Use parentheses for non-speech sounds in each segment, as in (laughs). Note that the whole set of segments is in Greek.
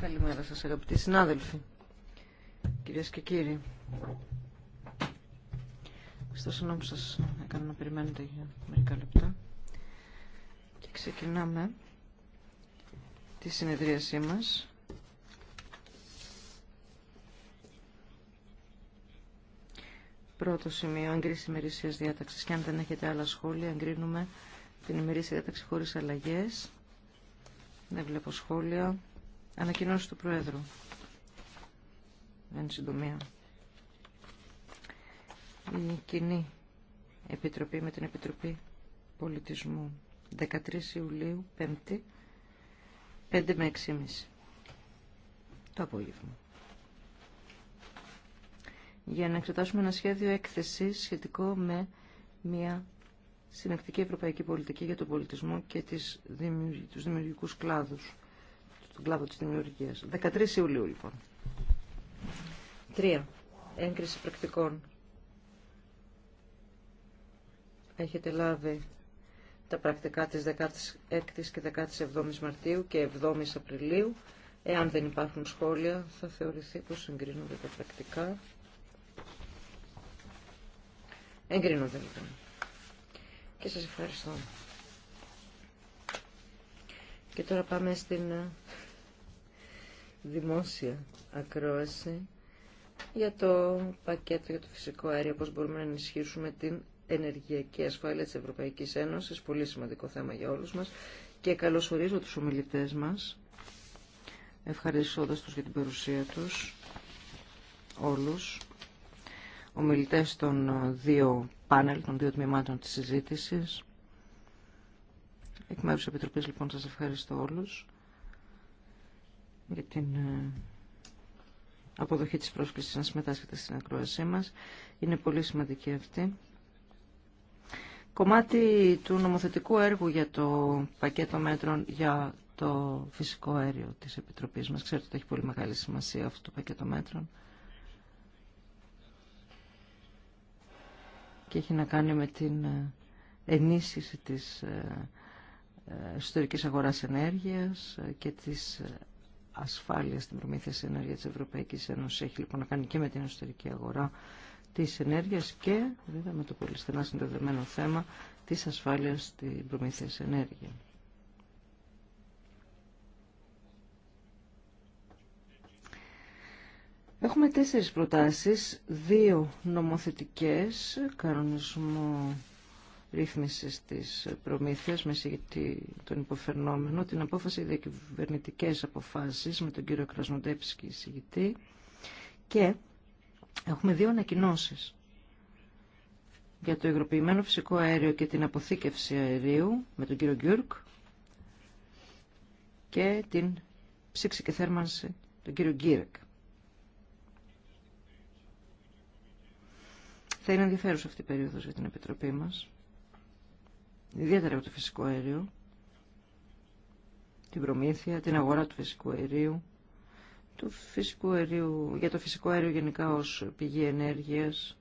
καλημέρα σας αγαπητοί συνάδελφοι, κυρίες και κύριοι. Στο συγγνώμη σας έκανα να περιμένετε για μερικά λεπτά. Και ξεκινάμε τη συνεδρίασή μας. Πρώτο σημείο, εγκρίση ημερησίας διάταξης. Και αν δεν έχετε άλλα σχόλια, εγκρίνουμε την ημερήσια διάταξη χωρίς αλλαγές. Δεν βλέπω σχόλια. Ανακοινώσει του Προέδρου. Είναι συντομία. Η κοινή επιτροπή με την Επιτροπή Πολιτισμού. 13 Ιουλίου, 5η, 5 με 6.30. Το απόγευμα. Για να εξετάσουμε ένα σχέδιο έκθεση σχετικό με μια συνεκτική ευρωπαϊκή πολιτική για τον πολιτισμό και τις δημιουργ... τους δημιουργικούς κλάδους, τον κλάδο της δημιουργίας. 13 Ιουλίου λοιπόν. 3. Έγκριση πρακτικών. Έχετε λάβει τα πρακτικά της 16ης και 17ης Μαρτίου και 7ης Απριλίου. Εάν δεν υπάρχουν σχόλια θα θεωρηθεί πως συγκρίνονται τα πρακτικά. Εγκρίνονται λοιπόν και σας ευχαριστώ. Και τώρα πάμε στην ε, δημόσια ακρόαση για το πακέτο για το φυσικό αέριο, πώς μπορούμε να ενισχύσουμε την ενεργειακή ασφάλεια της Ευρωπαϊκής Ένωσης, πολύ σημαντικό θέμα για όλους μας και καλωσορίζω τους ομιλητές μας, ευχαριστώντας τους για την παρουσία τους όλους ομιλητές των δύο πάνελ, των δύο τμήματων της συζήτησης. Εκ μέρους Επιτροπής, λοιπόν, σας ευχαριστώ όλους για την ε, αποδοχή της πρόσκλησης να συμμετάσχετε στην ακρόασή μας. Είναι πολύ σημαντική αυτή. Κομμάτι του νομοθετικού έργου για το πακέτο μέτρων για το φυσικό αέριο της Επιτροπής μας. Ξέρετε ότι έχει πολύ μεγάλη σημασία αυτό το πακέτο μέτρων. και έχει να κάνει με την ε, ενίσχυση της ιστορικής ε, ε, αγοράς ενέργειας και της ασφάλειας στην προμήθεια της ενέργειας της Ευρωπαϊκής Ένωσης. Έχει λοιπόν να κάνει και με την ιστορική αγορά της ενέργειας και βέβαια με το πολύ στενά συνδεδεμένο θέμα της ασφάλειας στην προμήθεια της ενέργειας. Έχουμε τέσσερις προτάσεις, δύο νομοθετικές, κανονισμό ρύθμισης της προμήθειας με συγκεκριτή τον υποφερνόμενο, την απόφαση διακυβερνητικές αποφάσεις με τον κύριο Κρασνοντέψη εισηγητή και έχουμε δύο ανακοινώσει για το υγροποιημένο φυσικό αέριο και την αποθήκευση αερίου με τον κύριο Γκιούρκ και την ψήξη και θέρμανση τον κύριο Γκίρεκ. Θα είναι ενδιαφέρουσα αυτή η περίοδος για την Επιτροπή μας. Ιδιαίτερα από το φυσικό αέριο, την προμήθεια, την αγορά του φυσικού αερίου, του φυσικού αερίου, για το φυσικό αέριο γενικά ως πηγή ενέργειας,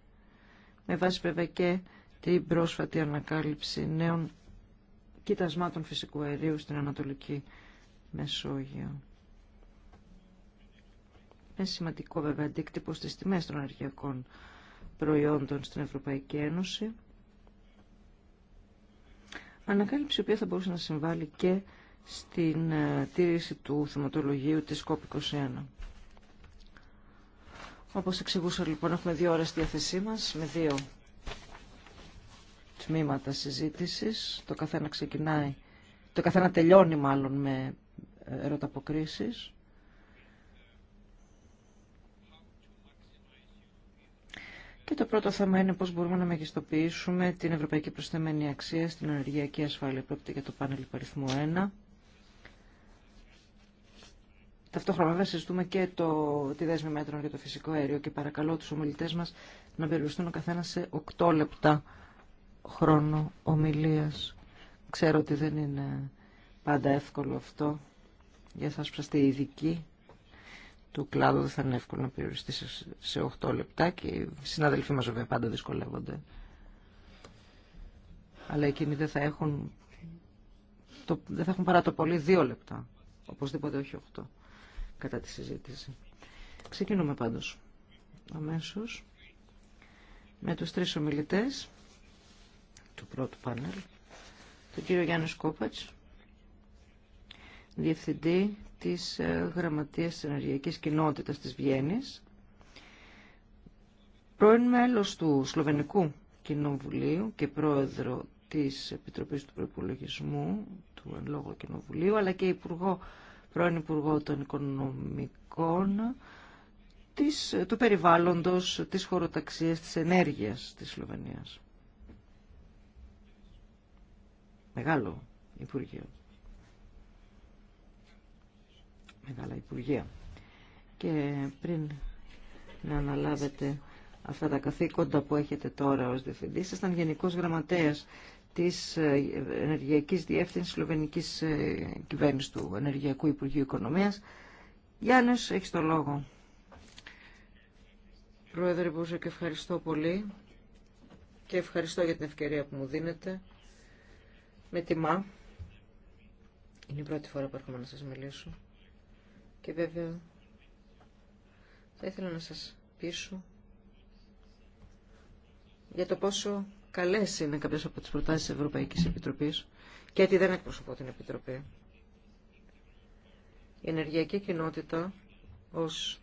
με βάση βέβαια και την πρόσφατη ανακάλυψη νέων κοιτασμάτων φυσικού αερίου στην Ανατολική Μεσόγειο. Είναι σημαντικό βέβαια αντίκτυπο στις τιμές των ενεργειακών προϊόντων στην Ευρωπαϊκή Ένωση. Ανακάλυψη η οποία θα μπορούσε να συμβάλλει και στην ε, τήρηση του θεματολογίου της COP21. Όπως εξηγούσα λοιπόν έχουμε δύο ώρες στη διάθεσή μας με δύο τμήματα συζήτησης. Το καθένα ξεκινάει, το καθένα τελειώνει μάλλον με ερωταποκρίσεις. Και το πρώτο θέμα είναι πώς μπορούμε να μεγιστοποιήσουμε την ευρωπαϊκή προσθεμένη αξία στην ενεργειακή ασφάλεια. Πρόκειται για το πάνελ υπαριθμό 1. Ταυτόχρονα βέβαια συζητούμε και το, τη δέσμη μέτρων για το φυσικό αέριο και παρακαλώ τους ομιλητές μας να περιοριστούν ο καθένας σε 8 λεπτά χρόνο ομιλίας. Ξέρω ότι δεν είναι πάντα εύκολο αυτό για σας που είστε ειδικοί του κλάδου δεν θα είναι εύκολο να περιοριστεί σε 8 λεπτά και οι συναδελφοί μας βέβαια πάντα δυσκολεύονται. Αλλά εκείνοι δεν θα έχουν, το, δεν θα έχουν παρά το πολύ 2 λεπτά. Οπωσδήποτε όχι 8 κατά τη συζήτηση. Ξεκινούμε πάντως αμέσως με τους τρεις ομιλητές του πρώτου πάνελ, τον κύριο Γιάννη Σκόπατς, Διευθυντή της ε, Γραμματείας της Ενεργειακής Κοινότητας της Βιέννης, πρώην μέλος του Σλοβενικού Κοινοβουλίου και πρόεδρο της Επιτροπής του Προϋπολογισμού του Εν Κοινοβουλίου, αλλά και υπουργό, πρώην Υπουργό των Οικονομικών, της, του περιβάλλοντος, της χωροταξίας, της ενέργειας της Σλοβενίας. Μεγάλο Υπουργείο. μεγάλα υπουργεία. Και πριν να αναλάβετε αυτά τα καθήκοντα που έχετε τώρα ως διευθυντής, ήσασταν Γενικός Γραμματέας της ε, Ενεργειακής Διεύθυνσης Σλοβενικής ε, Κυβέρνησης του Ενεργειακού Υπουργείου Οικονομίας. Γιάννης, έχεις το λόγο. Πρόεδρε και ευχαριστώ πολύ και ευχαριστώ για την ευκαιρία που μου δίνετε. Με τιμά. Είναι η πρώτη φορά που έρχομαι να σας μιλήσω. Και βέβαια θα ήθελα να σας πείσω για το πόσο καλές είναι κάποιες από τις προτάσεις της Ευρωπαϊκής Επιτροπής και γιατί δεν εκπροσωπώ την Επιτροπή. Η ενεργειακή κοινότητα ως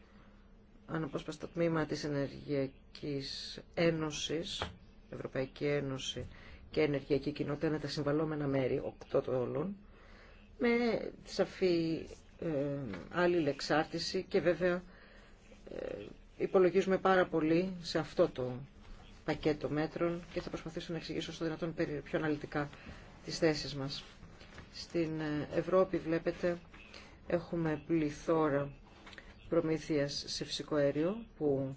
αναπόσπαστο τμήμα της Ενεργειακής Ένωσης, Ευρωπαϊκή Ένωση και Ενεργειακή Κοινότητα είναι τα συμβαλόμενα μέρη, οκτώ το όλων, με σαφή ε, άλλη λεξάρτηση και βέβαια ε, υπολογίζουμε πάρα πολύ σε αυτό το πακέτο μέτρων και θα προσπαθήσω να εξηγήσω στο δυνατόν πιο αναλυτικά τις θέσεις μας. Στην ε, Ευρώπη βλέπετε έχουμε πληθώρα προμήθειας σε φυσικό αέριο που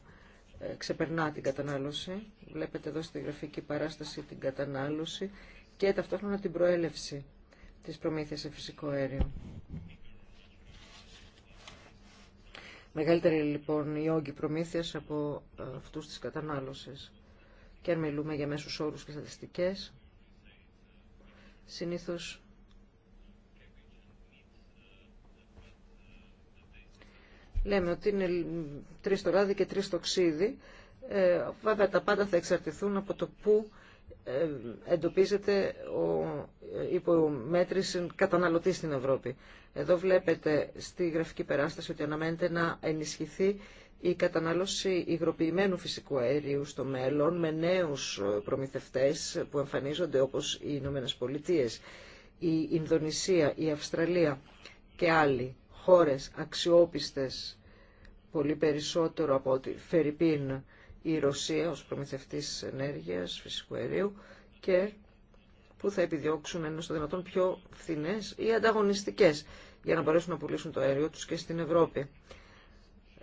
ξεπερνά την κατανάλωση. Βλέπετε εδώ στη γραφική παράσταση την κατανάλωση και ταυτόχρονα την προέλευση της προμήθειας σε φυσικό αέριο. Μεγαλύτερη λοιπόν η όγκη προμήθεια από ε, αυτού τη κατανάλωση. Και αν μιλούμε για μέσου όρους και στατιστικές, συνήθως λέμε ότι είναι τρεις το ράδι και τρεις το ξύδι. Ε, βέβαια τα πάντα θα εξαρτηθούν από το πού ε, εντοπίζεται ο ε, υπομέτρηση καταναλωτή στην Ευρώπη. Εδώ βλέπετε στη γραφική περάσταση ότι αναμένεται να ενισχυθεί η κατανάλωση υγροποιημένου φυσικού αερίου στο μέλλον με νέους ε, προμηθευτές που εμφανίζονται όπως οι Ηνωμένε Πολιτείε, η Ινδονησία, η Αυστραλία και άλλοι χώρες αξιόπιστες πολύ περισσότερο από ότι Φερρυπίν η Ρωσία ως προμηθευτής ενέργειας, φυσικού αερίου και που θα επιδιώξουν ένα στο δυνατόν πιο φθηνές ή ανταγωνιστικές για να μπορέσουν να πουλήσουν το αέριο τους και στην Ευρώπη.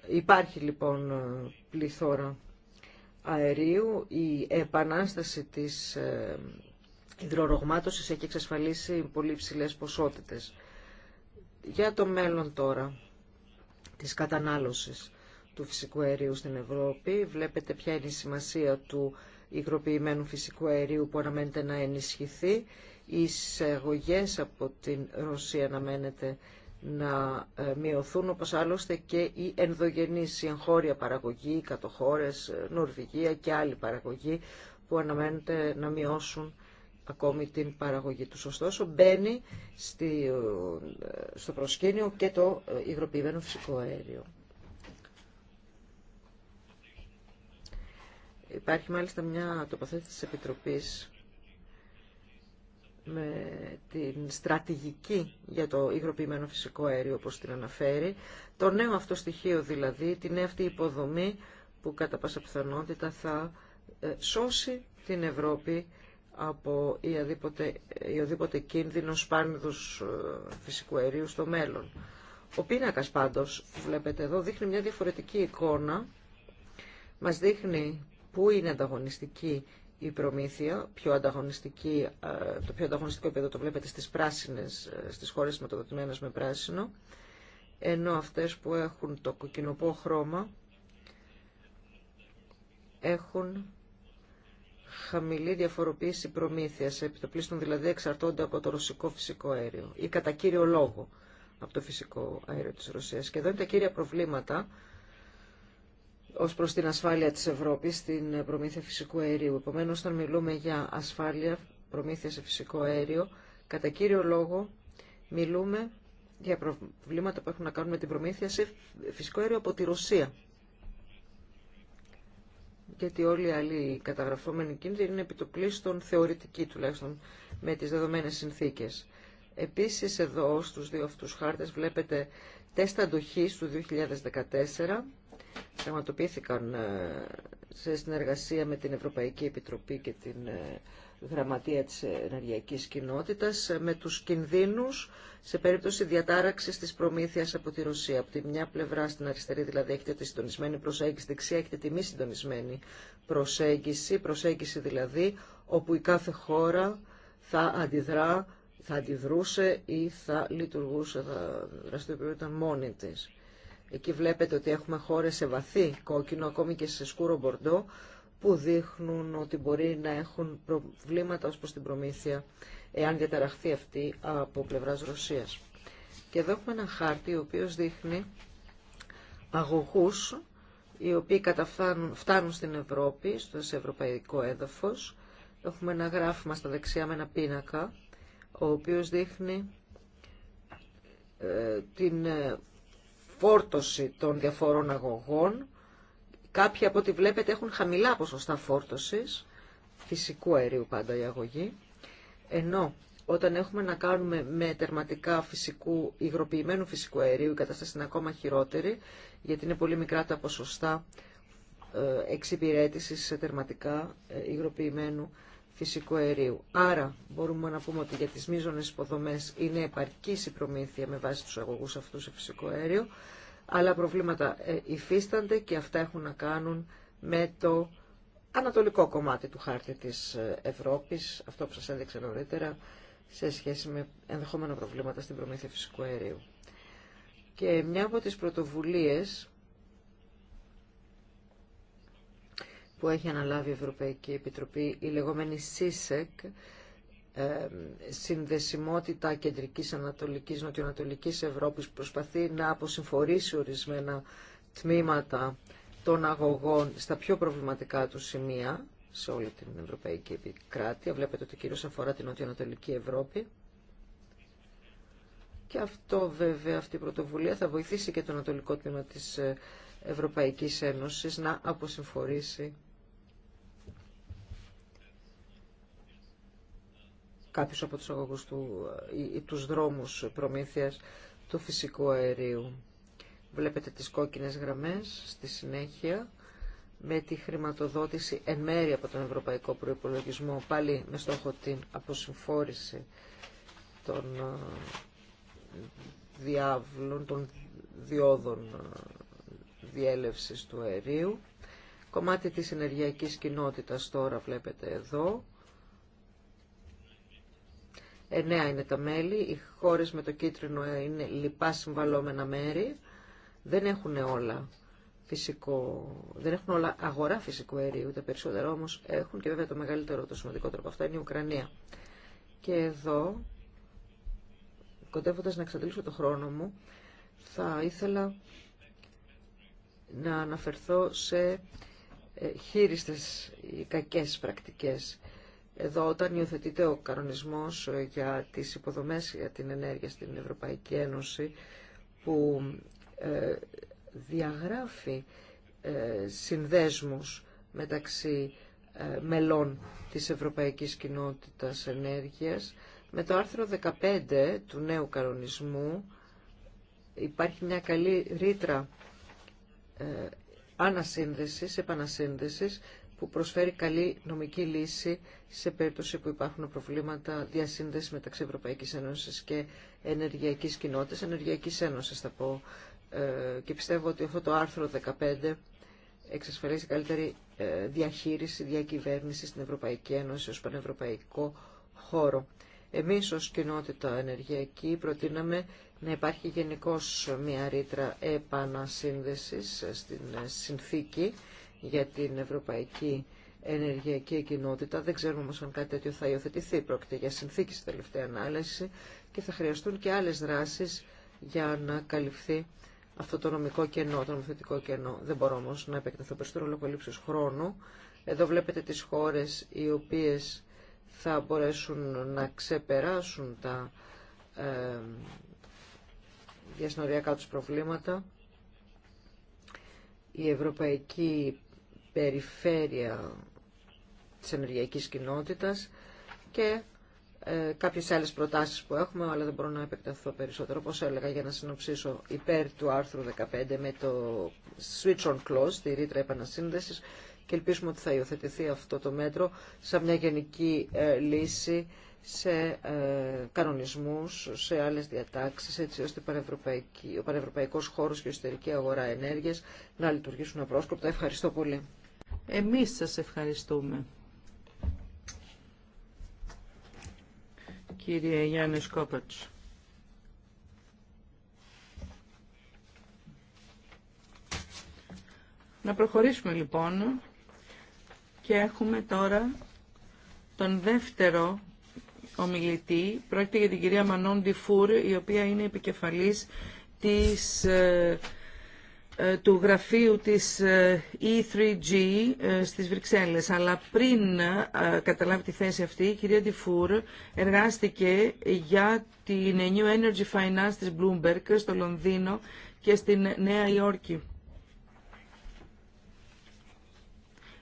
Υπάρχει λοιπόν πληθώρα αερίου. Η επανάσταση της ε, υδρορογμάτωσης έχει εξασφαλίσει πολύ υψηλές ποσότητες. Για το μέλλον τώρα της κατανάλωσης του φυσικού αερίου στην Ευρώπη. Βλέπετε ποια είναι η σημασία του υγροποιημένου φυσικού αερίου που αναμένεται να ενισχυθεί. Οι εισαγωγέ από την Ρωσία αναμένεται να ε, μειωθούν, όπως άλλωστε και η ενδογενής, η εγχώρια παραγωγή, οι κατοχώρες, ε, Νορβηγία και άλλη παραγωγή που αναμένεται να μειώσουν ακόμη την παραγωγή του, Ωστόσο, μπαίνει στη, ε, στο προσκήνιο και το υγροποιημένο φυσικό αέριο. Υπάρχει μάλιστα μια τοποθέτηση της Επιτροπής με την στρατηγική για το υγροποιημένο φυσικό αέριο, όπως την αναφέρει. Το νέο αυτό στοιχείο δηλαδή, την νέα αυτή υποδομή που κατά πάσα πιθανότητα θα ε, σώσει την Ευρώπη από οδήποτε κίνδυνο σπάνιδους ε, φυσικού αερίου στο μέλλον. Ο πίνακας πάντως βλέπετε εδώ δείχνει μια διαφορετική εικόνα. Μας δείχνει πού είναι ανταγωνιστική η προμήθεια, πιο ανταγωνιστική, ε, το πιο ανταγωνιστικό επίπεδο το βλέπετε στις πράσινες, ε, στις χώρες τον με πράσινο, ενώ αυτές που έχουν το κοκκινοπό χρώμα έχουν χαμηλή διαφοροποίηση προμήθειας, επιτοπλίστων δηλαδή εξαρτώνται από το ρωσικό φυσικό αέριο ή κατά κύριο λόγο από το φυσικό αέριο της Ρωσίας. Και εδώ είναι τα κύρια προβλήματα ως προς την ασφάλεια της Ευρώπης, στην προμήθεια φυσικού αερίου. Επομένως, όταν μιλούμε για ασφάλεια, προμήθεια σε φυσικό αέριο, κατά κύριο λόγο μιλούμε για προβλήματα που έχουν να κάνουν με την προμήθεια σε φυσικό αέριο από τη Ρωσία. Γιατί όλοι οι άλλοι καταγραφόμενοι κίνδυνοι είναι επιτοπλίστων θεωρητικοί τουλάχιστον με τις δεδομένες συνθήκες. Επίσης εδώ στους δύο αυτούς χάρτες βλέπετε τεστ αντοχής του 2014 πραγματοποιήθηκαν ε, σε συνεργασία με την Ευρωπαϊκή Επιτροπή και την ε, Γραμματεία της Ενεργειακής Κοινότητας ε, με τους κινδύνους σε περίπτωση διατάραξης της προμήθειας από τη Ρωσία. Από τη μια πλευρά στην αριστερή δηλαδή έχετε τη συντονισμένη προσέγγιση, δεξιά έχετε τη μη συντονισμένη προσέγγιση, προσέγγιση δηλαδή όπου η κάθε χώρα θα αντιδρά, θα αντιδρούσε ή θα λειτουργούσε, θα δραστηριοποιούνταν μόνη της. Εκεί βλέπετε ότι έχουμε χώρες σε βαθύ κόκκινο, ακόμη και σε σκούρο μπορντό, που δείχνουν ότι μπορεί να έχουν προβλήματα ως προς την προμήθεια, εάν διαταραχθεί αυτή από πλευράς Ρωσίας. Και εδώ έχουμε ένα χάρτη, ο οποίος δείχνει αγωγούς, οι οποίοι καταφτάνουν, φτάνουν στην Ευρώπη, στο ευρωπαϊκό έδαφος. Έχουμε ένα γράφημα στα δεξιά με ένα πίνακα, ο οποίος δείχνει ε, την ε, φόρτωση των διαφορών αγωγών. κάποια από ό,τι βλέπετε έχουν χαμηλά ποσοστά φόρτωσης, φυσικού αερίου πάντα η αγωγή, ενώ όταν έχουμε να κάνουμε με τερματικά φυσικού, υγροποιημένου φυσικού αερίου, η κατάσταση είναι ακόμα χειρότερη, γιατί είναι πολύ μικρά τα ποσοστά ε, εξυπηρέτησης σε τερματικά ε, υγροποιημένου φυσικού αερίου. Άρα μπορούμε να πούμε ότι για τις μείζονε υποδομές είναι επαρκής η προμήθεια με βάση τους αγωγούς αυτού σε φυσικό αέριο, αλλά προβλήματα ε, υφίστανται και αυτά έχουν να κάνουν με το ανατολικό κομμάτι του χάρτη της ε, Ευρώπης, αυτό που σας έδειξα νωρίτερα, σε σχέση με ενδεχόμενα προβλήματα στην προμήθεια φυσικού αερίου. Και μια από τι πρωτοβουλίες που έχει αναλάβει η Ευρωπαϊκή Επιτροπή, η λεγόμενη ΣΥΣΕΚ, e συνδεσιμότητα κεντρικής ανατολικής νοτιοανατολικής Ευρώπης προσπαθεί να αποσυμφορήσει ορισμένα τμήματα των αγωγών στα πιο προβληματικά του σημεία σε όλη την Ευρωπαϊκή Επικράτεια. Βλέπετε ότι κυρίως αφορά την νοτιοανατολική Ευρώπη. Και αυτό βέβαια, αυτή η πρωτοβουλία θα βοηθήσει και το ανατολικό τμήμα της ε, Ευρωπαϊκής Ένωσης να αποσυμφορήσει κάποιους από τους του ε, ή τους δρόμους προμήθειας του φυσικού αερίου. Βλέπετε τις κόκκινες γραμμές στη συνέχεια με τη χρηματοδότηση εν μέρη από τον Ευρωπαϊκό Προϋπολογισμό πάλι με στόχο την αποσυμφόρηση των ε, διάβλων, των διόδων ε, διέλευσης του αερίου. Κομμάτι της ενεργειακής κοινότητας τώρα βλέπετε εδώ Εννέα είναι τα μέλη, οι χώρε με το κίτρινο είναι λοιπά συμβαλόμενα μέρη, δεν έχουν όλα φυσικό, δεν έχουν όλα αγορά φυσικού αερίου, τα περισσότερα όμως έχουν και βέβαια το μεγαλύτερο, το σημαντικότερο από αυτά είναι η Ουκρανία. Και εδώ, κοντεύοντας να εξαντλήσω το χρόνο μου, θα ήθελα να αναφερθώ σε ε, χείριστες ή κακές πρακτικές εδώ όταν υιοθετείται ο κανονισμός για τις υποδομές για την ενέργεια στην Ευρωπαϊκή Ένωση που ε, διαγράφει ε, συνδέσμους μεταξύ ε, μελών της Ευρωπαϊκής Κοινότητας Ενέργειας. Με το άρθρο 15 του νέου κανονισμού υπάρχει μια καλή ρήτρα ανασύνδεσης, επανασύνδεσης που προσφέρει καλή νομική λύση σε περίπτωση που υπάρχουν προβλήματα διασύνδεση μεταξύ Ευρωπαϊκής Ένωσης και Ενεργειακής Κοινότητας, Ενεργειακής Ένωσης θα πω. Ε, και πιστεύω ότι αυτό το άρθρο 15 εξασφαλίζει καλύτερη ε, διαχείριση, διακυβέρνηση στην Ευρωπαϊκή Ένωση ως πανευρωπαϊκό χώρο. Εμείς ως κοινότητα ενεργειακή προτείναμε να υπάρχει γενικώ μια ρήτρα επανασύνδεσης στην συνθήκη για την Ευρωπαϊκή Ενεργειακή Κοινότητα. Δεν ξέρουμε όμω αν κάτι τέτοιο θα υιοθετηθεί. Πρόκειται για συνθήκη τελευταία ανάλυση και θα χρειαστούν και άλλε δράσει για να καλυφθεί αυτό το νομικό κενό, το νομοθετικό κενό. Δεν μπορώ όμω να επεκταθώ περισσότερο λόγω λήψη χρόνου. Εδώ βλέπετε τι χώρε οι οποίε θα μπορέσουν να ξεπεράσουν τα ε, διασυνοριακά τους προβλήματα. Η Ευρωπαϊκή περιφέρεια της ενεργειακής κοινότητας και ε, κάποιες άλλες προτάσεις που έχουμε, αλλά δεν μπορώ να επεκταθώ περισσότερο. Όπως έλεγα για να συνοψίσω υπέρ του άρθρου 15 με το switch on clause, τη ρήτρα επανασύνδεσης, και ελπίζουμε ότι θα υιοθετηθεί αυτό το μέτρο σαν μια γενική ε, λύση σε ε, κανονισμούς, σε άλλες διατάξεις, έτσι ώστε ο πανευρωπαϊκός χώρος και η εσωτερική αγορά ενέργειας να λειτουργήσουν απρόσκοπτα. Ευχαριστώ πολύ. Εμείς σας ευχαριστούμε. Κύριε Γιάννη Σκόπατς. Να προχωρήσουμε λοιπόν και έχουμε τώρα τον δεύτερο ομιλητή. Πρόκειται για την κυρία Μανών Ντιφούρ, η οποία είναι επικεφαλής της ε, ε, του γραφείου της ε, E3G ε, στις Βρυξέλλες. Αλλά πριν καταλάβει τη θέση αυτή, η κυρία Ντιφούρ εργάστηκε για την New Energy Finance της Bloomberg στο Λονδίνο και στην Νέα Υόρκη.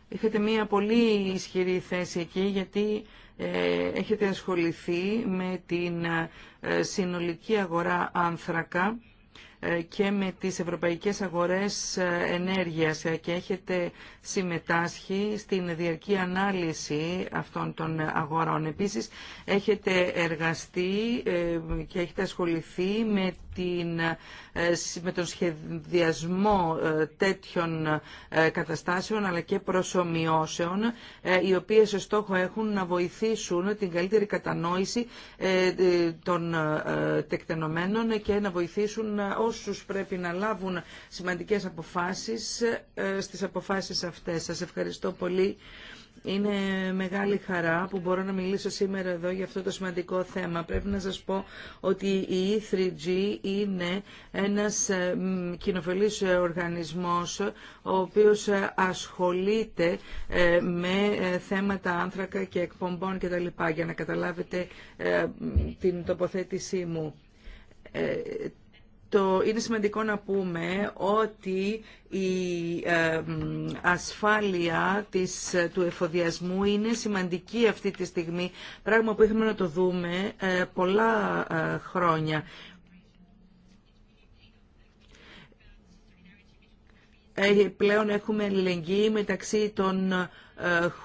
Είχατε μία πολύ ισχυρή θέση εκεί γιατί έχετε ασχοληθεί με την συνολική αγορά άνθρακα ε, και με τις ευρωπαϊκές αγορές ε, ενέργειας ε, και έχετε συμμετάσχει στην διαρκή ανάλυση αυτών των αγορών. Επίσης έχετε εργαστεί και έχετε ασχοληθεί με την, ε, με τον σχεδιασμό ε, τέτοιων ε, καταστάσεων αλλά και προσωμιώσεων οι οποίες σε στόχο έχουν να βοηθήσουν την καλύτερη κατανόηση των τεκτενομένων και να βοηθήσουν όσους πρέπει να λάβουν σημαντικές αποφάσεις στις αποφάσεις αυτές. Σας ευχαριστώ πολύ είναι μεγάλη χαρά που μπορώ να μιλήσω σήμερα εδώ για αυτό το σημαντικό θέμα. Πρέπει να σας πω ότι η E3G είναι ένας ε, κοινοφελής οργανισμός ο οποίος ε, ασχολείται ε, με θέματα άνθρακα και εκπομπών κτλ. Για να καταλάβετε την τοποθέτησή μου το, είναι σημαντικό να πούμε ότι η ασφάλεια της, του εφοδιασμού είναι σημαντική αυτή τη στιγμή, πράγμα που είχαμε να το δούμε ε, πολλά ε, χρόνια. Ε, πλέον έχουμε αλληλεγγύη μεταξύ των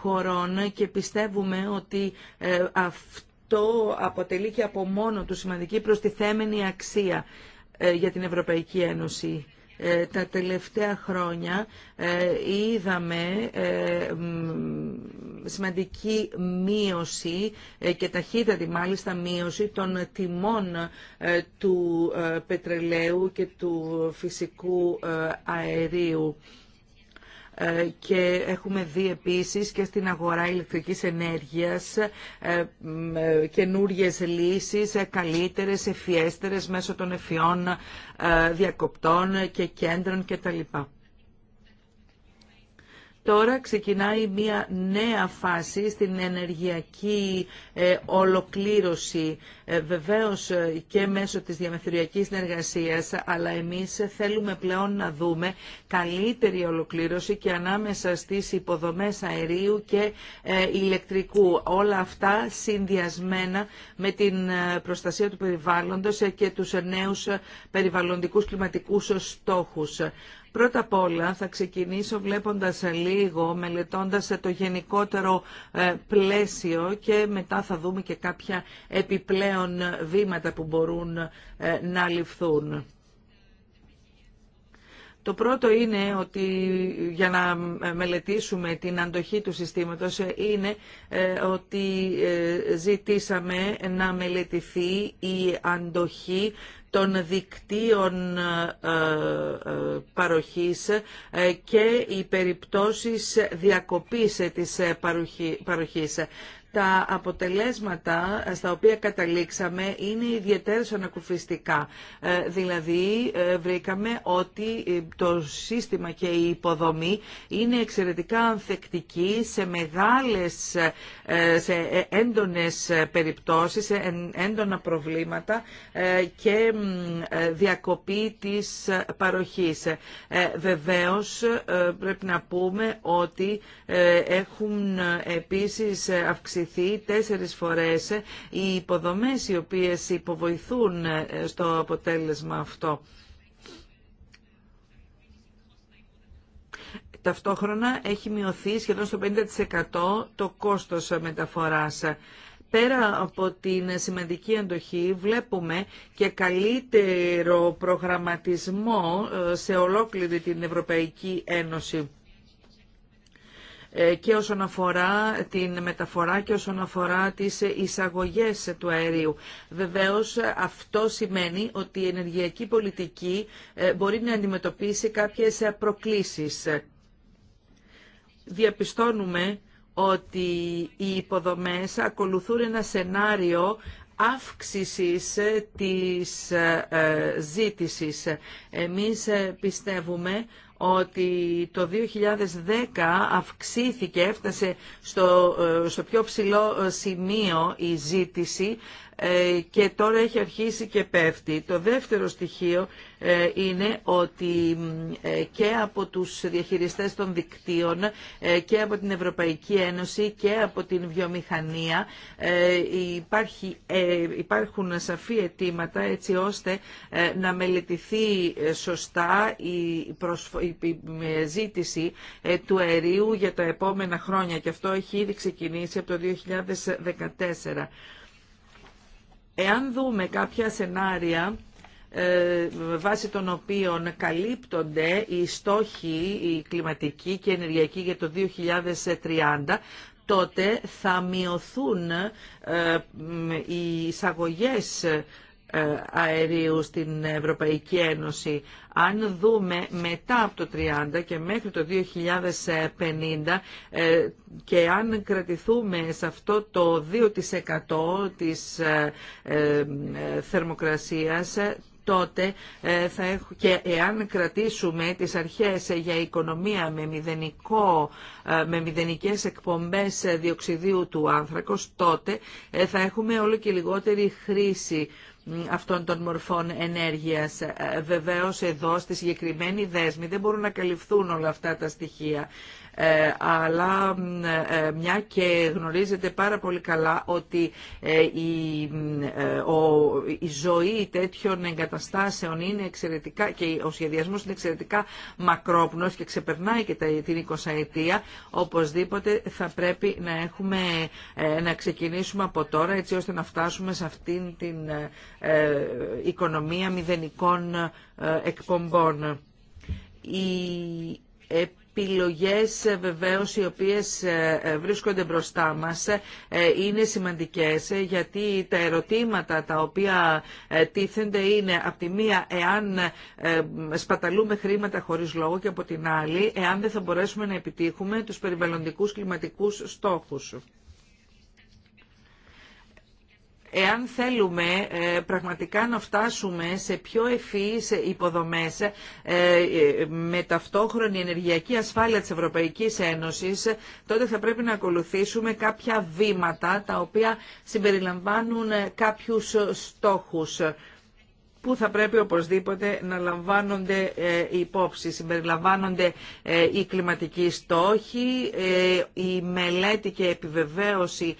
χωρών και πιστεύουμε ότι αυτό αποτελεί και από μόνο του σημαντική προστιθέμενη αξία. Ε, για την Ευρωπαϊκή Ένωση. Ε, τα τελευταία χρόνια ε, είδαμε σημαντική μείωση και ταχύτατη μάλιστα μείωση των τιμών του πετρελαίου και του φυσικού αερίου. Ε, και έχουμε δει επίσης και στην αγορά ηλεκτρικής ενέργειας ε, ε, καινούριες λύσεις, καλύτερες, ευφιέστερες μέσω των ευφυών διακοπτών και κέντρων κτλ. Τώρα ξεκινάει μια νέα φάση στην ενεργειακή ε, ολοκλήρωση ε, βεβαίως ε, και μέσω της διαμεθοριακής συνεργασίας αλλά εμείς θέλουμε πλέον να δούμε καλύτερη ολοκλήρωση και ανάμεσα στις υποδομές αερίου και ηλεκτρικού. Όλα αυτά συνδυασμένα με την προστασία του περιβάλλοντος και τους νέους περιβαλλοντικούς κλιματικούς στόχους. Πρώτα απ' όλα θα ξεκινήσω βλέποντας λίγο, μελετώντας το γενικότερο ε, πλαίσιο και μετά θα δούμε και κάποια επιπλέον βήματα που μπορούν ε, να ληφθούν. Το πρώτο είναι ότι για να ε, μελετήσουμε την αντοχή του συστήματος είναι ότι ζητήσαμε να μελετηθεί η αντοχή των δικτύων ε, ε, παροχής ε, και οι περιπτώσεις διακοπής της παροχής τα αποτελέσματα ε, στα οποία καταλήξαμε είναι ιδιαίτερα ανακουφιστικά. Ε, δηλαδή ε, βρήκαμε ότι το σύστημα και η υποδομή είναι εξαιρετικά ανθεκτική σε μεγάλες, σε έντονες περιπτώσεις, σε έντονα προβλήματα και διακοπή της παροχής. Βεβαίως πρέπει να πούμε ότι έχουν επίσης αυξηθεί αυξηθεί τέσσερις φορές οι υποδομές οι οποίες υποβοηθούν ε, στο αποτέλεσμα αυτό. Ταυτόχρονα έχει μειωθεί σχεδόν στο 50% το κόστος μεταφοράς. Πέρα από την σημαντική αντοχή βλέπουμε και καλύτερο προγραμματισμό ε, σε ολόκληρη την Ευρωπαϊκή Ένωση. Ε, και όσον αφορά την μεταφορά και όσον αφορά τις εισαγωγές του αερίου. Βεβαίως αυτό σημαίνει ότι η ενεργειακή πολιτική ε, μπορεί να αντιμετωπίσει κάποιες προκλήσεις. Διαπιστώνουμε ότι οι υποδομές ακολουθούν ένα σενάριο αύξησης ε, της ζήτησης. Εμείς πιστεύουμε ότι το 2010 αυξήθηκε, έφτασε στο, ε, στο πιο ψηλό ε, σημείο η ζήτηση ε, και τώρα έχει αρχίσει και πέφτει. Το δεύτερο στοιχείο ε, είναι ότι ε, και από τους διαχειριστές των δικτύων και από την Ευρωπαϊκή Ένωση και από την βιομηχανία υπάρχει, υπάρχουν σαφή αιτήματα έτσι ώστε να μελετηθεί σωστά η, προσφο... η ζήτηση του αερίου για τα επόμενα χρόνια και αυτό έχει ήδη ξεκινήσει από το 2014. Εάν δούμε κάποια σενάρια ε, βάσει των οποίων καλύπτονται οι στόχοι οι κλιματικοί και ενεργειακοί για το 2030, τότε θα μειωθούν ε, οι εισαγωγές ε, αερίου στην Ευρωπαϊκή Ένωση. Αν δούμε μετά από το 30 και μέχρι το 2050 ε, και αν κρατηθούμε σε αυτό το 2% της ε, θερμοκρασίας, τότε θα έχω, και εάν κρατήσουμε τις αρχές για οικονομία με, μηδενικό, με μηδενικές εκπομπές διοξιδίου του άνθρακος, τότε θα έχουμε όλο και λιγότερη χρήση αυτών των μορφών ενέργειας. Ε, βεβαίως εδώ στη συγκεκριμένη δέσμη δεν μπορούν να καλυφθούν όλα αυτά τα στοιχεία. Ε, αλλά ε, μια και γνωρίζετε πάρα πολύ καλά ότι ε, η, η ζωή τέτοιων εγκαταστάσεων είναι εξαιρετικά και ο σχεδιασμός είναι εξαιρετικά μακρόπνος και ξεπερνάει και την 20 ετία, οπωσδήποτε θα πρέπει να, έχουμε, να ξεκινήσουμε από τώρα έτσι ώστε να φτάσουμε σε αυτήν την οικονομία μηδενικών εκπομπών. Η επιλογές ε, βεβαίως οι οποίες ε, ε, βρίσκονται μπροστά μας είναι σημαντικές γιατί τα ερωτήματα τα οποία τίθενται είναι από τη μία εάν σπαταλούμε χρήματα χωρίς λόγο και από την άλλη εάν δεν θα μπορέσουμε να επιτύχουμε τους περιβαλλοντικούς κλιματικούς στόχους εάν θέλουμε ε, πραγματικά να φτάσουμε σε πιο ευφυείς υποδομές ε, ε, με ταυτόχρονη ενεργειακή ασφάλεια της Ευρωπαϊκής Ένωσης, τότε θα πρέπει να ακολουθήσουμε κάποια βήματα τα οποία συμπεριλαμβάνουν κάποιους στόχους που θα πρέπει οπωσδήποτε να λαμβάνονται ε, οι υπόψη. Συμπεριλαμβάνονται ε, οι κλιματικοί στόχοι, ε, η μελέτη και επιβεβαίωση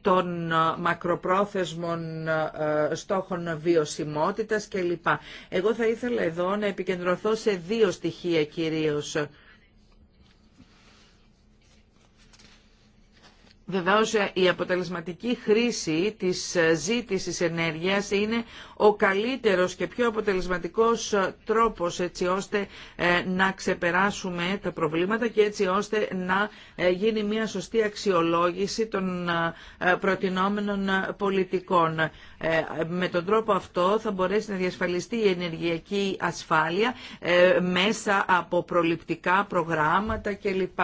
των μακροπρόθεσμων στόχων βιωσιμότητας κλπ. Εγώ θα ήθελα εδώ να επικεντρωθώ σε δύο στοιχεία κυρίως Βεβαίως η αποτελεσματική χρήση της ζήτησης ενέργειας είναι ο καλύτερος και πιο αποτελεσματικός τρόπος έτσι ώστε ε, να ξεπεράσουμε τα προβλήματα και έτσι ώστε να ε, γίνει μια σωστή αξιολόγηση των ε, προτινόμενων πολιτικών. Με τον τρόπο αυτό θα μπορέσει να διασφαλιστεί η ενεργειακή ασφάλεια μέσα από προληπτικά προγράμματα κλπ.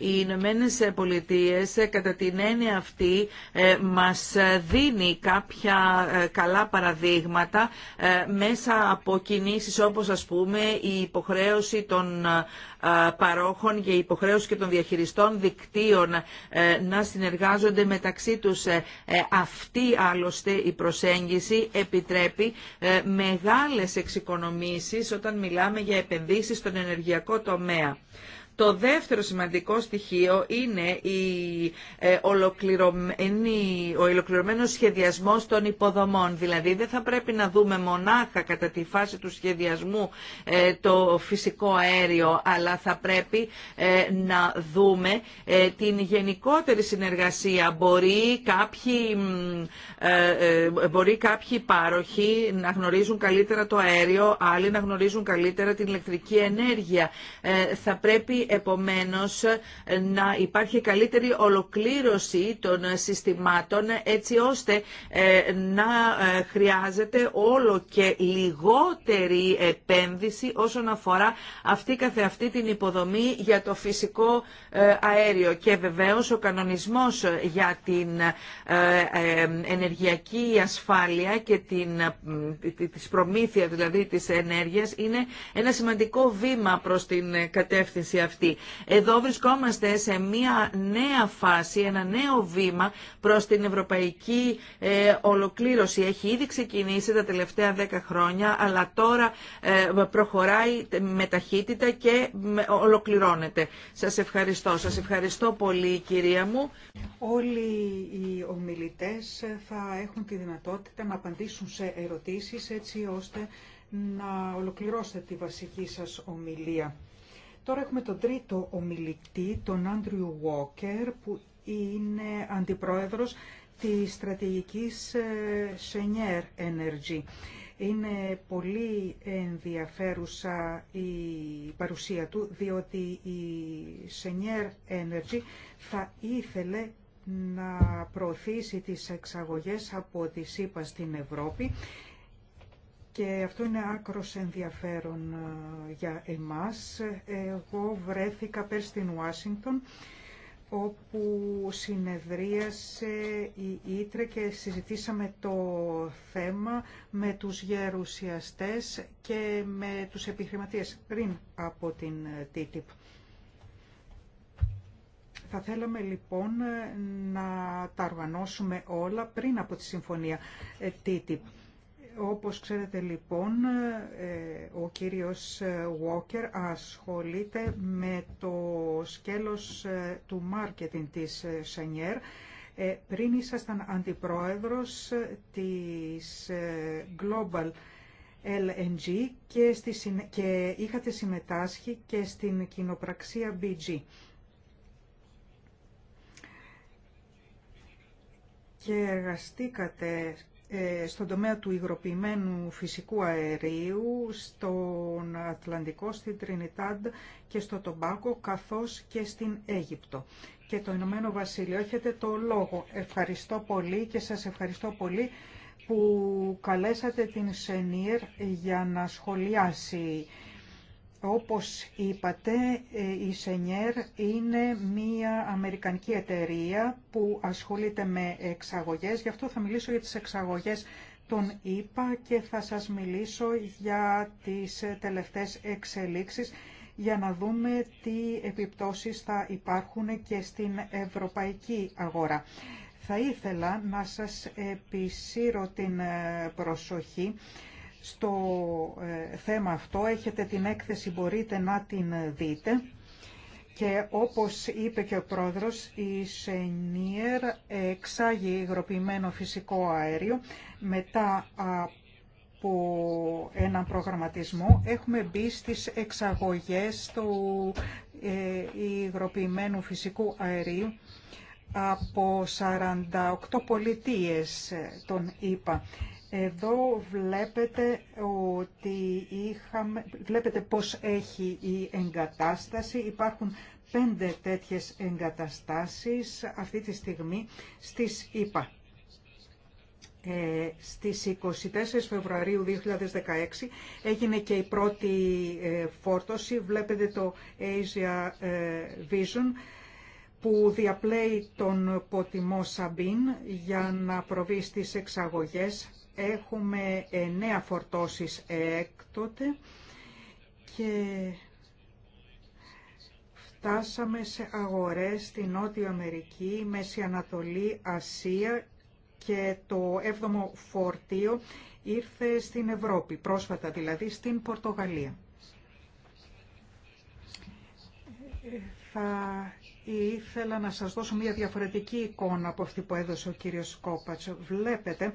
Οι Ηνωμένε Πολιτείε κατά την έννοια αυτή ε, μας δίνει κάποια ε, καλά παραδείγματα ε, μέσα από κινήσεις όπως ας πούμε η υποχρέωση των παρόχων και η υποχρέωση και των διαχειριστών δικτύων να συνεργάζονται μεταξύ τους. Αυτή άλλωστε η προσέγγιση επιτρέπει μεγάλες εξοικονομήσεις όταν μιλάμε για επενδύσεις στον ενεργειακό τομέα. Το δεύτερο σημαντικό στοιχείο είναι η, ε, ολοκληρωμένη, ο ολοκληρωμένος σχεδιασμός των υποδομών. Δηλαδή δεν θα πρέπει να δούμε μονάχα κατά τη φάση του σχεδιασμού ε, το φυσικό αέριο, αλλά θα πρέπει ε, να δούμε την γενικότερη συνεργασία. Μπορεί κάποιοι, μπορεί κάποιοι πάροχοι να γνωρίζουν καλύτερα το αέριο, άλλοι να γνωρίζουν καλύτερα την ηλεκτρική ενέργεια. Θα πρέπει επομένως να υπάρχει καλύτερη ολοκλήρωση των συστημάτων έτσι ώστε ε, να ε, χρειάζεται όλο και λιγότερη επένδυση όσον αφορά αυτή καθεαυτή την υποδομή για το φυσικό ε, αέριο. Και βεβαίως ο κανονισμός για την ενεργειακή ασφάλεια και την, της προμήθεια δηλαδή της ενέργειας είναι ένα σημαντικό βήμα προς την κατεύθυνση αυτή εδώ βρισκόμαστε σε μια νέα φάση, ένα νέο βήμα προς την ευρωπαϊκή ε, ολοκλήρωση. Έχει ήδη ξεκινήσει τα τελευταία δέκα χρόνια, αλλά τώρα ε, προχωράει με ταχύτητα και ολοκληρώνεται. Σας ευχαριστώ. Σας ευχαριστώ πολύ κυρία μου. Όλοι οι ομιλητές θα έχουν τη δυνατότητα να απαντήσουν σε ερωτήσεις έτσι ώστε να ολοκληρώσετε τη βασική σας ομιλία. Τώρα έχουμε τον τρίτο ομιλητή, τον Άντριου Βόκερ, που είναι αντιπρόεδρος της στρατηγικής Σενιέρ Energy. Είναι πολύ ενδιαφέρουσα η παρουσία του, διότι η Σενιέρ Energy θα ήθελε να προωθήσει τις εξαγωγές από τη ΣΥΠΑ στην Ευρώπη και αυτό είναι άκρος ενδιαφέρον ε, για εμάς. Εγώ βρέθηκα πέρσι στην Ουάσιγκτον όπου συνεδρίασε η Ήτρε και συζητήσαμε το θέμα με τους γερουσιαστές και με τους επιχειρηματίες πριν από την TTIP. Θα θέλαμε λοιπόν να τα οργανώσουμε όλα πριν από τη συμφωνία TTIP. Όπως ξέρετε λοιπόν, ε, ο κύριος Walker ασχολείται με το σκέλος ε, του μάρκετινγκ της ε, Σενιέρ. Πριν ήσασταν αντιπρόεδρος της Global LNG και, και είχατε συμμετάσχει και στην κοινοπραξία BG. Και εργαστήκατε ε, στον τομέα του υγροποιημένου φυσικού αερίου, στον Ατλαντικό, στην Τρινιτάντ και στο Τομπάκο, καθώς και στην Αίγυπτο. Και το Ηνωμένο Βασίλειο, έχετε το λόγο. Ευχαριστώ πολύ και σας ευχαριστώ πολύ που καλέσατε την Σενίερ για να σχολιάσει όπως είπατε, ε, η Σενιέρ είναι μία αμερικανική εταιρεία που ασχολείται με εξαγωγές. Γι' αυτό θα μιλήσω για τις εξαγωγές των ΙΠΑ και θα σας μιλήσω για τις ε, τελευταίες εξελίξεις για να δούμε τι επιπτώσεις θα υπάρχουν και στην ευρωπαϊκή αγορά. Θα ήθελα να σας επισύρω την ε, προσοχή στο ε, θέμα αυτό. Έχετε την έκθεση, μπορείτε να την δείτε. Και όπως είπε και ο πρόεδρος, η Σενιέρ εξάγει υγροποιημένο φυσικό αέριο μετά από έναν προγραμματισμό. Έχουμε μπει στις εξαγωγές του ε, υγροποιημένου φυσικού αερίου από 48 πολιτείες, ε, τον είπα. Εδώ βλέπετε, ότι είχαμε, βλέπετε πώς έχει η εγκατάσταση. Υπάρχουν πέντε τέτοιες εγκαταστάσεις αυτή τη στιγμή στις ΙΠΑ. Ε, στις 24 Φεβρουαρίου 2016 έγινε και η πρώτη ε, φόρτωση. Βλέπετε το Asia ε, Vision που διαπλέει τον ποτιμό Σαμπίν για να προβεί στις εξαγωγές έχουμε εννέα φορτώσεις έκτοτε και φτάσαμε σε αγορές στη Νότια Αμερική, Μέση Ανατολή, Ασία και το έβδομο φορτίο ήρθε στην Ευρώπη, πρόσφατα δηλαδή στην Πορτογαλία. Θα ήθελα να σας δώσω μια διαφορετική εικόνα από αυτή που έδωσε ο κύριος Κόπατς. Βλέπετε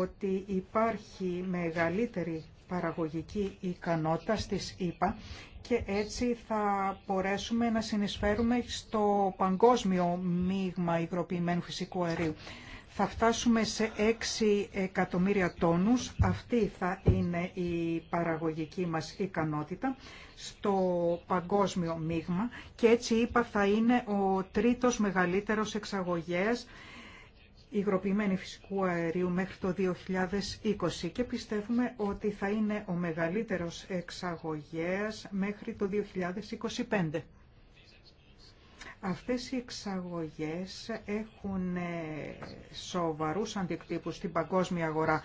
ότι υπάρχει μεγαλύτερη παραγωγική ικανότητα στις ΗΠΑ και έτσι θα μπορέσουμε να συνεισφέρουμε στο παγκόσμιο μείγμα υγροποιημένου φυσικού αερίου. Θα φτάσουμε σε 6 εκατομμύρια τόνους, αυτή θα είναι η παραγωγική μας ικανότητα στο παγκόσμιο μείγμα και έτσι είπα θα είναι ο τρίτος μεγαλύτερος εξαγωγέας υγροποιημένη φυσικού αερίου μέχρι το 2020 και πιστεύουμε ότι θα είναι ο μεγαλύτερος εξαγωγέας μέχρι το 2025. Αυτές οι εξαγωγές έχουν ε, σοβαρούς αντικτύπους στην παγκόσμια αγορά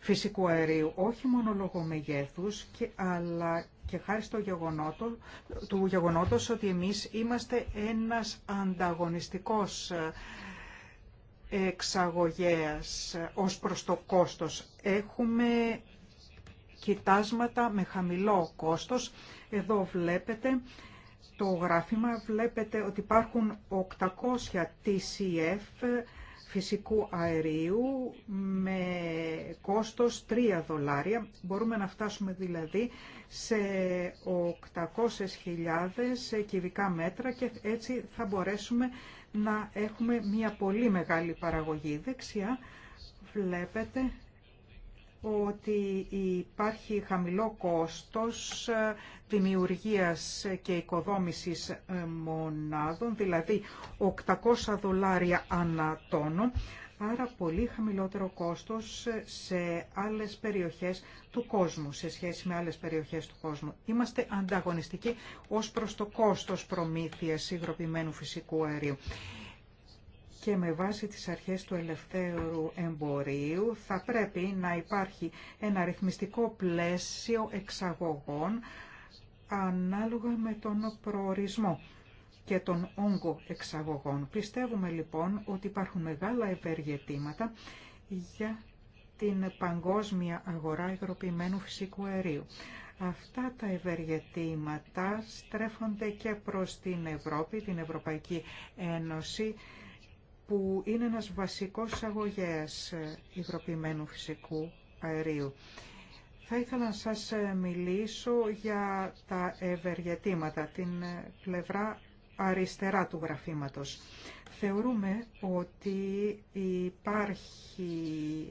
φυσικού αερίου, όχι μόνο λόγω μεγέθους, και, αλλά και χάρη στο γεγονότο, του γεγονότος ότι εμείς είμαστε ένας ανταγωνιστικός ε, εξαγωγέας ως προς το κόστος. Έχουμε κοιτάσματα με χαμηλό κόστος. Εδώ βλέπετε το γράφημα, βλέπετε ότι υπάρχουν 800 TCF φυσικού αερίου με κόστος 3 δολάρια. Μπορούμε να φτάσουμε δηλαδή σε 800.000 κυβικά μέτρα και έτσι θα μπορέσουμε να έχουμε μια πολύ μεγάλη παραγωγή. Δεξιά βλέπετε ότι υπάρχει χαμηλό κόστος ε, δημιουργίας και οικοδόμησης ε, μονάδων, δηλαδή 800 δολάρια ανά τόνο, Άρα πολύ χαμηλότερο κόστος σε άλλες περιοχές του κόσμου, σε σχέση με άλλες περιοχές του κόσμου. Είμαστε ανταγωνιστικοί ως προς το κόστος προμήθειας υγροποιημένου φυσικού αερίου. Και με βάση τις αρχές του ελευθέρου εμπορίου θα πρέπει να υπάρχει ένα ρυθμιστικό πλαίσιο εξαγωγών ανάλογα με τον προορισμό και τον όγκο εξαγωγών. Πιστεύουμε λοιπόν ότι υπάρχουν μεγάλα ευεργετήματα για την παγκόσμια αγορά υγροποιημένου φυσικού αερίου. Αυτά τα ευεργετήματα στρέφονται και προς την Ευρώπη, την Ευρωπαϊκή Ένωση, που είναι ένας βασικός αγωγέας υγροποιημένου φυσικού αερίου. Θα ήθελα να σας μιλήσω για τα ευεργετήματα, την πλευρά αριστερά του γραφήματος. Θεωρούμε ότι υπάρχει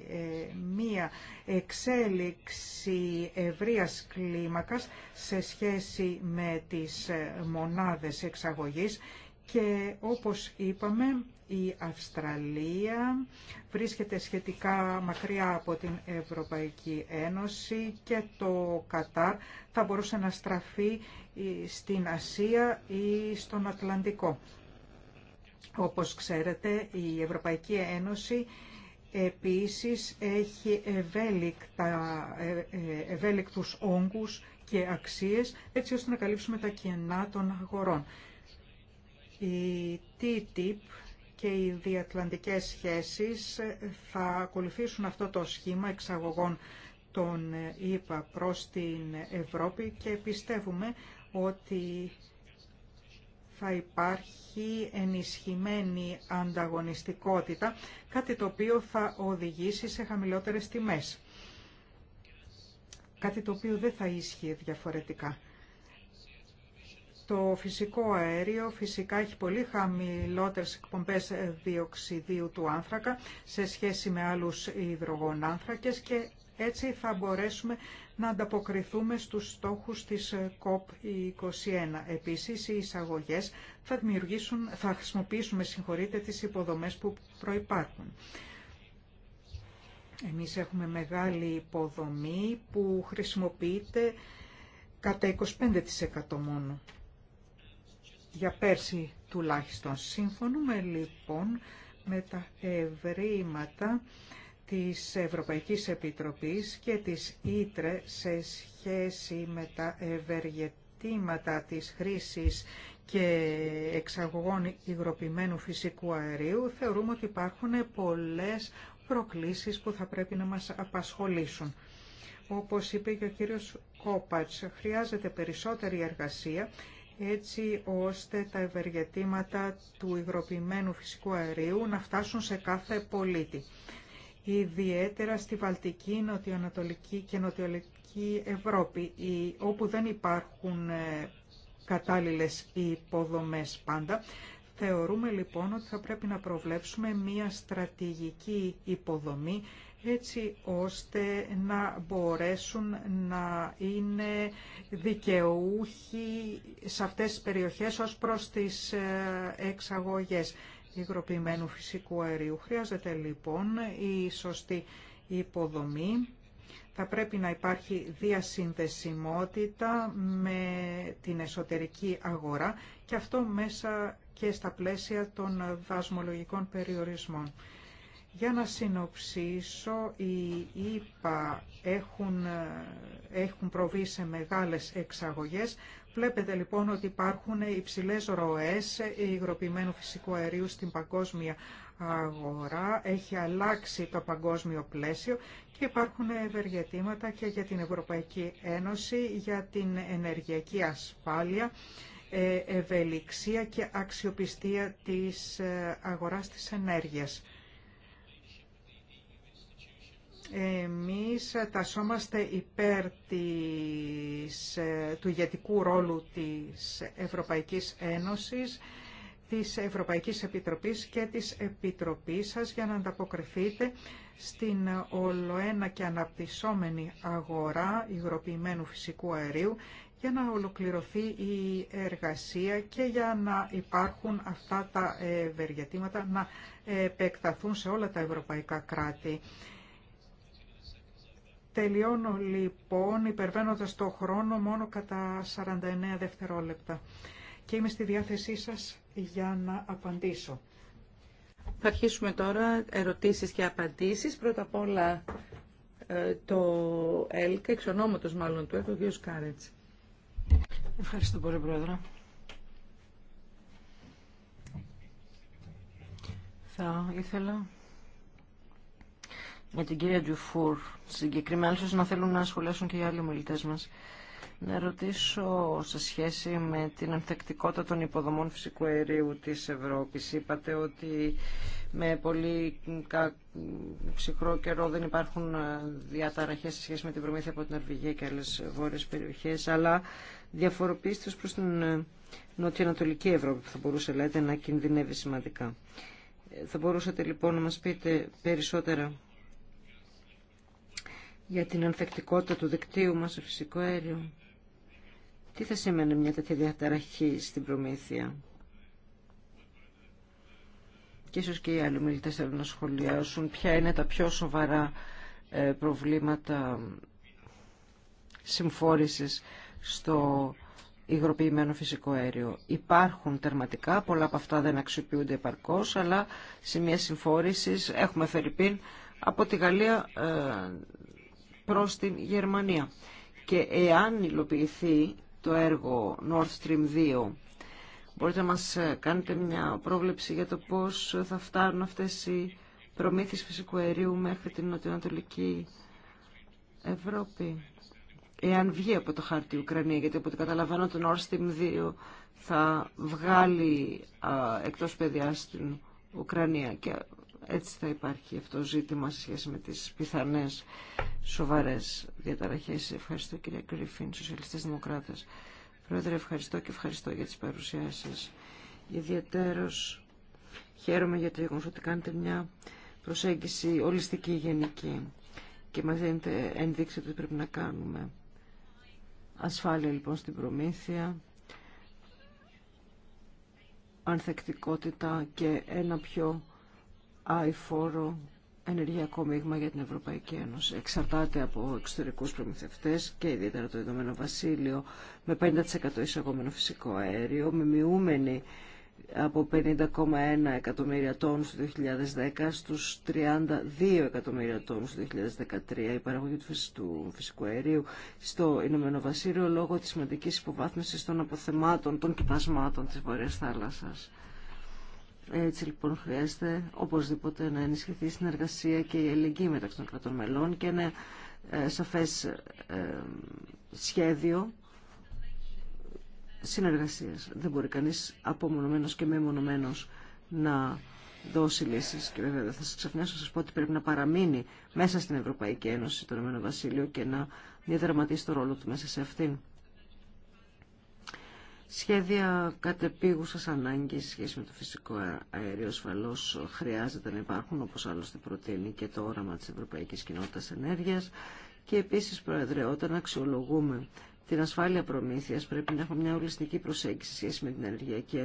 ε, μία εξέλιξη ευρείας κλίμακας σε σχέση με τις ε, μονάδες εξαγωγής και όπως είπαμε η Αυστραλία βρίσκεται σχετικά μακριά από την Ευρωπαϊκή Ένωση και το Κατάρ θα μπορούσε να στραφεί στην Ασία ή στον Ατλαντικό. Όπως ξέρετε, η Ευρωπαϊκή Ένωση επίσης έχει ευέλικτα, ε, ε, ευέλικτους όγκους και αξίες έτσι ώστε να καλύψουμε τα κενά των αγορών. Η TTIP και οι διατλαντικές σχέσεις θα ακολουθήσουν αυτό το σχήμα εξαγωγών των ΙΠΑ ε, προς την Ευρώπη και πιστεύουμε ότι θα υπάρχει ενισχυμένη ανταγωνιστικότητα, κάτι το οποίο θα οδηγήσει σε χαμηλότερες τιμές. Κάτι το οποίο δεν θα ίσχυε διαφορετικά. Το φυσικό αέριο φυσικά έχει πολύ χαμηλότερες εκπομπές διοξιδίου του άνθρακα σε σχέση με άλλους υδρογονάνθρακες και έτσι θα μπορέσουμε να ανταποκριθούμε στους στόχους της COP21. Επίσης, οι εισαγωγές θα, δημιουργήσουν, θα χρησιμοποιήσουμε συγχωρείτε, τις υποδομές που προϋπάρχουν. Εμείς έχουμε μεγάλη υποδομή που χρησιμοποιείται κατά 25% μόνο για πέρσι τουλάχιστον. Συμφωνούμε λοιπόν με τα ευρήματα της Ευρωπαϊκής Επιτροπής και της Ήτρε σε σχέση με τα ευεργετήματα της χρήσης και εξαγωγών υγροποιημένου φυσικού αερίου, θεωρούμε ότι υπάρχουν πολλές προκλήσεις που θα πρέπει να μας απασχολήσουν. Όπως είπε και ο κύριος Κόπατς, χρειάζεται περισσότερη εργασία έτσι ώστε τα ευεργετήματα του υγροποιημένου φυσικού αερίου να φτάσουν σε κάθε πολίτη. Ιδιαίτερα στη Βαλτική, Νοτιοανατολική και Νοτιολική Ευρώπη, όπου δεν υπάρχουν ε, κατάλληλες υποδομές πάντα, θεωρούμε λοιπόν ότι θα πρέπει να προβλέψουμε μία στρατηγική υποδομή έτσι ώστε να μπορέσουν να είναι δικαιούχοι σε αυτές τις περιοχές ως προς τις ε, εξαγωγές υγροποιημένου φυσικού αερίου. Χρειάζεται λοιπόν η σωστή υποδομή. Θα πρέπει να υπάρχει διασυνδεσιμότητα με την εσωτερική αγορά και αυτό μέσα και στα πλαίσια των δασμολογικών περιορισμών. Για να συνοψίσω, οι ΙΠΑ έχουν, έχουν προβεί σε μεγάλες εξαγωγές. Βλέπετε λοιπόν ότι υπάρχουν υψηλές ροές υγροποιημένου φυσικού αερίου στην παγκόσμια αγορά. Έχει αλλάξει το παγκόσμιο πλαίσιο και υπάρχουν ευεργετήματα και για την Ευρωπαϊκή Ένωση, για την ενεργειακή ασφάλεια ε, ευελιξία και αξιοπιστία της ε, αγοράς της ενέργειας. Εμείς τασόμαστε υπέρ της, ε, του ηγετικού ρόλου της Ευρωπαϊκής Ένωσης, της Ευρωπαϊκής Επιτροπής και της Επιτροπής σας για να ανταποκριθείτε στην ολοένα και αναπτυσσόμενη αγορά υγροποιημένου φυσικού αερίου για να ολοκληρωθεί η εργασία και για να υπάρχουν αυτά τα ευεργετήματα να επεκταθούν σε όλα τα ευρωπαϊκά κράτη. Τελειώνω λοιπόν υπερβαίνοντας το χρόνο μόνο κατά 49 δευτερόλεπτα και είμαι στη διάθεσή σας για να απαντήσω. Θα αρχίσουμε τώρα ερωτήσεις και απαντήσεις. Πρώτα απ' όλα ε, το ΕΛΚΑ, εξ ονόματος μάλλον του ΕΛΚ, ο Κάρετς. Ευχαριστώ πολύ, Πρόεδρε. Θα ήθελα με την κυρία Ντιουφούρ συγκεκριμένα, ίσως να θέλουν να σχολιάσουν και οι άλλοι ομιλητέ μας. Να ρωτήσω σε σχέση με την ανθεκτικότητα των υποδομών φυσικού αερίου της Ευρώπης. Είπατε ότι με πολύ ψυχρό καιρό δεν υπάρχουν ε, διαταραχές σε σχέση με την προμήθεια από την Αρβηγία και άλλες βόρειες περιοχές, αλλά διαφοροποιήστε προς την ε, νοτιοανατολική Ευρώπη που θα μπορούσε λέτε, να κινδυνεύει σημαντικά. Ε, θα μπορούσατε λοιπόν να μας πείτε περισσότερα για την ανθεκτικότητα του δικτύου μας στο φυσικό αέριο. Τι θα σημαίνει μια τέτοια διαταραχή στην προμήθεια. Και ίσως και οι άλλοι μιλητές θέλουν να σχολιάσουν ποια είναι τα πιο σοβαρά ε, προβλήματα συμφόρησης στο υγροποιημένο φυσικό αέριο. Υπάρχουν τερματικά, πολλά από αυτά δεν αξιοποιούνται επαρκώς, αλλά σημεία συμφόρηση έχουμε φερειπίν από τη Γαλλία ε, προς την Γερμανία. Και εάν υλοποιηθεί το έργο Nord Stream 2, μπορείτε να μας κάνετε μια πρόβλεψη για το πώς θα φτάνουν αυτές οι προμήθειες φυσικού αερίου μέχρι την νοτιοανατολική Ευρώπη. Εάν βγει από το χάρτη η Ουκρανία, γιατί από ό,τι καταλαβαίνω το Nord Stream 2 θα βγάλει εκτό εκτός παιδιάς την Ουκρανία. Και έτσι θα υπάρχει αυτό το ζήτημα σε σχέση με τις πιθανές σοβαρές διαταραχές. Ευχαριστώ κυρία Κρυφίν, Σοσιαλιστές Δημοκράτες. Πρόεδρε, ευχαριστώ και ευχαριστώ για τις παρουσιάσεις. Ιδιαίτερος χαίρομαι για το γεγονός ότι κάνετε μια προσέγγιση ολιστική γενική και μας δίνετε ενδείξει ότι πρέπει να κάνουμε. Ασφάλεια λοιπόν στην προμήθεια, ανθεκτικότητα και ένα πιο αηφόρο ενεργειακό μείγμα για την Ευρωπαϊκή Ένωση. Εξαρτάται από εξωτερικούς προμηθευτές και ιδιαίτερα το Ηνωμένο Βασίλειο με 50% εισαγόμενο φυσικό αέριο, με μειούμενη από 50,1 εκατομμύρια τόνου το 2010 στους 32 εκατομμύρια τόνου το 2013 η παραγωγή του φυσικού αερίου στο Ηνωμένο Βασίλειο λόγω της σημαντική υποβάθμιση των αποθεμάτων, των κοιτασμάτων τη Βορειάς Θάλασσας. Έτσι λοιπόν χρειάζεται οπωσδήποτε να ενισχυθεί η συνεργασία και η ελεγγύη μεταξύ των κρατών μελών και ένα ε, σαφές ε, σχέδιο συνεργασίας. Δεν μπορεί κανείς απομονωμένος και μεμονωμένος να δώσει λύσεις και βέβαια θα σας ξαφνιάσω να σας πω ότι πρέπει να παραμείνει μέσα στην Ευρωπαϊκή Ένωση το Ηνωμένο Βασίλειο και να διαδραματίσει το ρόλο του μέσα σε αυτήν σχέδια κατεπίγουσας ανάγκης σχέση με το φυσικό αέριο ασφαλώς χρειάζεται να υπάρχουν όπως άλλωστε προτείνει και το όραμα της Ευρωπαϊκής Κοινότητας Ενέργειας και επίσης Πρόεδρε όταν αξιολογούμε την ασφάλεια προμήθειας πρέπει να έχουμε μια ολιστική προσέγγιση σχέση με την Ενεργειακή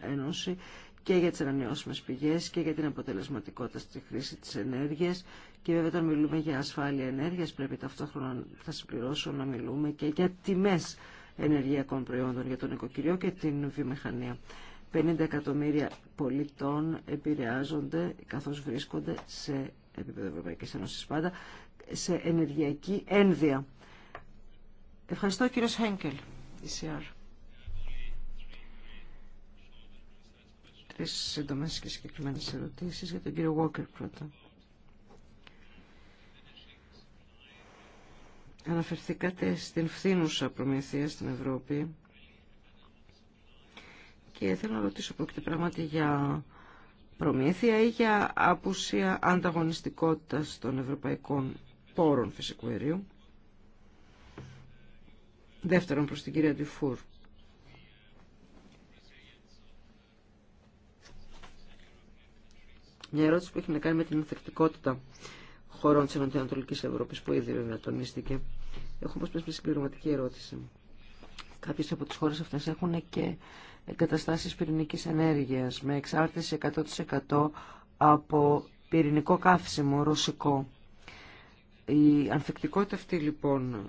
Ένωση και για τις ανανεώσιμε πηγές και για την αποτελεσματικότητα στη χρήση της ενέργειας και βέβαια όταν μιλούμε για ασφάλεια ενέργειας πρέπει ταυτόχρονα θα συμπληρώσω να μιλούμε και για τιμές ενεργειακών προϊόντων για τον οικοκυριό και την βιομηχανία. 50 εκατομμύρια πολιτών επηρεάζονται καθώς βρίσκονται σε επίπεδο Ευρωπαϊκής Ένωσης πάντα σε ενεργειακή ένδυα. Ευχαριστώ κύριο Χένκελ, ECR. Τρεις σύντομες και συγκεκριμένες ερωτήσεις για τον κύριο Βόκερ πρώτα. αναφερθήκατε στην φθήνουσα προμηθεία στην Ευρώπη και θέλω να ρωτήσω πρόκειται πράγματι για προμήθεια ή για απουσία ανταγωνιστικότητας των ευρωπαϊκών πόρων φυσικού αερίου. Δεύτερον προς την κυρία Τιφούρ. Μια ερώτηση που έχει να κάνει με την ανθεκτικότητα χωρών της Ανατολικής Ευρώπης που ήδη βέβαια τονίστηκε. Έχω όμως μια συμπληρωματική ερώτηση. Κάποιες από τις χώρες αυτές έχουν και εγκαταστάσεις πυρηνικής ενέργειας με εξάρτηση 100% από πυρηνικό καύσιμο ρωσικό. Η ανθεκτικότητα αυτή λοιπόν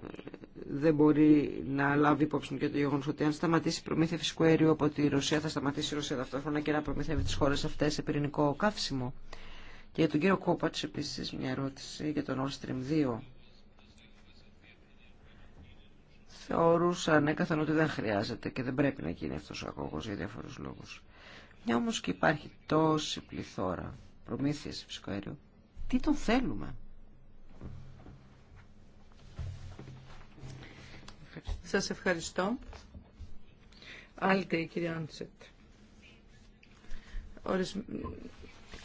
δεν μπορεί να λάβει υπόψη και το γεγονό ότι αν σταματήσει η προμήθεια φυσικού αερίου από τη Ρωσία θα σταματήσει η Ρωσία ταυτόχρονα και να προμηθεύει τι χώρε αυτέ σε πυρηνικό καύσιμο. Και για τον κύριο Κόπατς επίσης μια ερώτηση για τον Nord Stream 2. Θεωρούσα έκαθαν ότι δεν χρειάζεται και δεν πρέπει να γίνει αυτός ο αγώγος για διάφορους λόγους. Μια όμως και υπάρχει τόση πληθώρα προμήθειας φυσικού αέριο. Τι τον θέλουμε. Σας ευχαριστώ. Άλλη κυρία Άντσετ.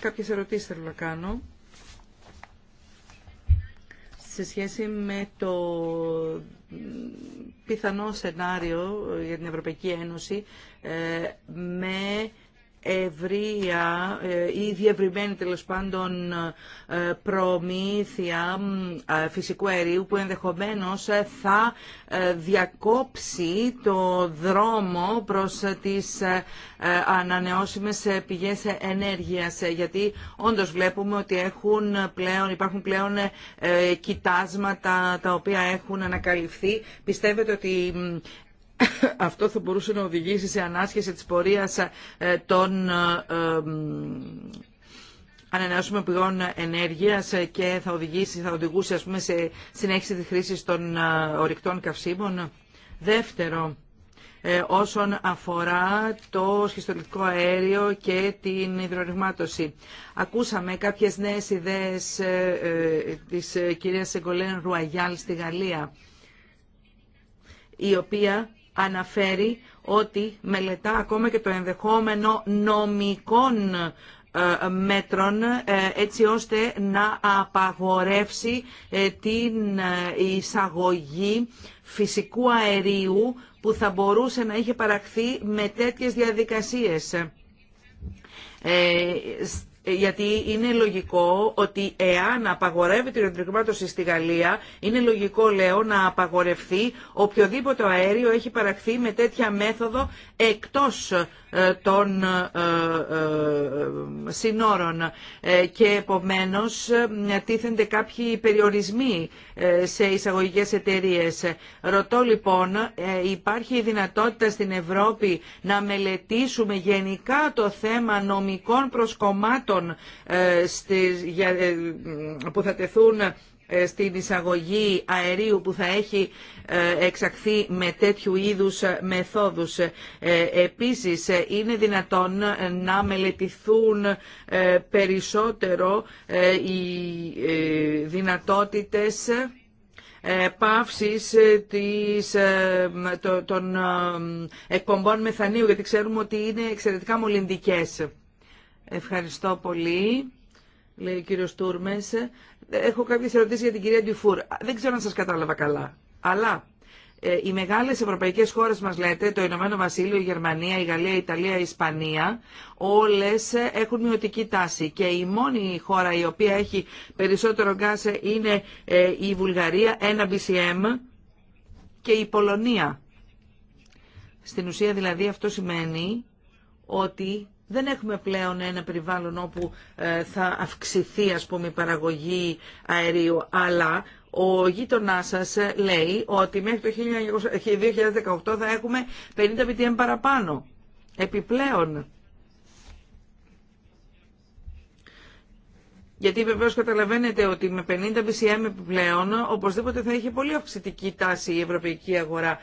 Κάποιες ερωτήσεις θέλω να κάνω σε σχέση με το πιθανό σενάριο για την Ευρωπαϊκή Ένωση ε, με ευρεία ε, ή διευρυμένη τέλο πάντων ε, προμήθεια ε, φυσικού αερίου που ενδεχομένως θα διακόψει το δρόμο προς τις ανανεώσιμες πηγές ενέργειας γιατί όντως βλέπουμε ότι έχουν πλέον, υπάρχουν πλέον κοιτάσματα τα οποία έχουν ανακαλυφθεί. Πιστεύετε ότι αυτό θα μπορούσε να οδηγήσει σε ανάσχεση της πορείας ε, των ε, ανανεώσιμων πηγών ενέργειας και θα, οδηγήσει, θα οδηγούσε ας πούμε, σε συνέχιση της χρήσης των ε, ορυκτών καυσίμων. Δεύτερο, όσον αφορά το σχιστολιτικό αέριο και την υδρορυγμάτωση. Ακούσαμε κάποιες νέες ιδέες της κυρίας Εγκολέν Ρουαγιάλ στη Γαλλία, η οποία αναφέρει ότι μελετά ακόμα και το ενδεχόμενο νομικών ε, μέτρων ε, έτσι ώστε να απαγορεύσει ε, την εισαγωγή φυσικού αερίου που θα μπορούσε να είχε παραχθεί με τέτοιες διαδικασίες γιατί είναι λογικό ότι εάν απαγορεύεται η ορυθροκρημάτωση στη Γαλλία, είναι λογικό, λέω, να απαγορευθεί οποιοδήποτε αέριο έχει παραχθεί με τέτοια μέθοδο εκτός ε, των ε, ε, συνόρων. Και επομένως τίθενται κάποιοι περιορισμοί σε εισαγωγικές εταιρείε. Ρωτώ λοιπόν, υπάρχει η δυνατότητα στην Ευρώπη να μελετήσουμε γενικά το θέμα νομικών προσκομμάτων ε, ε, που θα τεθούν ε, στην εισαγωγή αερίου που θα έχει εξαχθεί με τέτοιου είδους μεθόδους. Επίσης, είναι δυνατόν να μελετηθούν περισσότερο οι δυνατότητες παύσης της, των εκπομπών μεθανίου, γιατί ξέρουμε ότι είναι εξαιρετικά μολυντικές. Ευχαριστώ πολύ, λέει ο κύριο Τούρμε. Έχω κάποιες ερωτήσεις για την κυρία Ντιφούρ. Δεν ξέρω αν σας κατάλαβα καλά, αλλά ε, οι μεγάλες ευρωπαϊκές χώρες μας λέτε, το Ηνωμένο Βασίλειο, η Γερμανία, η Γαλλία, η Ιταλία, η Ισπανία, όλες έχουν μειωτική τάση και η μόνη χώρα η οποία έχει περισσότερο γκάς είναι ε, η Βουλγαρία, ένα BCM και η Πολωνία. Στην ουσία δηλαδή αυτό σημαίνει ότι δεν έχουμε πλέον ένα περιβάλλον όπου ε, θα αυξηθεί ας πούμε, η παραγωγή αερίου, αλλά ο γείτονά σα ε, λέει ότι μέχρι το 2018 ε, θα έχουμε 50 BTM παραπάνω. Επιπλέον. Γιατί βεβαίω καταλαβαίνετε ότι με 50 BCM επιπλέον οπωσδήποτε θα είχε πολύ αυξητική τάση η ευρωπαϊκή αγορά.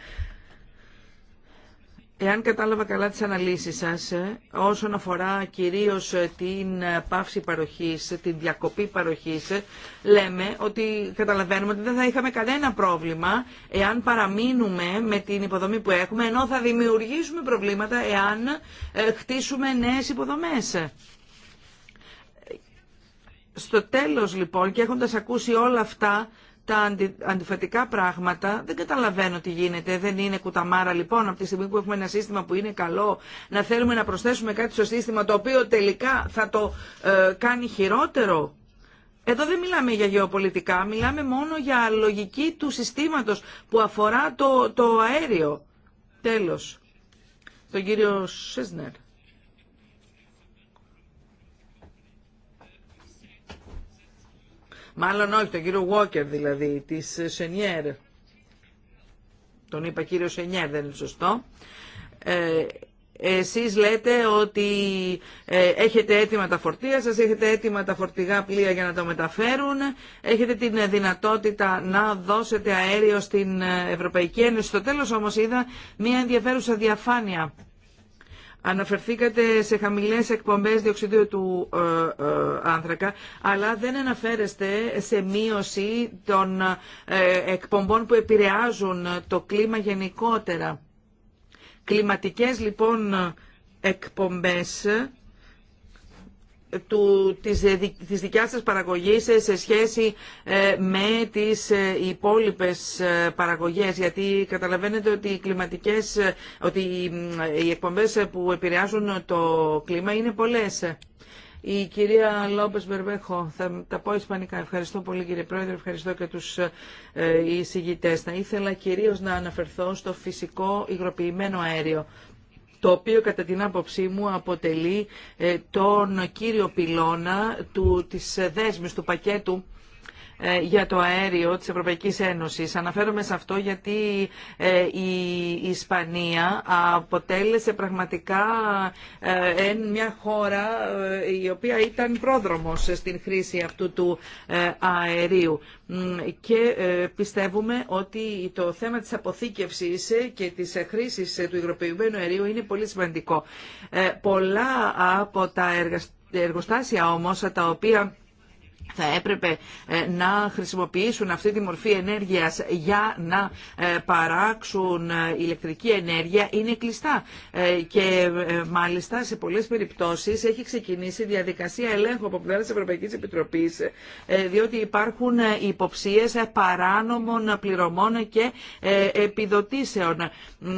Εάν κατάλαβα καλά τις αναλύσεις σας, ε, όσον αφορά κυρίως ε, την ε, πάυση παροχής, την διακοπή παροχής, λέμε ότι καταλαβαίνουμε ότι δεν θα είχαμε κανένα πρόβλημα εάν παραμείνουμε με την υποδομή που έχουμε, ενώ θα δημιουργήσουμε προβλήματα εάν χτίσουμε νέες υποδομές. Στο τέλος λοιπόν και έχοντας ακούσει όλα αυτά, τα αντι, αντιφατικά πράγματα. Δεν καταλαβαίνω τι γίνεται. Δεν είναι κουταμάρα λοιπόν από τη στιγμή που έχουμε ένα σύστημα που είναι καλό να θέλουμε να προσθέσουμε κάτι στο σύστημα το οποίο τελικά θα το ε, κάνει χειρότερο. Εδώ δεν μιλάμε για γεωπολιτικά, μιλάμε μόνο για λογική του συστήματος που αφορά το, το αέριο. Τέλος. Τον κύριο Σέσνερ. Μάλλον όχι, τον κύριο Walker δηλαδή, τη Σενιέρ. Τον είπα κύριο Σενιέρ, δεν είναι σωστό. Ε, εσείς λέτε ότι ε, έχετε έτοιμα τα φορτία σας, έχετε έτοιμα τα φορτηγά πλοία για να το μεταφέρουν, έχετε την δυνατότητα να δώσετε αέριο στην ε, Ευρωπαϊκή Ένωση. Στο τέλος όμως είδα μια ενδιαφέρουσα διαφάνεια Αναφερθήκατε σε χαμηλές εκπομπές διοξιδίου του ε, ε, άνθρακα, αλλά δεν αναφέρεστε σε μείωση των ε, εκπομπών που επηρεάζουν το κλίμα γενικότερα. Κλιματικές λοιπόν εκπομπές του, της, της δικιάς σας παραγωγής σε σχέση ε, με τις ε, υπόλοιπες ε, παραγωγές γιατί καταλαβαίνετε ότι οι κλιματικές ότι οι εκπομπές που επηρεάζουν το κλίμα είναι πολλές. Η κυρία Λόμπες Μπερβέχο, θα τα πω ισπανικά. Ευχαριστώ πολύ κύριε Πρόεδρε, ευχαριστώ και τους εισηγητές. Θα ήθελα κυρίως να αναφερθώ στο φυσικό υγροποιημένο αέριο το οποίο κατά την άποψή μου αποτελεί ε, τον κύριο πυλώνα του, της ε, δέσμης του πακέτου ε, για το αέριο της Ευρωπαϊκής Ένωσης. Αναφέρομαι σε αυτό γιατί ε, η Ισπανία αποτέλεσε πραγματικά ε, μια χώρα η οποία ήταν πρόδρομος στην χρήση αυτού του αερίου. Και πιστεύουμε ότι το θέμα της αποθήκευσης και της χρήσης του υγροποιημένου αερίου είναι πολύ σημαντικό. Πολλά από τα εργοστάσια όμως τα οποία θα έπρεπε ε, να χρησιμοποιήσουν αυτή τη μορφή ενέργειας για να ε, παράξουν ε, ηλεκτρική ενέργεια είναι κλειστά. Και μάλιστα σε πολλές περιπτώσεις έχει ξεκινήσει διαδικασία ελέγχου από πλευρά της Ευρωπαϊκής Επιτροπής διότι υπάρχουν υποψίες παράνομων πληρωμών και επιδοτήσεων.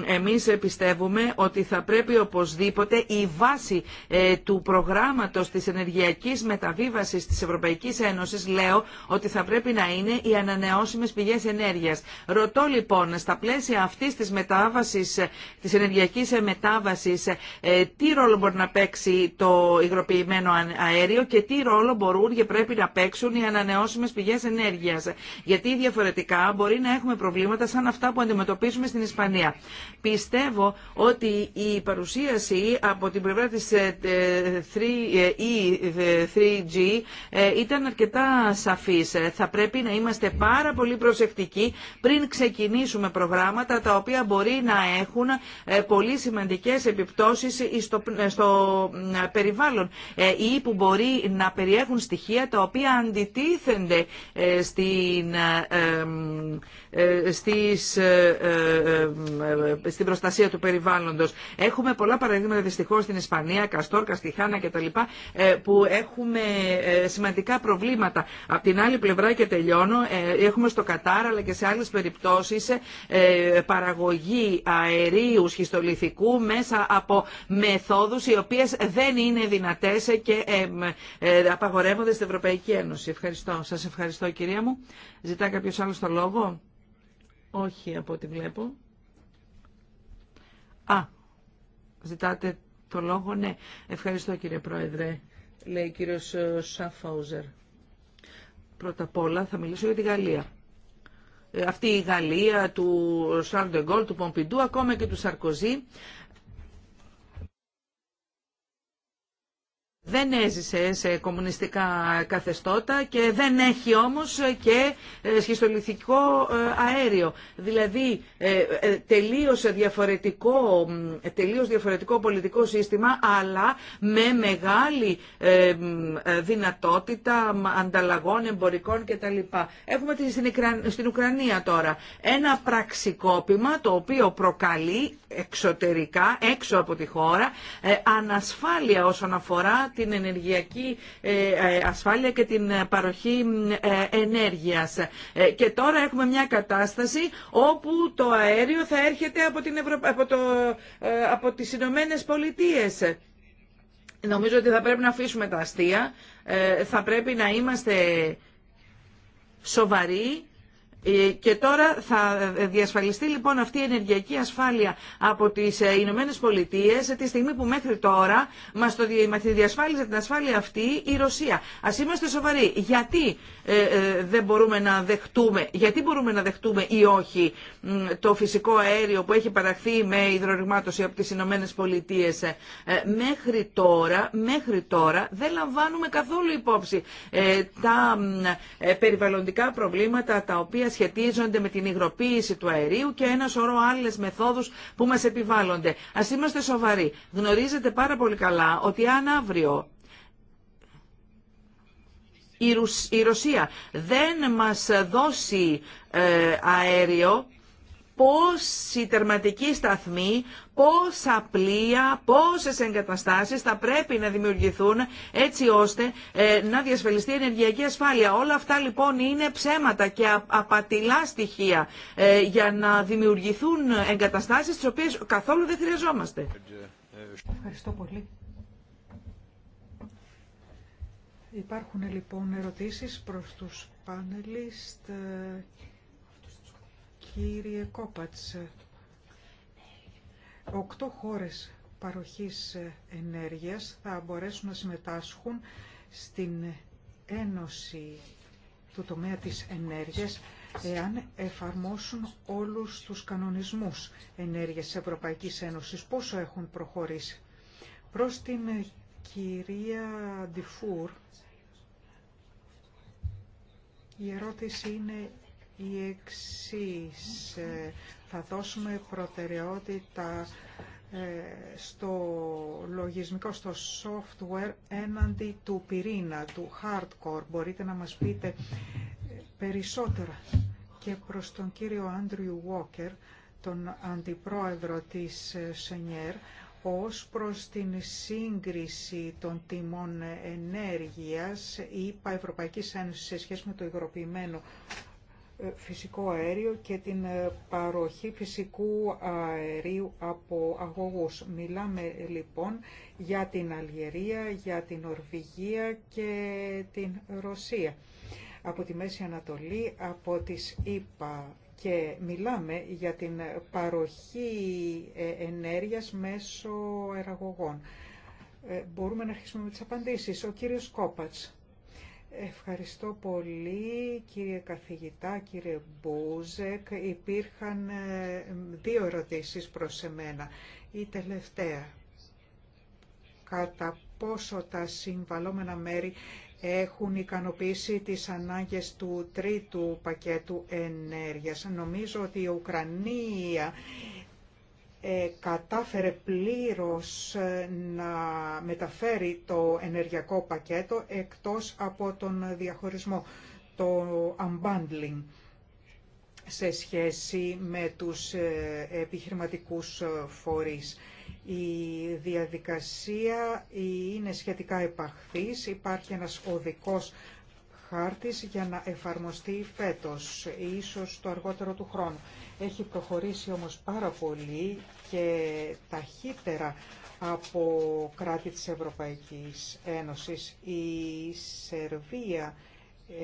Εμείς πιστεύουμε ότι θα πρέπει οπωσδήποτε η βάση του προγράμματος της ενεργειακής μεταβίβασης της Ευρωπαϊκής λέω ότι θα πρέπει να είναι οι ανανεώσιμε πηγέ ενέργεια. Ρωτώ λοιπόν στα πλαίσια αυτή τη μετάβαση, τη ενεργειακή μετάβαση, ε, τι ρόλο μπορεί να παίξει το υγροποιημένο αέριο και τι ρόλο μπορούν και πρέπει να παίξουν οι ανανεώσιμε πηγέ ενέργεια. Γιατί διαφορετικά μπορεί να έχουμε προβλήματα σαν αυτά που αντιμετωπίζουμε στην Ισπανία. Πιστεύω ότι η παρουσίαση από την πλευρά τη 3 g ήταν αρκετά σαφής. Ε, θα πρέπει να είμαστε πάρα πολύ προσεκτικοί πριν ξεκινήσουμε προγράμματα τα οποία μπορεί να έχουν ε, πολύ σημαντικές επιπτώσεις στο ε, περιβάλλον ή που μπορεί να περιέχουν στοιχεία τα οποία αντιτίθενται στην, στις, στην προστασία του περιβάλλοντος. Έχουμε πολλά παραδείγματα δυστυχώς στην Ισπανία, Καστόρκα, Στιχάνα κτλ. που έχουμε σημαντικά προβλήματα προβλήματα. Απ' την άλλη πλευρά και τελειώνω, ε, έχουμε στο Κατάρ αλλά και σε άλλες περιπτώσεις ε, παραγωγή αερίου σχιστολιθικού μέσα από μεθόδους οι οποίες δεν είναι δυνατές και ε, απαγορεύονται στην Ευρωπαϊκή Ένωση. Ευχαριστώ. Σας ευχαριστώ κυρία μου. Ζητά κάποιο άλλο το λόγο. Όχι από ό,τι βλέπω. Α, ζητάτε το λόγο. Ναι. Ευχαριστώ κύριε Πρόεδρε, λέει ο κύριος Uh, Πρώτα απ' όλα θα μιλήσω για τη Γαλλία. Ε, αυτή η Γαλλία του Σαρντεγκόλ, του Πομπιντού, ακόμα και του Σαρκοζή δεν έζησε σε κομμουνιστικά καθεστώτα και δεν έχει όμως και ε, σχιστολιθικό ε, αέριο. Δηλαδή ε, τελείως διαφορετικό, τελείως διαφορετικό πολιτικό σύστημα αλλά με μεγάλη δυνατότητα ανταλλαγών εμπορικών κτλ. Έχουμε στην Ουκρανία τώρα ένα πραξικόπημα το οποίο προκαλεί εξωτερικά, έξω από τη χώρα, ανασφάλεια όσον αφορά την ενεργειακή ε, ε, ασφάλεια και την παροχή ε, ενέργειας. Και τώρα έχουμε μια κατάσταση όπου το αέριο θα έρχεται από, την Ευρω... από, το... από τις Ηνωμένε Πολιτείες. Νομίζω ότι θα πρέπει να αφήσουμε τα αστεία, θα πρέπει να είμαστε σοβαροί ε, και τώρα θα διασφαλιστεί λοιπόν αυτή η ενεργειακή ασφάλεια από τι ε, Ηνωμένε Πολιτείε τη στιγμή που μέχρι τώρα μα το διασφάλιζε την ασφάλεια αυτή η Ρωσία. Α είμαστε σοβαροί. Γιατί ε, δεν μπορούμε να δεχτούμε, γιατί μπορούμε να δεχτούμε ή όχι το φυσικό αέριο που έχει παραχθεί με υδρορυγμάτωση από τι Ηνωμένε Πολιτείε. Μέχρι τώρα, μέχρι τώρα δεν λαμβάνουμε καθόλου υπόψη τα περιβαλλοντικά προβλήματα τα οποία σχετίζονται με την υγροποίηση του αερίου και ένα σωρό άλλε μεθόδους που μας επιβάλλονται. Α είμαστε σοβαροί. Γνωρίζετε πάρα πολύ καλά ότι αν αύριο η Ρωσία δεν μας δώσει ε, αέριο, πόσοι τερματική σταθμοί πόσα πλοία, πόσες εγκαταστάσεις θα πρέπει να δημιουργηθούν έτσι ώστε ε, να διασφαλιστεί η ενεργειακή ασφάλεια. Όλα αυτά λοιπόν είναι ψέματα και απατηλά στοιχεία ε, για να δημιουργηθούν εγκαταστάσεις τι οποίες καθόλου δεν χρειαζόμαστε. Ευχαριστώ πολύ. Υπάρχουν λοιπόν ερωτήσεις προς τους πάνελιστ. Ε, κύριε Κόπατς, Οκτώ χώρες παροχής ε, ενέργειας θα μπορέσουν να συμμετάσχουν στην Ένωση του τομέα της ενέργειας εάν εφαρμόσουν όλους τους κανονισμούς ενέργειας της Ευρωπαϊκής Ένωσης. Πόσο έχουν προχωρήσει. Προς την ε, κυρία Ντιφούρ, η ερώτηση είναι η εξής. Ε, θα δώσουμε προτεραιότητα ε, στο λογισμικό, στο software έναντι του πυρήνα, του hardcore. Μπορείτε να μας πείτε ε, περισσότερα. Και προς τον κύριο Άντριου Βόκερ, τον αντιπρόεδρο της ΣΕΝΙΕΡ, ως προς την σύγκριση των τιμών ενέργειας, είπα Ευρωπαϊκής Ένωσης σε σχέση με το υγροποιημένο φυσικό αέριο και την ε, παροχή φυσικού αερίου από αγωγούς. Μιλάμε λοιπόν για την Αλγερία, για την Ορβηγία και την Ρωσία. Από τη Μέση Ανατολή, από τις ΗΠΑ και μιλάμε για την παροχή ε, ενέργειας μέσω αεραγωγών. Ε, μπορούμε να αρχίσουμε με τις απαντήσεις. Ο κύριος Κόπατς. Ευχαριστώ πολύ κύριε καθηγητά, κύριε Μπούζεκ. Υπήρχαν ε, δύο ερωτήσεις προς εμένα. Η τελευταία. Κατά πόσο τα συμβαλόμενα μέρη έχουν ικανοποιήσει τις ανάγκες του τρίτου πακέτου ενέργειας. Νομίζω ότι η Ουκρανία ε, κατάφερε πλήρως ε, να μεταφέρει το ενεργειακό πακέτο εκτός από τον διαχωρισμό, το unbundling σε σχέση με τους ε, επιχειρηματικούς φορείς. Η διαδικασία είναι σχετικά επαχθής, υπάρχει ένας οδικός χάρτης για να εφαρμοστεί φέτος, ίσως το αργότερο του χρόνου. Έχει προχωρήσει όμως πάρα πολύ και ταχύτερα από κράτη της Ευρωπαϊκής Ένωσης. Η Σερβία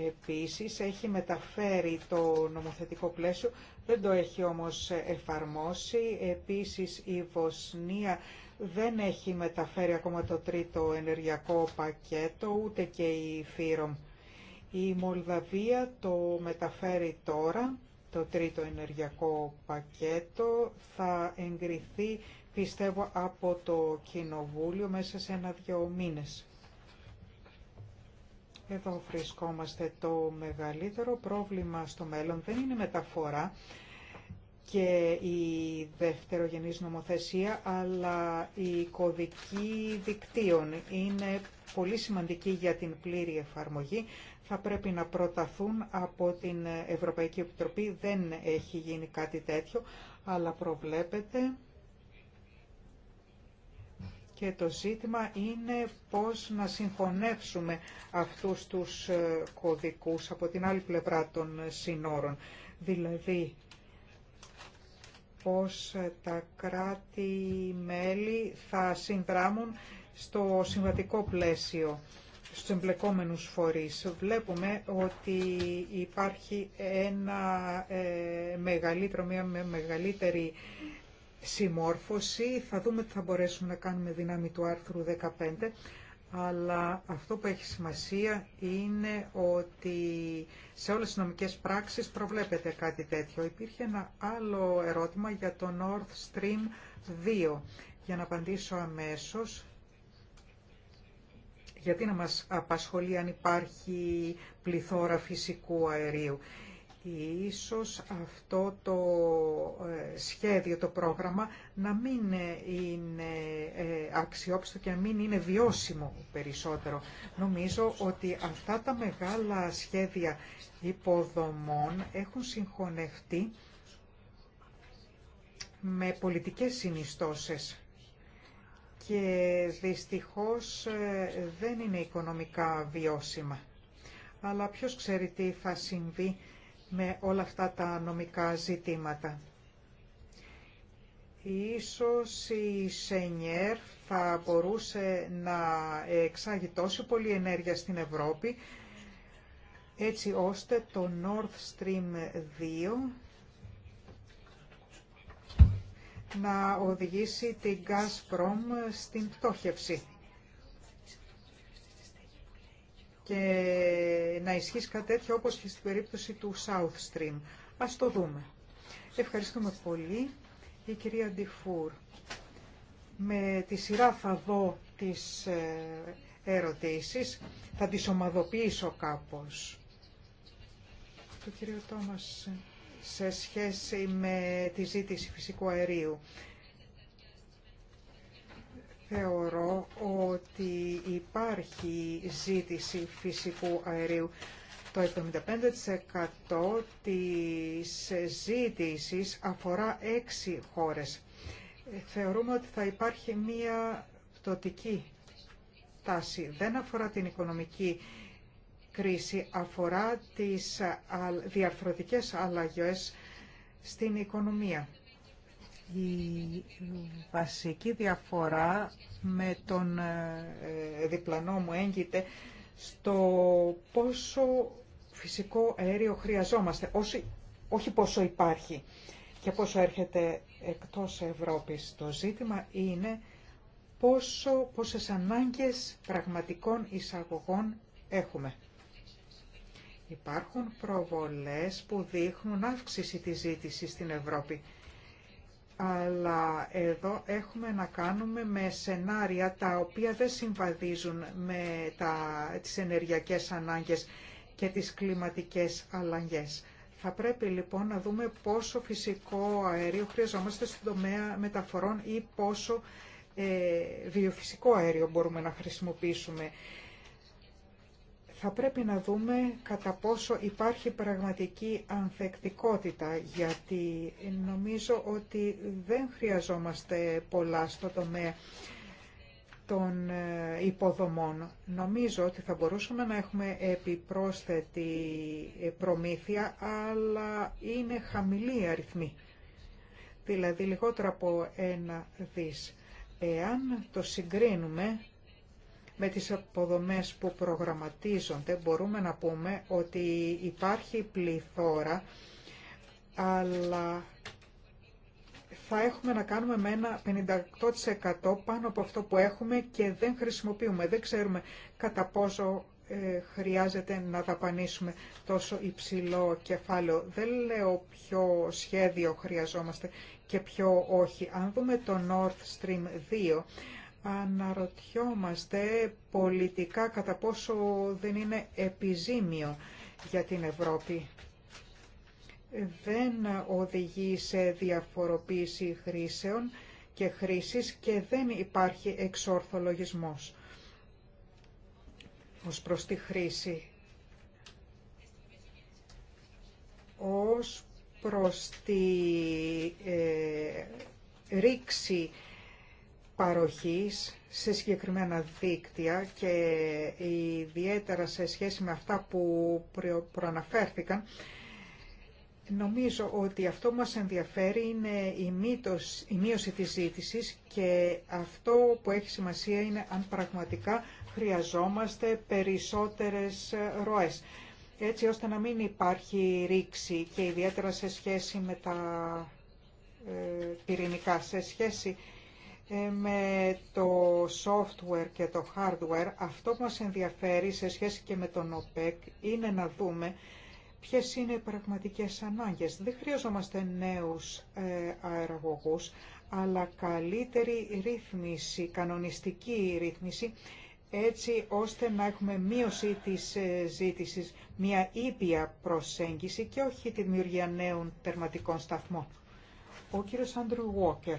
επίσης έχει μεταφέρει το νομοθετικό πλαίσιο, δεν το έχει όμως εφαρμόσει. Επίσης η Βοσνία δεν έχει μεταφέρει ακόμα το τρίτο ενεργειακό πακέτο, ούτε και η Φύρομ. Η Μολδαβία το μεταφέρει τώρα το τρίτο ενεργειακό πακέτο θα εγκριθεί πιστεύω από το Κοινοβούλιο μέσα σε ένα-δυο μήνες. Εδώ βρισκόμαστε το μεγαλύτερο πρόβλημα στο μέλλον. Δεν είναι μεταφορά και η δευτερογενής νομοθεσία, αλλά η κωδική δικτύων είναι πολύ σημαντική για την πλήρη εφαρμογή, θα πρέπει να προταθούν από την Ευρωπαϊκή Επιτροπή. Δεν έχει γίνει κάτι τέτοιο, αλλά προβλέπεται και το ζήτημα είναι πώς να συγχωνεύσουμε αυτούς τους ε, κωδικούς από την άλλη πλευρά των συνόρων. Δηλαδή, πώς ε, τα κράτη-μέλη θα συνδράμουν στο συμβατικό πλαίσιο στους εμπλεκόμενους φορείς. Βλέπουμε ότι υπάρχει ένα ε, μεγαλύτερο, μια μεγαλύτερη συμμόρφωση. Θα δούμε τι θα μπορέσουμε να κάνουμε δυνάμει του άρθρου 15, αλλά αυτό που έχει σημασία είναι ότι σε όλες τις νομικές πράξεις προβλέπεται κάτι τέτοιο. Υπήρχε ένα άλλο ερώτημα για το North Stream 2. Για να απαντήσω αμέσως, γιατί να μας απασχολεί αν υπάρχει πληθώρα φυσικού αερίου. Ίσως αυτό το ε, σχέδιο, το πρόγραμμα να μην ε, είναι ε, αξιόπιστο και να μην είναι βιώσιμο περισσότερο. Νομίζω ότι αυτά τα μεγάλα σχέδια υποδομών έχουν συγχωνευτεί με πολιτικές συνιστώσεις και δυστυχώς ε, δεν είναι οικονομικά βιώσιμα. Αλλά ποιος ξέρει τι θα συμβεί με όλα αυτά τα νομικά ζητήματα. Ίσως η Σενιέρ θα μπορούσε να εξάγει τόσο πολύ ενέργεια στην Ευρώπη έτσι ώστε το Nord Stream 2 να οδηγήσει την Gazprom στην πτώχευση και να ισχύσει κάτι τέτοιο όπως και στην περίπτωση του South Stream. Ας το δούμε. Ευχαριστούμε πολύ. Η κυρία Ντιφούρ, με τη σειρά θα δω τις ε, ερωτήσεις, θα τις ομαδοποιήσω κάπως. Το κύριο Τόμας... Ε, σε σχέση με τη ζήτηση φυσικού αερίου. Θεωρώ ότι υπάρχει ζήτηση φυσικού αερίου. Το 75% της ζήτησης αφορά έξι χώρες. Θεωρούμε ότι θα υπάρχει μία πτωτική τάση. Δεν αφορά την οικονομική κρίση αφορά τις διαφορετικές αλλαγές στην οικονομία. Η βασική διαφορά με τον ε, διπλανό μου έγκυται στο πόσο φυσικό αέριο χρειαζόμαστε, όχι, όχι πόσο υπάρχει και πόσο έρχεται εκτός Ευρώπης. Το ζήτημα είναι πόσο, πόσες ανάγκες πραγματικών εισαγωγών έχουμε. Υπάρχουν προβολές που δείχνουν αύξηση της ζήτησης στην Ευρώπη. Αλλά εδώ έχουμε να κάνουμε με σενάρια τα οποία δεν συμβαδίζουν με τα, τις ενεργειακές ανάγκες και τις κλιματικές αλλαγές. Θα πρέπει λοιπόν να δούμε πόσο φυσικό αέριο χρειαζόμαστε στην τομέα μεταφορών ή πόσο ε, βιοφυσικό αέριο μπορούμε να χρησιμοποιήσουμε θα πρέπει να δούμε κατά πόσο υπάρχει πραγματική ανθεκτικότητα, γιατί νομίζω ότι δεν χρειαζόμαστε πολλά στο τομέα των ε, υποδομών. Νομίζω ότι θα μπορούσαμε να έχουμε επιπρόσθετη ε, προμήθεια, αλλά είναι χαμηλή η αριθμή, δηλαδή λιγότερο από ένα δις. Εάν το συγκρίνουμε με τις αποδομές που προγραμματίζονται μπορούμε να πούμε ότι υπάρχει πληθώρα, αλλά θα έχουμε να κάνουμε με ένα 58% πάνω από αυτό που έχουμε και δεν χρησιμοποιούμε. Δεν ξέρουμε κατά πόσο ε, χρειάζεται να δαπανίσουμε τόσο υψηλό κεφάλαιο. Δεν λέω ποιο σχέδιο χρειαζόμαστε και ποιο όχι. Αν δούμε το «North Stream 2, αναρωτιόμαστε πολιτικά κατά πόσο δεν είναι επιζήμιο για την Ευρώπη. Δεν οδηγεί σε διαφοροποίηση χρήσεων και χρήσης και δεν υπάρχει εξορθολογισμός ως προς τη χρήση. Ως προς τη ε, ρήξη παροχής σε συγκεκριμένα δίκτυα και ιδιαίτερα σε σχέση με αυτά που προαναφέρθηκαν, Νομίζω ότι αυτό που μας ενδιαφέρει είναι η, μήτος, η μείωση της ζήτησης και αυτό που έχει σημασία είναι αν πραγματικά χρειαζόμαστε περισσότερες ροές. Έτσι ώστε να μην υπάρχει ρήξη και ιδιαίτερα σε σχέση με τα ε, πυρηνικά, σε σχέση ε, με το software και το hardware, αυτό που μας ενδιαφέρει σε σχέση και με τον OPEC είναι να δούμε ποιες είναι οι πραγματικές ανάγκες. Δεν χρειαζόμαστε νέους ε, αεραγωγούς, αλλά καλύτερη ρύθμιση, κανονιστική ρύθμιση, έτσι ώστε να έχουμε μείωση της ε, ζήτησης, μια ήπια προσέγγιση και όχι τη δημιουργία νέων τερματικών σταθμών. Ο κύριος Άντρου Βόκερ.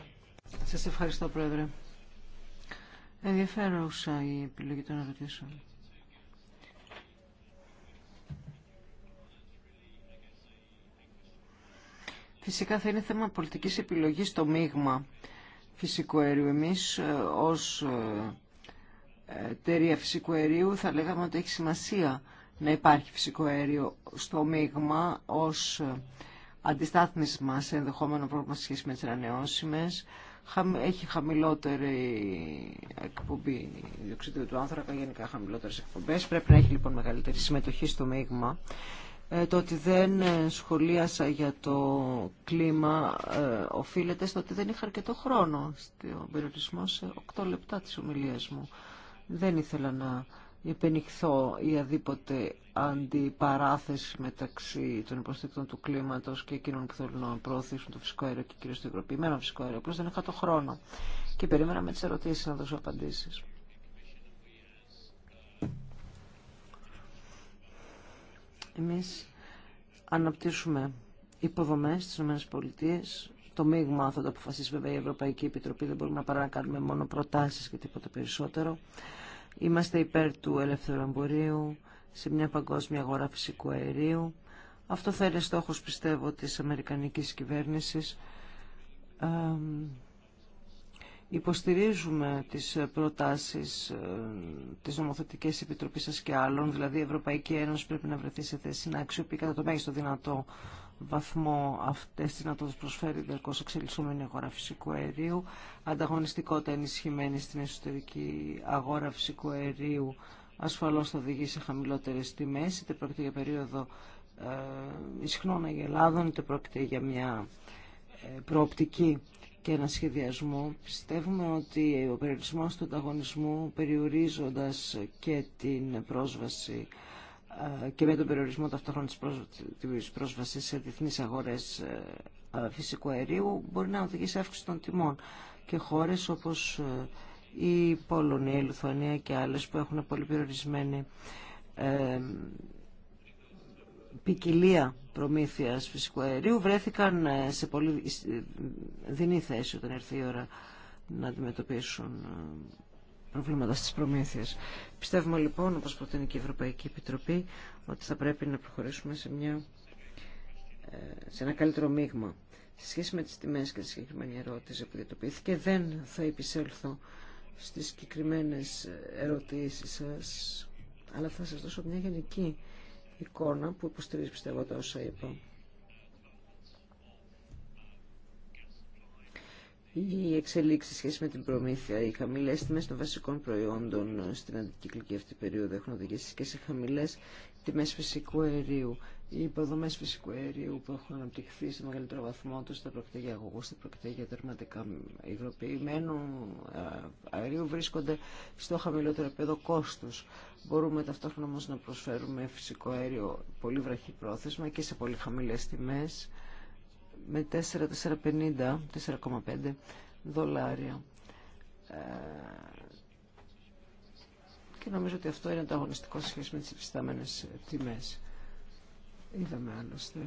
Σας ευχαριστώ, Πρόεδρε. Ενδιαφέρουσα η επιλογή των ερωτήσεων. Φυσικά θα είναι θέμα πολιτικής επιλογής στο μείγμα φυσικού αερίου. Εμείς ε, ως ε, εταιρεία φυσικού αερίου θα λέγαμε ότι έχει σημασία να υπάρχει φυσικό αέριο στο μείγμα ως ε, αντιστάθμισμα σε ενδεχόμενο πρόβλημα σχέση με τις ανανεώσιμες έχει χαμηλότερη εκπομπή διοξιδίου του άνθρακα, γενικά χαμηλότερες εκπομπές. Πρέπει να έχει λοιπόν μεγαλύτερη συμμετοχή στο μείγμα. Ε, το ότι δεν ε, σχολίασα για το κλίμα ε, οφείλεται στο ότι δεν είχα αρκετό χρόνο στο περιορισμό σε 8 λεπτά της ομιλίας μου. Δεν ήθελα να υπενηχθώ ή αδίποτε αντιπαράθεση μεταξύ των υποστήρικτων του κλίματο και εκείνων που θέλουν να προωθήσουν το φυσικό αέριο και κυρίω το υγροποιημένο φυσικό αέριο. Απλώ δεν είχα το χρόνο και περίμενα με τι ερωτήσει να δώσω απαντήσει. Εμεί αναπτύσσουμε υποδομέ στι ΗΠΑ. Το μείγμα θα το αποφασίσει βέβαια η Ευρωπαϊκή Επιτροπή. Δεν μπορούμε παρά να κάνουμε μόνο προτάσει και τίποτα περισσότερο. Είμαστε υπέρ του ελεύθερου εμπορίου, σε μια παγκόσμια αγορά φυσικού αερίου. Αυτό θα είναι στόχος πιστεύω της Αμερικανικής κυβέρνησης. υποστηρίζουμε τις προτάσεις ε, της νομοθετικής επιτροπής σας και άλλων, δηλαδή η Ευρωπαϊκή Ένωση πρέπει να βρεθεί σε θέση να αξιοποιεί κατά το μέγιστο δυνατό βαθμό αυτές τις δυνατότητες προσφέρει διαρκώς εξελισσόμενη αγορά φυσικού αερίου, ανταγωνιστικότητα ενισχυμένη στην εσωτερική αγορά φυσικού αερίου ασφαλώς θα οδηγεί σε χαμηλότερες τιμές, είτε πρόκειται για περίοδο ε, ισχνών αγελάδων, είτε πρόκειται για μια ε, προοπτική και ένα σχεδιασμό. Πιστεύουμε ότι ο περιορισμός του ανταγωνισμού, περιορίζοντας και την πρόσβαση ε, και με τον περιορισμό ταυτόχρονα της πρόσβασης σε διεθνείς αγορές φυσικού αερίου, μπορεί να οδηγήσει σε αύξηση των τιμών. Και χώρες όπως η Πολωνία, η Λουθωνία και άλλες που έχουν πολύ περιορισμένη ποικιλία προμήθειας φυσικού αερίου βρέθηκαν ε, σε πολύ δινή θέση όταν έρθει η ώρα να αντιμετωπίσουν ε, προβλήματα στις προμήθειες. Πιστεύουμε λοιπόν, όπως προτείνει και η Ευρωπαϊκή Επιτροπή, ότι θα πρέπει να προχωρήσουμε σε, μια, ε, σε ένα καλύτερο μείγμα. Σε σχέση με τις τιμές και τη συγκεκριμένη ερώτηση που διατοπίθηκε, δεν θα επισέλθω στις συγκεκριμένε ερωτήσεις σας, αλλά θα σας δώσω μια γενική εικόνα που υποστηρίζει πιστεύω τα όσα είπα. Οι εξελίξει σχέση με την προμήθεια, οι χαμηλέ τιμέ των βασικών προϊόντων στην αντικυκλική αυτή περίοδο έχουν οδηγήσει και σε χαμηλέ τιμέ φυσικού αερίου οι υποδομέ φυσικού αερίου που έχουν αναπτυχθεί σε μεγαλύτερο βαθμό του, τα πρόκειται για αγωγού, τα πρόκειται για τερματικά υγροποιημένου ε, αερίου, βρίσκονται στο χαμηλότερο επίπεδο κόστου. Μπορούμε ταυτόχρονα όμω να προσφέρουμε φυσικό αέριο πολύ πρόθεσμα και σε πολύ χαμηλέ τιμέ, με 4,50 4,5 δολάρια. Ε, και νομίζω ότι αυτό είναι το αγωνιστικό σχέση με τι υφιστάμενε τιμές. Είδαμε άλλωστε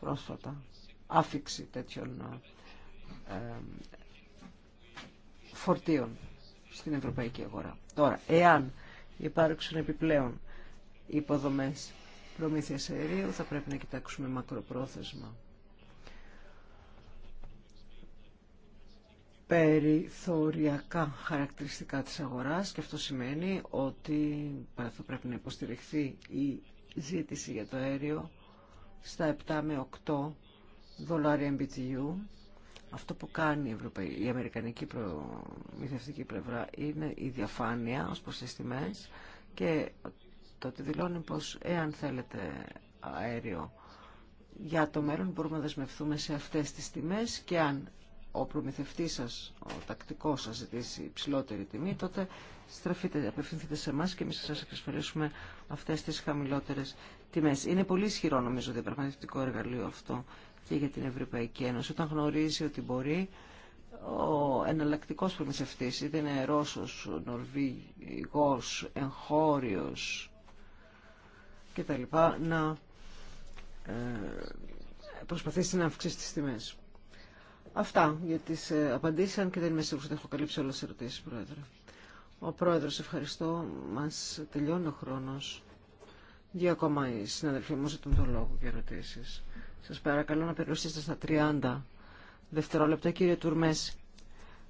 πρόσφατα άφηξη τέτοιων φορτίων στην ευρωπαϊκή αγορά. Τώρα, εάν υπάρξουν επιπλέον υποδομές προμήθειας αερίου, θα πρέπει να κοιτάξουμε μακροπρόθεσμα. περιθωριακά χαρακτηριστικά της αγοράς και αυτό σημαίνει ότι θα πρέπει να υποστηριχθεί η ζήτηση για το αέριο στα 7 με 8 δολάρια MBTU. Αυτό που κάνει η, Ευρωπαϊκή, η Αμερικανική προμηθευτική πλευρά είναι η διαφάνεια ως προς τις τιμές και το ότι δηλώνει πως εάν θέλετε αέριο για το μέλλον μπορούμε να δεσμευτούμε σε αυτές τις τιμές και αν ο προμηθευτής σας, ο τακτικός σας ζητήσει υψηλότερη τιμή, τότε στραφείτε, απευθυνθείτε σε εμά και εμείς θα σας εξασφαλίσουμε αυτές τις χαμηλότερες τιμές. Είναι πολύ ισχυρό νομίζω διαπραγματευτικό εργαλείο αυτό και για την Ευρωπαϊκή Ένωση. Όταν γνωρίζει ότι μπορεί, ο εναλλακτικό προμηθευτή είτε είναι Ρώσο, νορβηγό, Εγχώριο κτλ. να ε, προσπαθήσει να αυξήσει τις τιμές. Αυτά για τις ε, απαντήσει, αν και δεν είμαι σίγουρη ότι έχω καλύψει όλε τι ερωτήσει, Πρόεδρε. Ο πρόεδρο, ευχαριστώ. Μα τελειώνει ο χρόνο Δύο ακόμα οι συναδελφοί μου ζητούν τον λόγο για ερωτήσει. Σα παρακαλώ να περιοριστείτε στα 30 δευτερόλεπτα, κύριε Τουρμέση.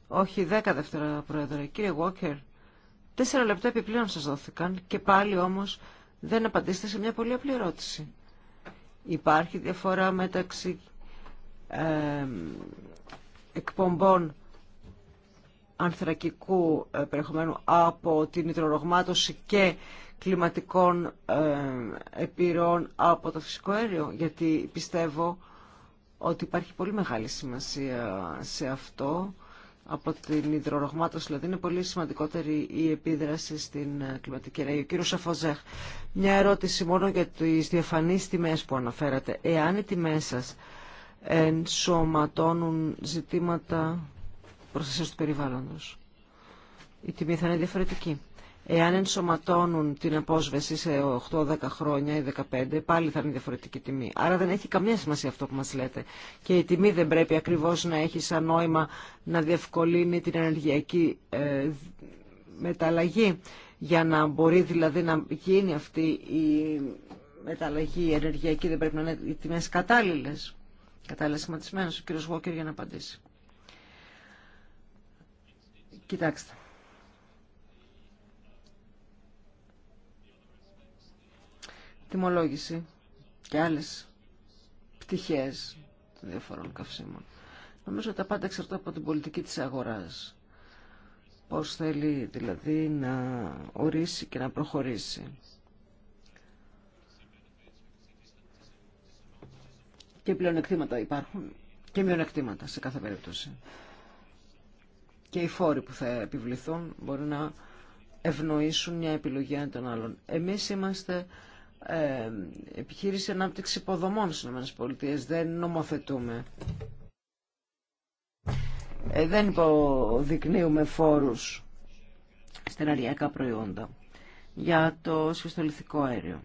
Όχι, 10 δευτερόλεπτα, Πρόεδρε. Κύριε Βόκερ, τέσσερα λεπτά επιπλέον σα δόθηκαν και πάλι όμω δεν απαντήσετε σε μια πολύ απλή ερώτηση. Υπάρχει διαφορά μεταξύ ε, εκπομπών ανθρακικού ε, περιεχομένου από την υδρορογμάτωση και κλιματικών ε, επιρροών από το φυσικό αέριο. Γιατί πιστεύω ότι υπάρχει πολύ μεγάλη σημασία σε αυτό. Από την υδρορογμάτωση, δηλαδή, είναι πολύ σημαντικότερη η επίδραση στην ε, κλιματική αλλαγή. Ο κύριο Σαφοζέχ, μια ερώτηση μόνο για τι διαφανεί τιμέ που αναφέρατε. Εάν οι τιμέ σα ενσωματώνουν ζητήματα προστασίας του περιβάλλοντος. Η τιμή θα είναι διαφορετική. Εάν ενσωματώνουν την απόσβεση σε 8-10 χρόνια ή 15, πάλι θα είναι διαφορετική τιμή. Άρα δεν έχει καμία σημασία αυτό που μας λέτε. Και η τιμή δεν πρέπει ακριβώς να έχει σαν νόημα να διευκολύνει την ενεργειακή ε, μεταλλαγή. Για να μπορεί δηλαδή να γίνει αυτή η μεταλλαγή η ενεργειακή δεν πρέπει να είναι οι τιμές κατάλληλες κατάλληλα σχηματισμένος ο κύριος Βόκερ για να απαντήσει. Κοιτάξτε. Τιμολόγηση και άλλες πτυχές των διαφορών καυσίμων. Νομίζω ότι τα πάντα εξαρτάται από την πολιτική της αγοράς. Πώς θέλει δηλαδή να ορίσει και να προχωρήσει. και πλεονεκτήματα υπάρχουν και μειονεκτήματα σε κάθε περίπτωση. Και οι φόροι που θα επιβληθούν μπορεί να ευνοήσουν μια επιλογή έναν τον άλλον. Εμείς είμαστε ε, επιχείρηση ανάπτυξη υποδομών στις ΗΠΑ. Δεν νομοθετούμε. Ε, δεν υποδεικνύουμε φόρους στην προϊόντα για το σχιστολιθικό αέριο.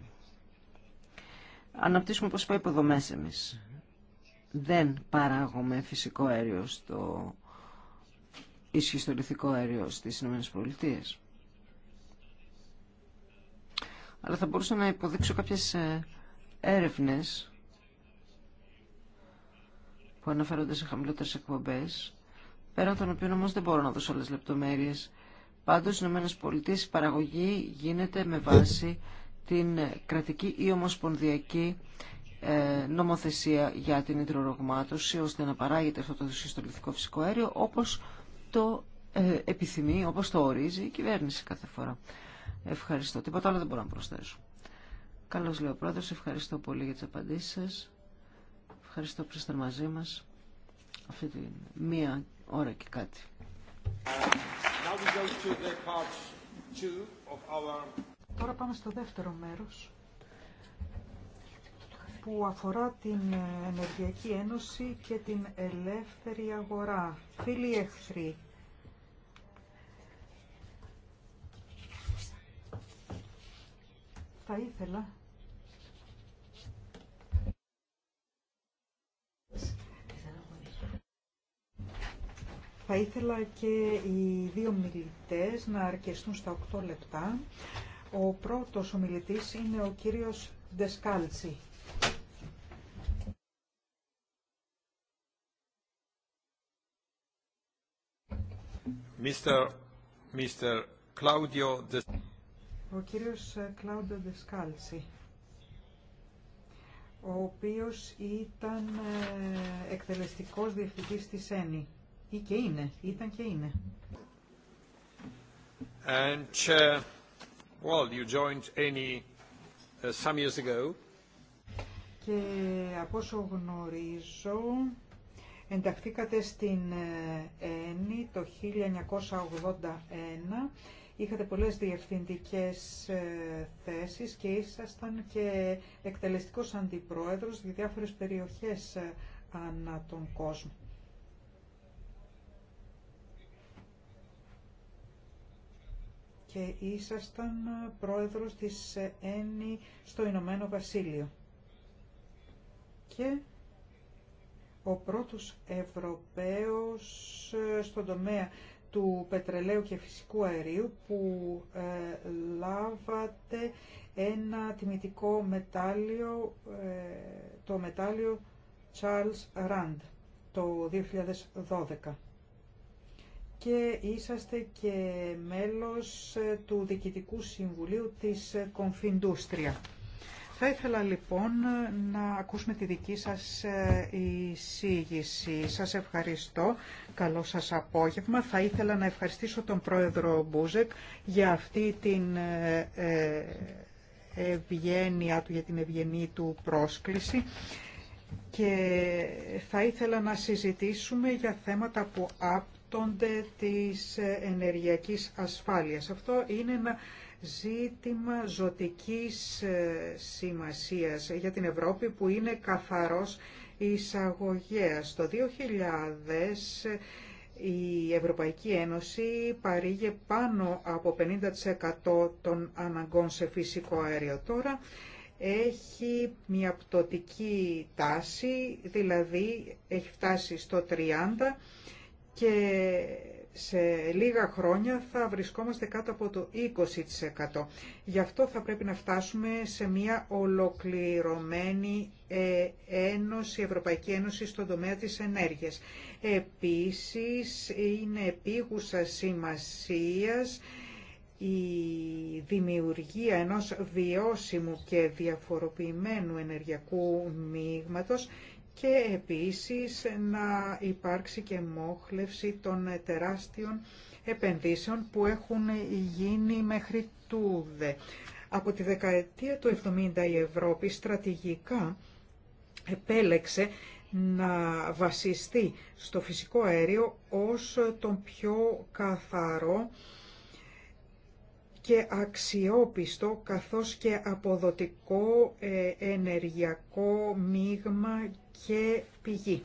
Αναπτύσσουμε, όπως είπα, υποδομές εμείς δεν παράγουμε φυσικό αέριο στο ισχυστολιθικό αέριο στις ΗΠΑ. Αλλά θα μπορούσα να υποδείξω κάποιες ε, έρευνες που αναφέρονται σε χαμηλότερες εκπομπές, πέραν των οποίων όμως δεν μπορώ να δώσω όλες λεπτομέρειες. Πάντως, στις ΗΠΑ η παραγωγή γίνεται με βάση την κρατική ή ομοσπονδιακή ε, νομοθεσία για την υδρορογμάτωση ώστε να παράγεται αυτό το συστολιθικό φυσικό αέριο όπως το ε, επιθυμεί, όπως το ορίζει η κυβέρνηση κάθε φορά. Ευχαριστώ. Τίποτα άλλο δεν μπορώ να προσθέσω. Καλώς λέω πρόεδρος, ευχαριστώ πολύ για τις απαντήσεις σας. Ευχαριστώ που είστε μαζί μας αυτή τη μία ώρα και κάτι. Τώρα πάμε στο δεύτερο μέρος που αφορά την Ενεργειακή Ένωση και την ελεύθερη αγορά. Φίλοι εχθροί, θα ήθελα Θα ήθελα και οι δύο μιλητές να αρκεστούν στα 8 λεπτά. Ο πρώτος ομιλητής είναι ο κύριος Ντεσκάλτσι. Ο κύριος Κλάουντο ε, Δεσκάλση, ο οποίος ήταν ε, εκτελεστικός διευθυντής της ΕΝΗ. Ή και είναι, ήταν και είναι. And, uh, well, you joined ENI uh, ε, some years ago. Και από όσο γνωρίζω, Ενταχθήκατε στην ε, ΕΝΗ το 1981, είχατε πολλές διευθυντικές ε, θέσεις και ήσασταν και εκτελεστικός αντιπρόεδρος για διάφορες περιοχές ε, ανά τον κόσμο. και ήσασταν πρόεδρος της ΕΝΗ στο Ηνωμένο Βασίλειο. Και ο πρώτος Ευρωπαίος ε, στον τομέα του πετρελαίου και φυσικού αερίου που ε, λάβατε ένα τιμητικό μετάλλιο, ε, το μετάλλιο Charles Rand το 2012 και είσαστε και μέλος του Δικητικού Συμβουλίου της Κομφιντούστρια. Θα ήθελα λοιπόν να ακούσουμε τη δική σας ε, εισήγηση. Σας ευχαριστώ. Καλό σας απόγευμα. Θα ήθελα να ευχαριστήσω τον πρόεδρο Μπούζεκ για αυτή την ε, ε, ευγένεια του, για την ευγενή του πρόσκληση και θα ήθελα να συζητήσουμε για θέματα που άπτονται της ενεργειακής ασφάλειας. Αυτό είναι ένα ζήτημα ζωτικής ε, σημασίας για την Ευρώπη που είναι καθαρός εισαγωγέας. Το 2000 ε, η Ευρωπαϊκή Ένωση παρήγε πάνω από 50% των αναγκών σε φυσικό αέριο. Τώρα έχει μια πτωτική τάση, δηλαδή έχει φτάσει στο 30% και σε λίγα χρόνια θα βρισκόμαστε κάτω από το 20%. Γι' αυτό θα πρέπει να φτάσουμε σε μια ολοκληρωμένη ε, ένωση, Ευρωπαϊκή Ένωση στον τομέα της ενέργειας. Επίσης είναι επίγουσα σημασίας η δημιουργία ενός βιώσιμου και διαφοροποιημένου ενεργειακού μείγματος και επίσης να υπάρξει και μόχλευση των τεράστιων επενδύσεων που έχουν γίνει μέχρι τούδε. Από τη δεκαετία του 70 η Ευρώπη στρατηγικά επέλεξε να βασιστεί στο φυσικό αέριο ως τον πιο καθαρό και αξιόπιστο καθώς και αποδοτικό ε, ενεργειακό μείγμα και πηγή.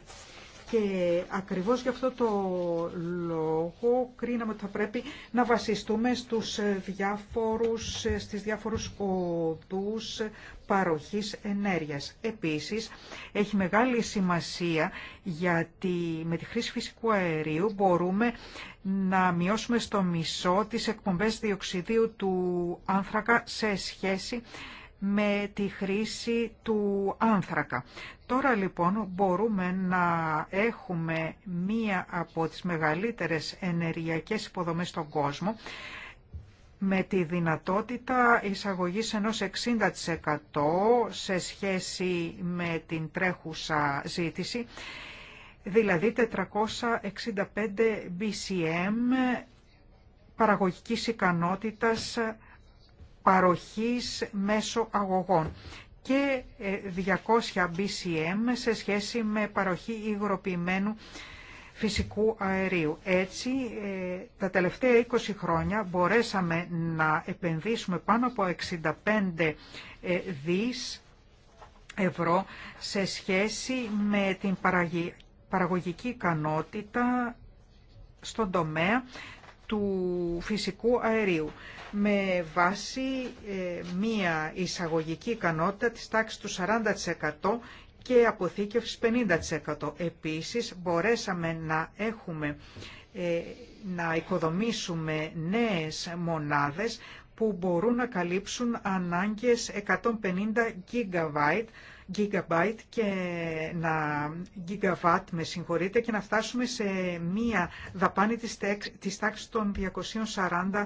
Και ακριβώς γι' αυτό το λόγο κρίναμε ότι θα πρέπει να βασιστούμε στους ε, διάφορους, ε, στις διάφορους οδούς παροχής ενέργειας. Επίσης, έχει μεγάλη σημασία γιατί με τη χρήση φυσικού αερίου μπορούμε να μειώσουμε στο μισό τις εκπομπές διοξιδίου του άνθρακα σε σχέση με τη χρήση του άνθρακα. Τώρα λοιπόν μπορούμε να έχουμε μία από τις μεγαλύτερες ενεργειακές υποδομές στον κόσμο με τη δυνατότητα εισαγωγής ενός 60% σε σχέση με την τρέχουσα ζήτηση, δηλαδή 465 BCM παραγωγικής ικανότητας παροχής μέσω αγωγών και 200 ε, BCM σε σχέση με παροχή υγροποιημένου φυσικού αερίου. Έτσι, ε, τα τελευταία 20 χρόνια μπορέσαμε να επενδύσουμε πάνω από 65 ε, δις ευρώ σε σχέση με την παραγωγική ικανότητα στον τομέα του φυσικού αερίου με βάση ε, μία εισαγωγική ικανότητα της τάξης του 40% και αποθήκευσης 50%. Επίσης, μπορέσαμε να έχουμε ε, να οικοδομήσουμε νέες μονάδες που μπορούν να καλύψουν ανάγκες 150 GB gigabyte και να gigawatt με συγχωρείτε και να φτάσουμε σε μία δαπάνη της, της τάξης των 240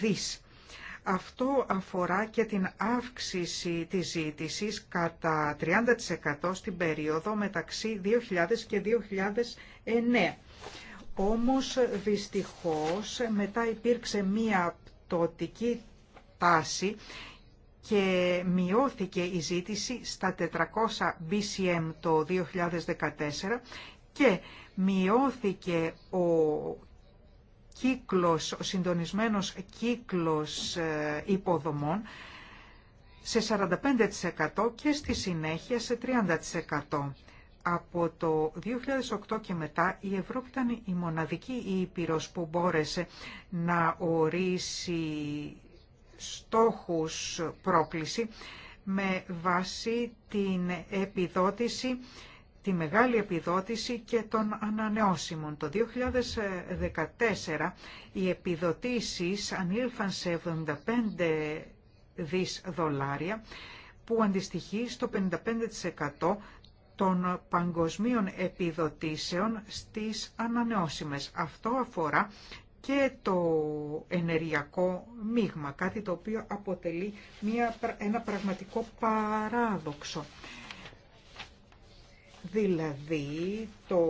δις. Αυτό αφορά και την αύξηση της ζήτησης κατά 30% στην περίοδο μεταξύ 2000 και 2009. Όμως δυστυχώς μετά υπήρξε μία πτωτική τάση και μειώθηκε η ζήτηση στα 400 BCM το 2014 και μειώθηκε ο κύκλος, ο συντονισμένος κύκλος ε, υποδομών σε 45% και στη συνέχεια σε 30%. Από το 2008 και μετά η Ευρώπη ήταν η μοναδική ήπειρος που μπόρεσε να ορίσει στόχους πρόκληση με βάση την επιδότηση, τη μεγάλη επιδότηση και των ανανεώσιμων. Το 2014 οι επιδοτήσεις ανήλθαν σε 75 δις δολάρια που αντιστοιχεί στο 55% των παγκοσμίων επιδοτήσεων στις ανανεώσιμες. Αυτό αφορά και το ενεργειακό μείγμα, κάτι το οποίο αποτελεί μια, ένα πραγματικό παράδοξο. Δηλαδή, το,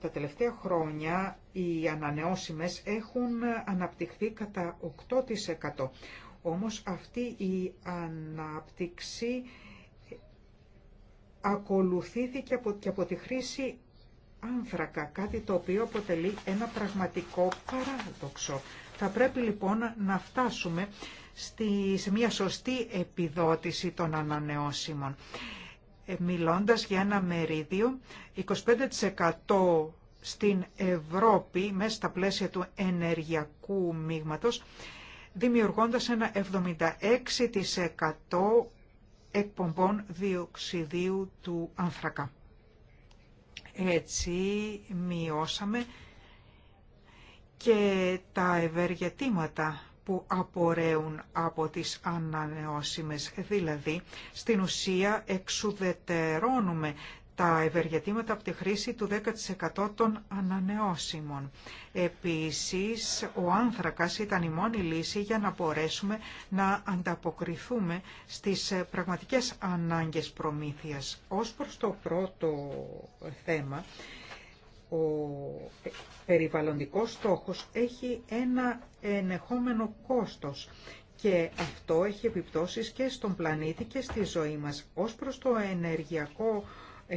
τα τελευταία χρόνια οι ανανεώσιμες έχουν αναπτυχθεί κατά 8%. Όμως αυτή η ανάπτυξη ακολουθήθηκε και από τη χρήση άνθρακα, κάτι το οποίο αποτελεί ένα πραγματικό παράδοξο. Θα πρέπει λοιπόν να φτάσουμε σε μια σωστή επιδότηση των ανανεώσιμων, ε, μιλώντας για ένα μερίδιο 25% στην Ευρώπη μέσα στα πλαίσια του ενεργειακού μείγματος, δημιουργώντας ένα 76% εκπομπών διοξιδίου του άνθρακα. Έτσι μειώσαμε και τα ευεργετήματα που απορρέουν από τις ανανεώσιμες. Δηλαδή, στην ουσία εξουδετερώνουμε τα ευεργετήματα από τη χρήση του 10% των ανανεώσιμων. Επίσης, ο άνθρακας ήταν η μόνη λύση για να μπορέσουμε να ανταποκριθούμε στις πραγματικές ανάγκες προμήθειας. Ως προς το πρώτο θέμα, ο περιβαλλοντικός στόχος έχει ένα ενεχόμενο κόστος και αυτό έχει επιπτώσεις και στον πλανήτη και στη ζωή μας. Ως προς το ενεργειακό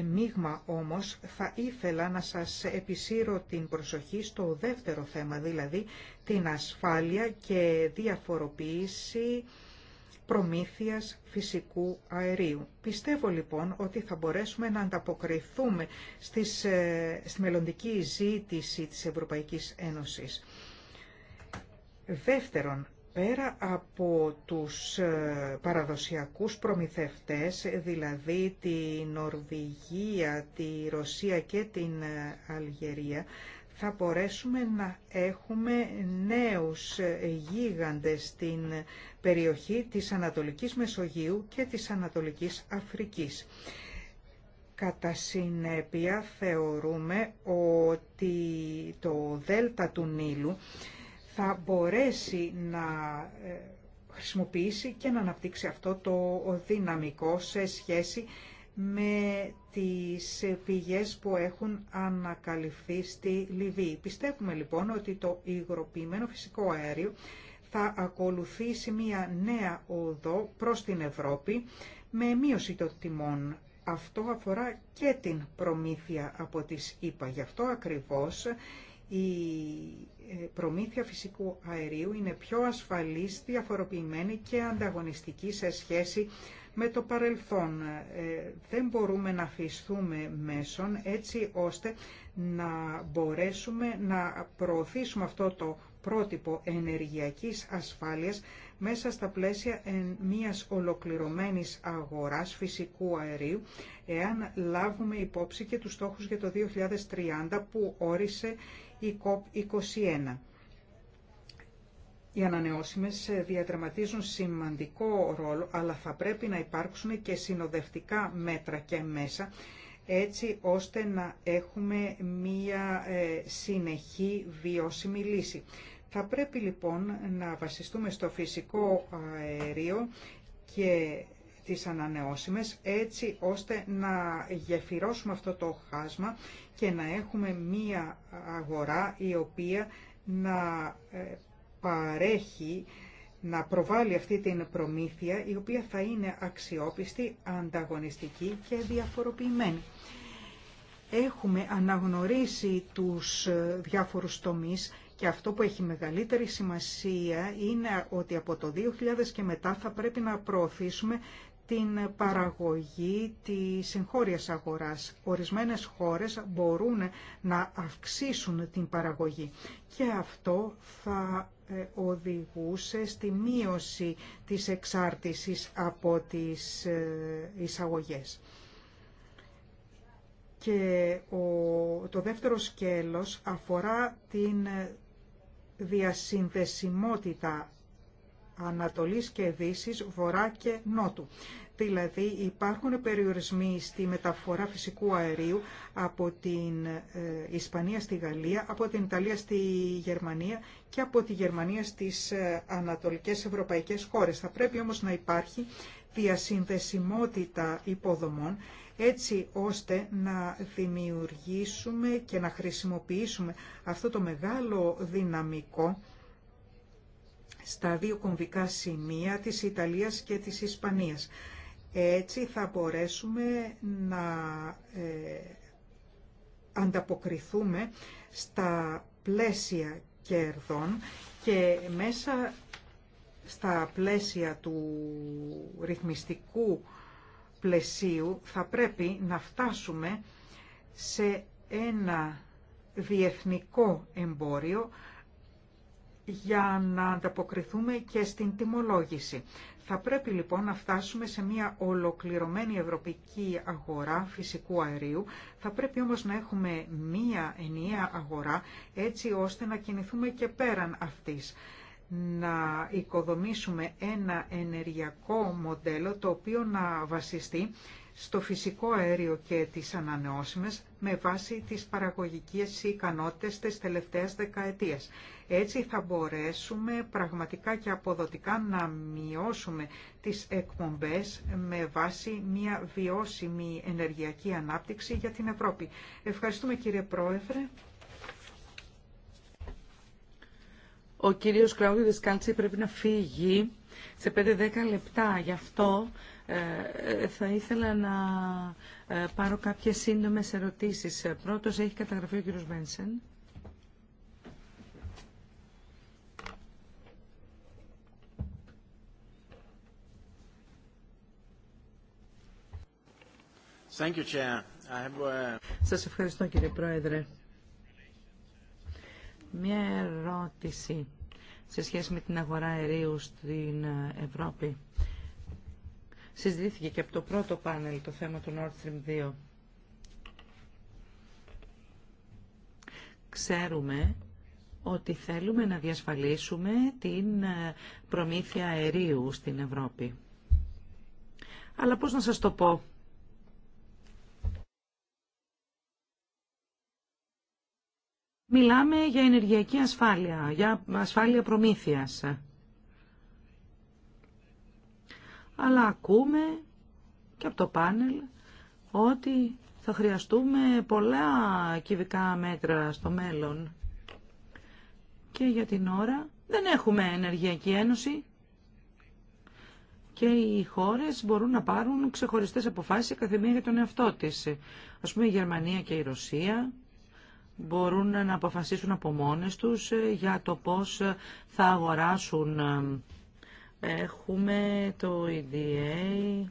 μείγμα όμως θα ήθελα να σας επισύρω την προσοχή στο δεύτερο θέμα, δηλαδή την ασφάλεια και διαφοροποίηση προμήθειας φυσικού αερίου. Πιστεύω λοιπόν ότι θα μπορέσουμε να ανταποκριθούμε στις, ε, στη μελλοντική ζήτηση της Ευρωπαϊκής Ένωσης. Δεύτερον, πέρα από τους ε, παραδοσιακούς προμηθευτές, δηλαδή τη Νορβηγία, τη Ρωσία και την ε, Αλγερία, θα μπορέσουμε να έχουμε νέους ε, γίγαντες στην περιοχή της Ανατολικής Μεσογείου και της Ανατολικής Αφρικής. Κατά συνέπεια θεωρούμε ότι το δέλτα του Νείλου θα μπορέσει να ε, χρησιμοποιήσει και να αναπτύξει αυτό το δυναμικό σε σχέση με τις πηγές που έχουν ανακαλυφθεί στη Λιβύη. Πιστεύουμε λοιπόν ότι το υγροποιημένο φυσικό αέριο θα ακολουθήσει μία νέα οδό προς την Ευρώπη με μείωση των τιμών. Αυτό αφορά και την προμήθεια από τις ΗΠΑ. Γι' αυτό ακριβώς η ε, προμήθεια φυσικού αερίου είναι πιο ασφαλής, διαφοροποιημένη και ανταγωνιστική σε σχέση με το παρελθόν. Ε, δεν μπορούμε να αφιστούμε μέσον έτσι ώστε να μπορέσουμε να προωθήσουμε αυτό το πρότυπο ενεργειακής ασφάλειας μέσα στα πλαίσια μιας ολοκληρωμένης αγοράς φυσικού αερίου, εάν λάβουμε υπόψη και τους στόχους για το 2030 που όρισε η COP21. Οι ανανεώσιμες ε, διαδραματίζουν σημαντικό ρόλο, αλλά θα πρέπει να υπάρξουν και συνοδευτικά μέτρα και μέσα, έτσι ώστε να έχουμε μία ε, συνεχή βιώσιμη λύση. Θα πρέπει λοιπόν να βασιστούμε στο φυσικό αέριο και τις ανανεώσιμες έτσι ώστε να γεφυρώσουμε αυτό το χάσμα και να έχουμε μία αγορά η οποία να ε, παρέχει, να προβάλλει αυτή την προμήθεια η οποία θα είναι αξιόπιστη, ανταγωνιστική και διαφοροποιημένη. Έχουμε αναγνωρίσει τους ε, διάφορους τομείς και αυτό που έχει μεγαλύτερη σημασία είναι ότι από το 2000 και μετά θα πρέπει να προωθήσουμε την παραγωγή της εγχώριας αγοράς. Ορισμένες χώρες μπορούν να αυξήσουν την παραγωγή και αυτό θα ε, οδηγούσε στη μείωση της εξάρτησης από τις ε, εισαγωγές. Και το δεύτερο σκέλος αφορά την διασυνδεσιμότητα Ανατολής και Δύσης, Βορρά και Νότου. Δηλαδή υπάρχουν περιορισμοί στη μεταφορά φυσικού αερίου από την ε, Ισπανία στη Γαλλία, από την Ιταλία στη Γερμανία και από τη Γερμανία στις ε, ανατολικές ευρωπαϊκές χώρες. Θα πρέπει όμως να υπάρχει διασυνδεσιμότητα υποδομών έτσι ώστε να δημιουργήσουμε και να χρησιμοποιήσουμε αυτό το μεγάλο δυναμικό στα δύο κομβικά σημεία της Ιταλίας και της Ισπανίας. Έτσι θα μπορέσουμε να ε, ανταποκριθούμε στα πλαίσια κερδών και μέσα στα πλαίσια του ρυθμιστικού πλαισίου θα πρέπει να φτάσουμε σε ένα διεθνικό εμπόριο για να ανταποκριθούμε και στην τιμολόγηση. Θα πρέπει λοιπόν να φτάσουμε σε μια ολοκληρωμένη ευρωπαϊκή αγορά φυσικού αερίου. Θα πρέπει όμως να έχουμε μια ενιαία αγορά έτσι ώστε να κινηθούμε και πέραν αυτής να οικοδομήσουμε ένα ενεργειακό μοντέλο το οποίο να βασιστεί στο φυσικό αέριο και τις ανανεώσιμες με βάση τις παραγωγικές ικανότητες της τελευταίας δεκαετίας. Έτσι θα μπορέσουμε πραγματικά και αποδοτικά να μειώσουμε τις εκπομπές με βάση μια βιώσιμη ενεργειακή ανάπτυξη για την Ευρώπη. Ευχαριστούμε κύριε Πρόεδρε. Ο κύριος Κλάουδιος Κάλτσι πρέπει να φύγει σε 5-10 λεπτά. Γι' αυτό ε, ε, θα ήθελα να ε, πάρω κάποιες σύντομες ερωτήσεις. Πρώτος έχει καταγραφεί ο κύριος Μενσεν. Thank uh, Σας ευχαριστώ κύριε Πρόεδρε. Μία ερώτηση σε σχέση με την αγορά αερίου στην Ευρώπη. Συζητήθηκε και από το πρώτο πάνελ το θέμα του Nord Stream 2. Ξέρουμε ότι θέλουμε να διασφαλίσουμε την προμήθεια αερίου στην Ευρώπη. Αλλά πώς να σας το πω. Μιλάμε για ενεργειακή ασφάλεια, για ασφάλεια προμήθειας. Αλλά ακούμε και από το πάνελ ότι θα χρειαστούμε πολλά κυβικά μέτρα στο μέλλον. Και για την ώρα δεν έχουμε ενεργειακή ένωση και οι χώρες μπορούν να πάρουν ξεχωριστές αποφάσεις καθεμία για τον εαυτό της. Ας πούμε η Γερμανία και η Ρωσία μπορούν να αποφασίσουν από μόνες τους ε, για το πώς ε, θα αγοράσουν. Ε, έχουμε το EDA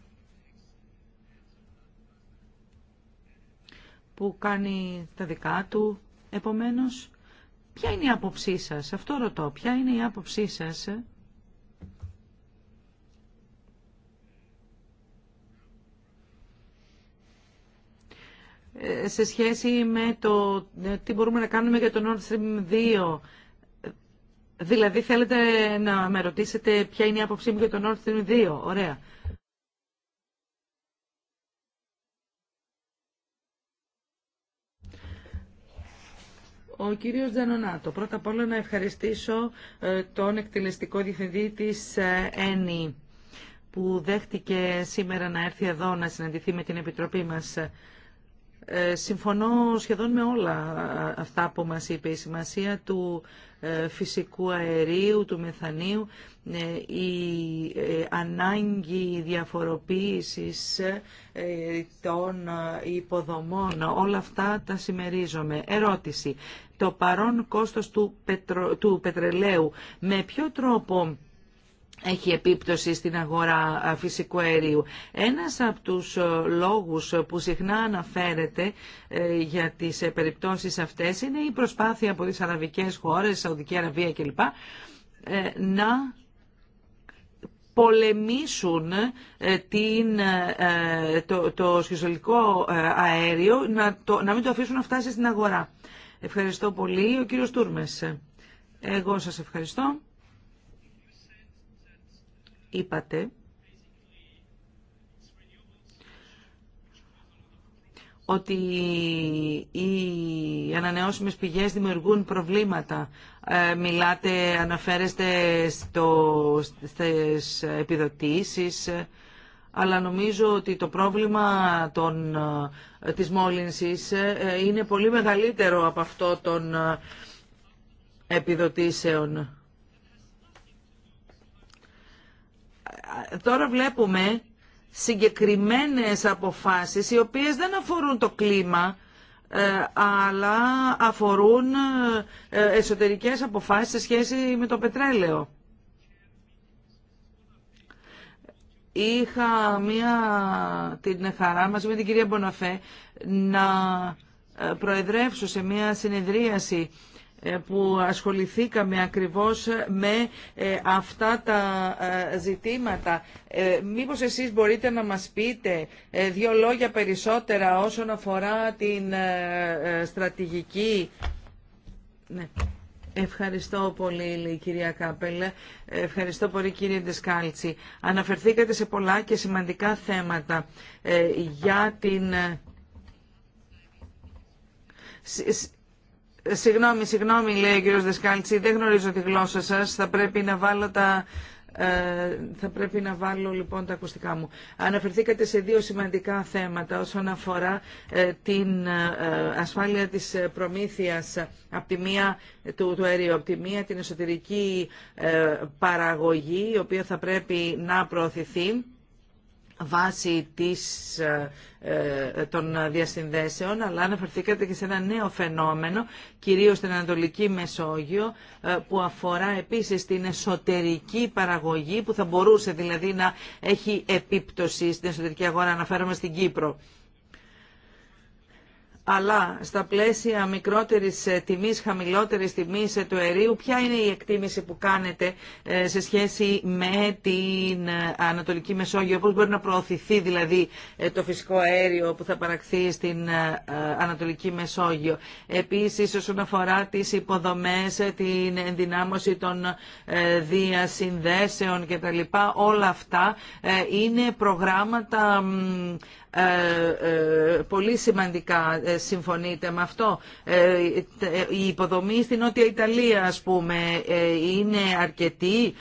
που κάνει τα δικά του. Επομένως, ποια είναι η άποψή σας, αυτό ρωτώ, ποια είναι η άποψή σας σε σχέση με το ε, τι μπορούμε να κάνουμε για το Nord Stream 2. Δηλαδή θέλετε να με ρωτήσετε ποια είναι η άποψή μου για το Nord Stream 2. Ωραία. Ο κύριος Τζανονάτο. Πρώτα απ' όλα να ευχαριστήσω ε, τον εκτελεστικό διευθυντή της ε, ΕΝΗ που δέχτηκε σήμερα να έρθει εδώ να συναντηθεί με την Επιτροπή μας. Ε, συμφωνώ σχεδόν με όλα αυτά που μας είπε. Η σημασία του ε, φυσικού αερίου, του μεθανίου, ε, η ανάγκη διαφοροποίησης των υποδομών, όλα αυτά τα συμμερίζομαι. Ερώτηση. Το παρόν κόστος του, του πετρελαίου, με ποιο τρόπο έχει επίπτωση στην αγορά φυσικού αερίου. Ένας από τους ε, λόγους που συχνά αναφέρεται ε, για τις ε, περιπτώσεις αυτές είναι η προσπάθεια από τις αραβικές χώρες, Σαουδική Αραβία κλπ. να πολεμήσουν την, το, το αέριο, να, να μην το αφήσουν να φτάσει στην αγορά. Ευχαριστώ πολύ. Ο κύριος Τούρμες. Εγώ σας ευχαριστώ είπατε ότι οι ανανεώσιμες πηγές δημιουργούν προβλήματα. Ε, μιλάτε, αναφέρεστε στο, στις επιδοτήσεις, αλλά νομίζω ότι το πρόβλημα των, της μόλυνσης ε, είναι πολύ μεγαλύτερο από αυτό των ε, επιδοτήσεων. τώρα βλέπουμε συγκεκριμένες αποφάσεις οι οποίες δεν αφορούν το κλίμα ε, αλλά αφορούν ε, εσωτερικές αποφάσεις σε σχέση με το πετρέλαιο. Είχα μία την χαρά μαζί με την κυρία Μποναφέ να ε, προεδρεύσω σε μία συνεδρίαση ε, που ασχοληθήκαμε ακριβώς με ε, αυτά τα ε, ζητήματα. Μήπως εσείς μπορείτε να μας πείτε δύο λόγια περισσότερα όσον αφορά την στρατηγική. Ναι. Ευχαριστώ πολύ, κυρία Κάπελ. Ευχαριστώ πολύ, κύριε Ντεσκάλτσι. Αναφερθήκατε σε πολλά και σημαντικά θέματα για την Συγγνώμη, συγγνώμη, λέει ο κύριος Δεσκάλτση, δεν γνωρίζω τη γλώσσα σας, θα πρέπει να βάλω Ε, να βάλω λοιπόν τα ακουστικά μου. Αναφερθήκατε σε δύο σημαντικά θέματα όσον αφορά ε, την ε, ασφάλεια της προμήθειας από τη μία ε, του, του αερίου, από τη μία την εσωτερική παραγωγή η οποία θα πρέπει να προωθηθεί βάση της, ε, ε, των διασυνδέσεων, αλλά αναφερθήκατε και σε ένα νέο φαινόμενο, κυρίως στην Ανατολική Μεσόγειο, ε, που αφορά επίσης την εσωτερική παραγωγή, που θα μπορούσε δηλαδή να έχει επίπτωση στην εσωτερική αγορά, αναφέρομαι στην Κύπρο αλλά στα πλαίσια μικρότερης ε, τιμής, χαμηλότερης τιμής ε, του αερίου, ποια είναι η εκτίμηση που κάνετε ε, σε σχέση με την Ανατολική Μεσόγειο, πώς μπορεί να προωθηθεί δηλαδή το φυσικό αέριο που θα παραχθεί στην Ανατολική Μεσόγειο. Επίσης, όσον αφορά τις υποδομές, την ενδυνάμωση των διασυνδέσεων κτλ. Όλα αυτά είναι προγράμματα ε, ε, πολύ σημαντικά. Ε, συμφωνείτε με αυτό. Η υποδομή στην Νότια Ιταλία, ας πούμε, είναι αρκετή.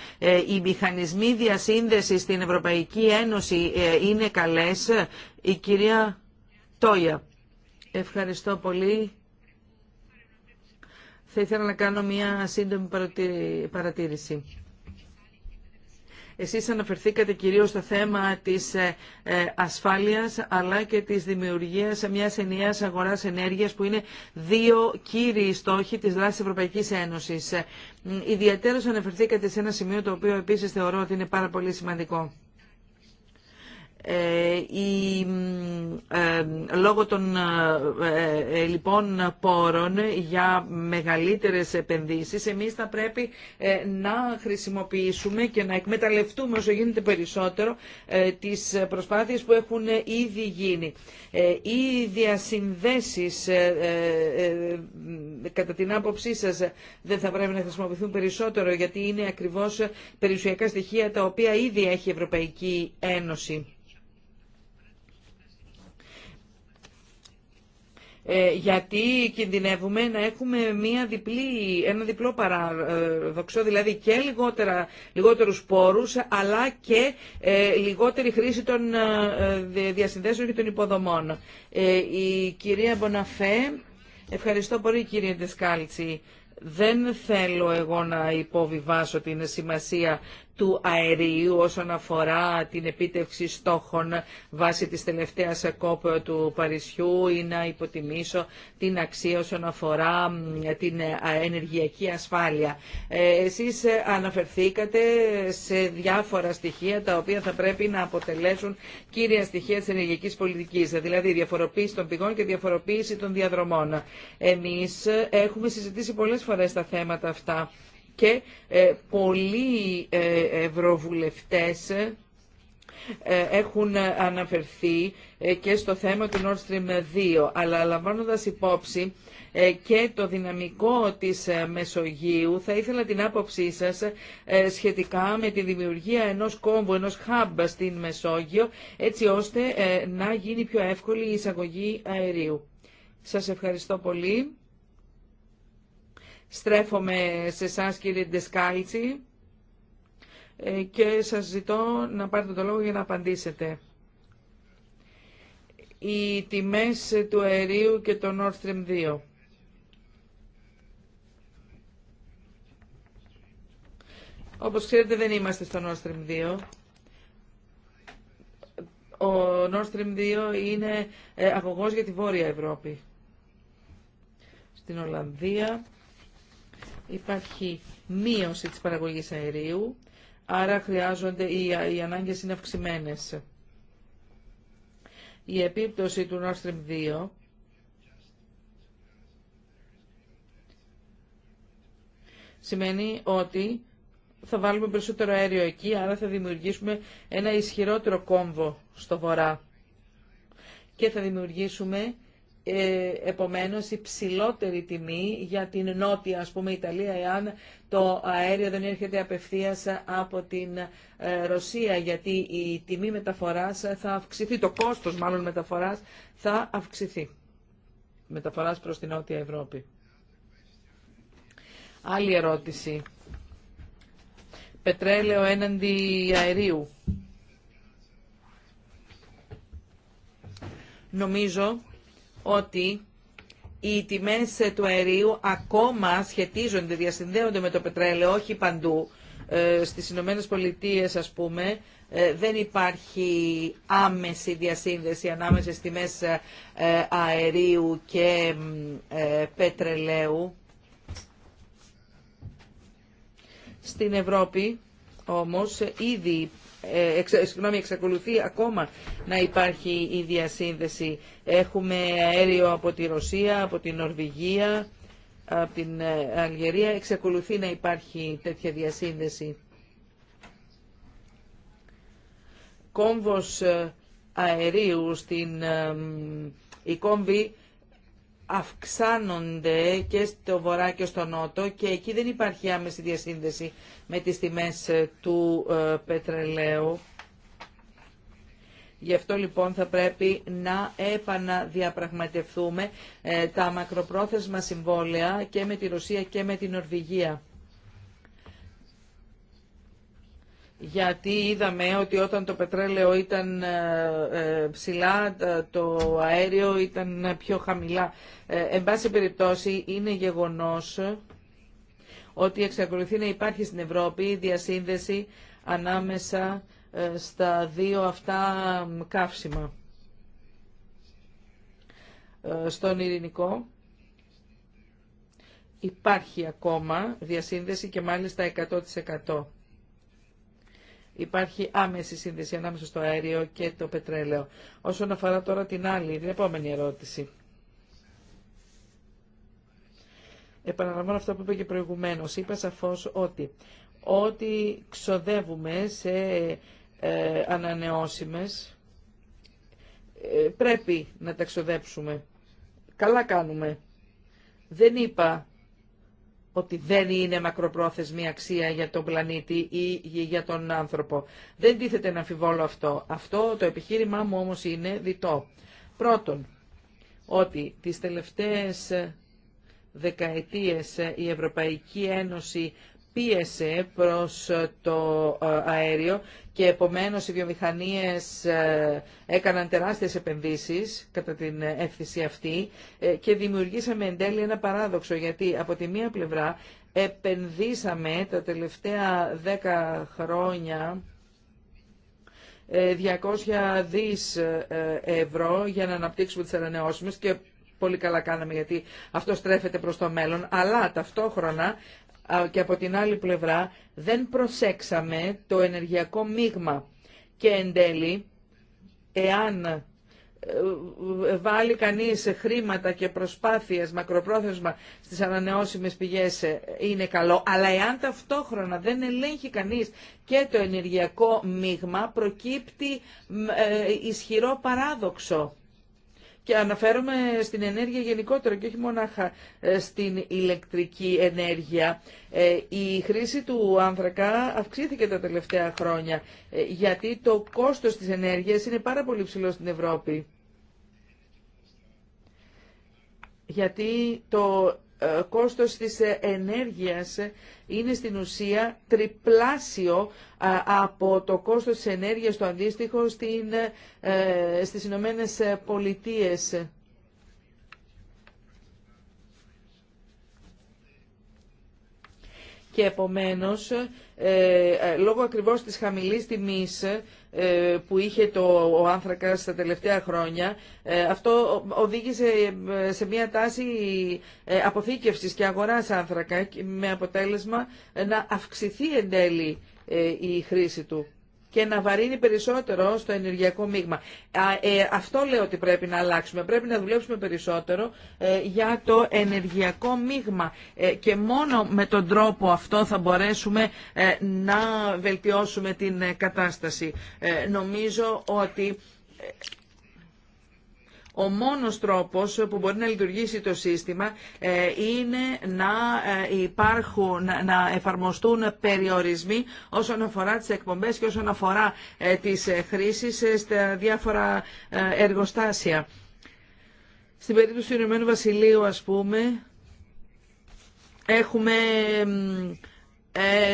Οι μηχανισμοί διασύνδεση στην Ευρωπαϊκή Ένωση είναι καλές. Η κυρία Τόια. Ευχαριστώ πολύ. Θα ήθελα να κάνω μια σύντομη παρατήρηση. Εσείς αναφερθήκατε κυρίως στο θέμα της ε, ε, ασφάλειας αλλά και της δημιουργίας μιας ενιαίας αγοράς ενέργειας που είναι δύο κύριοι στόχοι της δράσης Ευρωπαϊκής Ένωσης. Ε, ιδιαίτερως αναφερθήκατε σε ένα σημείο το οποίο επίσης θεωρώ ότι είναι πάρα πολύ σημαντικό. Ε, η, ε, λόγω των ε, λοιπόν πόρων για μεγαλύτερες επενδύσεις εμείς θα πρέπει να χρησιμοποιήσουμε και να εκμεταλλευτούμε όσο γίνεται περισσότερο τις προσπάθειες που έχουν ήδη γίνει. Οι διασυνδέσεις κατά την άποψή σας δεν θα πρέπει να χρησιμοποιηθούν περισσότερο γιατί είναι ακριβώς περιουσιακά στοιχεία τα οποία ήδη έχει η Ευρωπαϊκή Ένωση. Ε, γιατί κινδυνεύουμε να έχουμε μια διπλή, ένα διπλό παράδοξο, δηλαδή και λιγότερα, λιγότερους πόρους, αλλά και ε, λιγότερη χρήση των ε, διασυνδέσεων και των υποδομών. Η κυρία Μποναφέ, ευχαριστώ πολύ κύριε Ντεσκάλτσι. Δεν θέλω εγώ να υποβιβάσω την σημασία του αερίου όσον αφορά την επίτευξη στόχων βάσει της τελευταίας κόπ του Παρισιού ή να υποτιμήσω την αξία όσον αφορά την ενεργειακή ασφάλεια. Ε, εσείς αναφερθήκατε σε διάφορα στοιχεία τα οποία θα πρέπει να αποτελέσουν κύρια στοιχεία της ενεργειακής πολιτικής, δηλαδή διαφοροποίηση των πηγών και διαφοροποίηση των διαδρομών. Εμείς έχουμε συζητήσει πολλές φορές τα θέματα αυτά και ε, πολλοί ε, ευρωβουλευτές ε, έχουν αναφερθεί και στο θέμα του Nord Stream 2, αλλά λαμβάνοντας υπόψη και το δυναμικό της Μεσογείου, θα ήθελα την άποψή σας σχετικά με τη δημιουργία ενός κόμβου, ενός hub στην Μεσόγειο, έτσι ώστε να γίνει πιο εύκολη η εισαγωγή αερίου. Σας ευχαριστώ πολύ. Στρέφομαι σε εσά κύριε Ντεσκάιτσι ε, και σας ζητώ να πάρετε το λόγο για να απαντήσετε. Οι τιμές του αερίου και το Nord Stream 2. Όπως ξέρετε δεν είμαστε στο Nord Stream 2 ο Nord Stream 2 είναι ε, αγωγός για τη Βόρεια Ευρώπη. Στην Ολλανδία υπάρχει μείωση της παραγωγής αερίου, άρα χρειάζονται, οι, οι ανάγκες είναι αυξημένε. Η επίπτωση του Nord Stream 2 σημαίνει ότι θα βάλουμε περισσότερο αέριο εκεί, άρα θα δημιουργήσουμε ένα ισχυρότερο κόμβο στο βορρά και θα δημιουργήσουμε ε, επομένως υψηλότερη τιμή για την νότια ας πούμε Ιταλία εάν το αέριο δεν έρχεται απευθείας από την ε, Ρωσία γιατί η τιμή μεταφοράς θα αυξηθεί, το κόστος μάλλον μεταφοράς θα αυξηθεί μεταφοράς προς την Νότια Ευρώπη. Άλλη ερώτηση. Πετρέλαιο έναντι αερίου. Νομίζω ότι οι τιμές του αερίου ακόμα σχετίζονται, διασυνδέονται με το πετρέλαιο, όχι παντού. Ε, στις Ηνωμένες Πολιτείες, ας πούμε, ε, δεν υπάρχει άμεση διασύνδεση ανάμεσα στις τιμές ε, αερίου και πετρελαίου. Στην Ευρώπη, όμως, ήδη ε, συγγνώμη, εξακολουθεί ακόμα να υπάρχει η διασύνδεση. Έχουμε αέριο από τη Ρωσία, από την Νορβηγία, από την ε, Αλγερία. Εξακολουθεί να υπάρχει τέτοια διασύνδεση. Κόμβος ε, αερίου στην η αυξάνονται και στο βορρά και στο νότο και εκεί δεν υπάρχει άμεση διασύνδεση με τις τιμές ε, του ε, πετρελαίου. Γι' αυτό λοιπόν θα πρέπει να επαναδιαπραγματευτούμε ε, τα μακροπρόθεσμα συμβόλαια και με τη Ρωσία και με την Ορβηγία. γιατί είδαμε ότι όταν το πετρέλαιο ήταν ε, ε, ψηλά, ε, το αέριο ήταν πιο χαμηλά. Εν πάση περιπτώσει, είναι γεγονός ότι εξακολουθεί να υπάρχει στην Ευρώπη διασύνδεση ανάμεσα στα δύο αυτά καύσιμα. Στον ειρηνικό υπάρχει ακόμα διασύνδεση και μάλιστα 100% υπάρχει άμεση σύνδεση ανάμεσα στο αέριο και το πετρέλαιο. Όσον αφορά τώρα την άλλη, την επόμενη ερώτηση. Επαναλαμβάνω αυτό που είπα και προηγουμένως. Είπα σαφώ ότι ό,τι ξοδεύουμε σε ε, ανανεώσιμες ε, πρέπει να τα ξοδέψουμε. Καλά κάνουμε. Δεν είπα ότι δεν είναι μακροπρόθεσμη αξία για τον πλανήτη ή για τον άνθρωπο. Δεν τίθεται να αμφιβόλω αυτό. Αυτό το επιχείρημά μου όμως είναι διτό. Πρώτον, ότι τις τελευταίες δεκαετίες η Ευρωπαϊκή Ένωση πίεσε προς το ε, αέριο και επομένως οι βιομηχανίες ε, έκαναν τεράστιες επενδύσεις κατά την έφθηση αυτή ε, και δημιουργήσαμε εν τέλει ένα παράδοξο γιατί από τη μία πλευρά επενδύσαμε τα τελευταία δέκα χρόνια 200 δις ευρώ για να αναπτύξουμε τις ανανεώσιμες και πολύ καλά κάναμε γιατί αυτό στρέφεται προς το μέλλον, αλλά ταυτόχρονα και από την άλλη πλευρά δεν προσέξαμε το ενεργειακό μείγμα. Και εν τέλει, εάν ε, ε, βάλει κανείς χρήματα και προσπάθειες μακροπρόθεσμα στις ανανεώσιμες πηγές ε, είναι καλό, αλλά εάν ταυτόχρονα δεν ελέγχει κανείς και το ενεργειακό μείγμα προκύπτει ισχυρό παράδοξο και αναφέρομαι στην ενέργεια γενικότερα και όχι μονάχα ε, στην ηλεκτρική ενέργεια. Ε, η χρήση του άνθρακα αυξήθηκε τα τελευταία χρόνια ε, γιατί το κόστος της ενέργειας είναι πάρα πολύ ψηλό στην Ευρώπη. Γιατί το ε, κόστος της ε, ενέργειας ε, είναι στην ουσία τριπλάσιο από το κόστος της ενέργειας το αντίστοιχο στην, στις Ηνωμένε Πολιτείες. Και επομένως ε, ε, λόγω ακριβώς της χαμηλής τιμής ε, που είχε το, ο άνθρακας στα τελευταία χρόνια, αυτό οδήγησε σε μια τάση αποθήκευσης και αγοράς άνθρακα με αποτέλεσμα να αυξηθεί εν τέλει η χρήση του και να βαρύνει περισσότερο στο ενεργειακό μείγμα. Ε, αυτό λέω ότι πρέπει να αλλάξουμε. Πρέπει να δουλέψουμε περισσότερο ε, για το ενεργειακό μείγμα ε, και μόνο με τον τρόπο αυτό θα μπορέσουμε να βελτιώσουμε την κατάσταση. Νομίζω ότι ο μόνος τρόπος που μπορεί να λειτουργήσει το σύστημα ε, είναι να ε, υπάρχουν, να εφαρμοστούν περιορισμοί όσον αφορά τις εκπομπές και όσον αφορά ε, τις χρήσεις στα διάφορα εργοστάσια. Στην περίπτωση του Ηνωμένου Βασιλείου, ας πούμε, έχουμε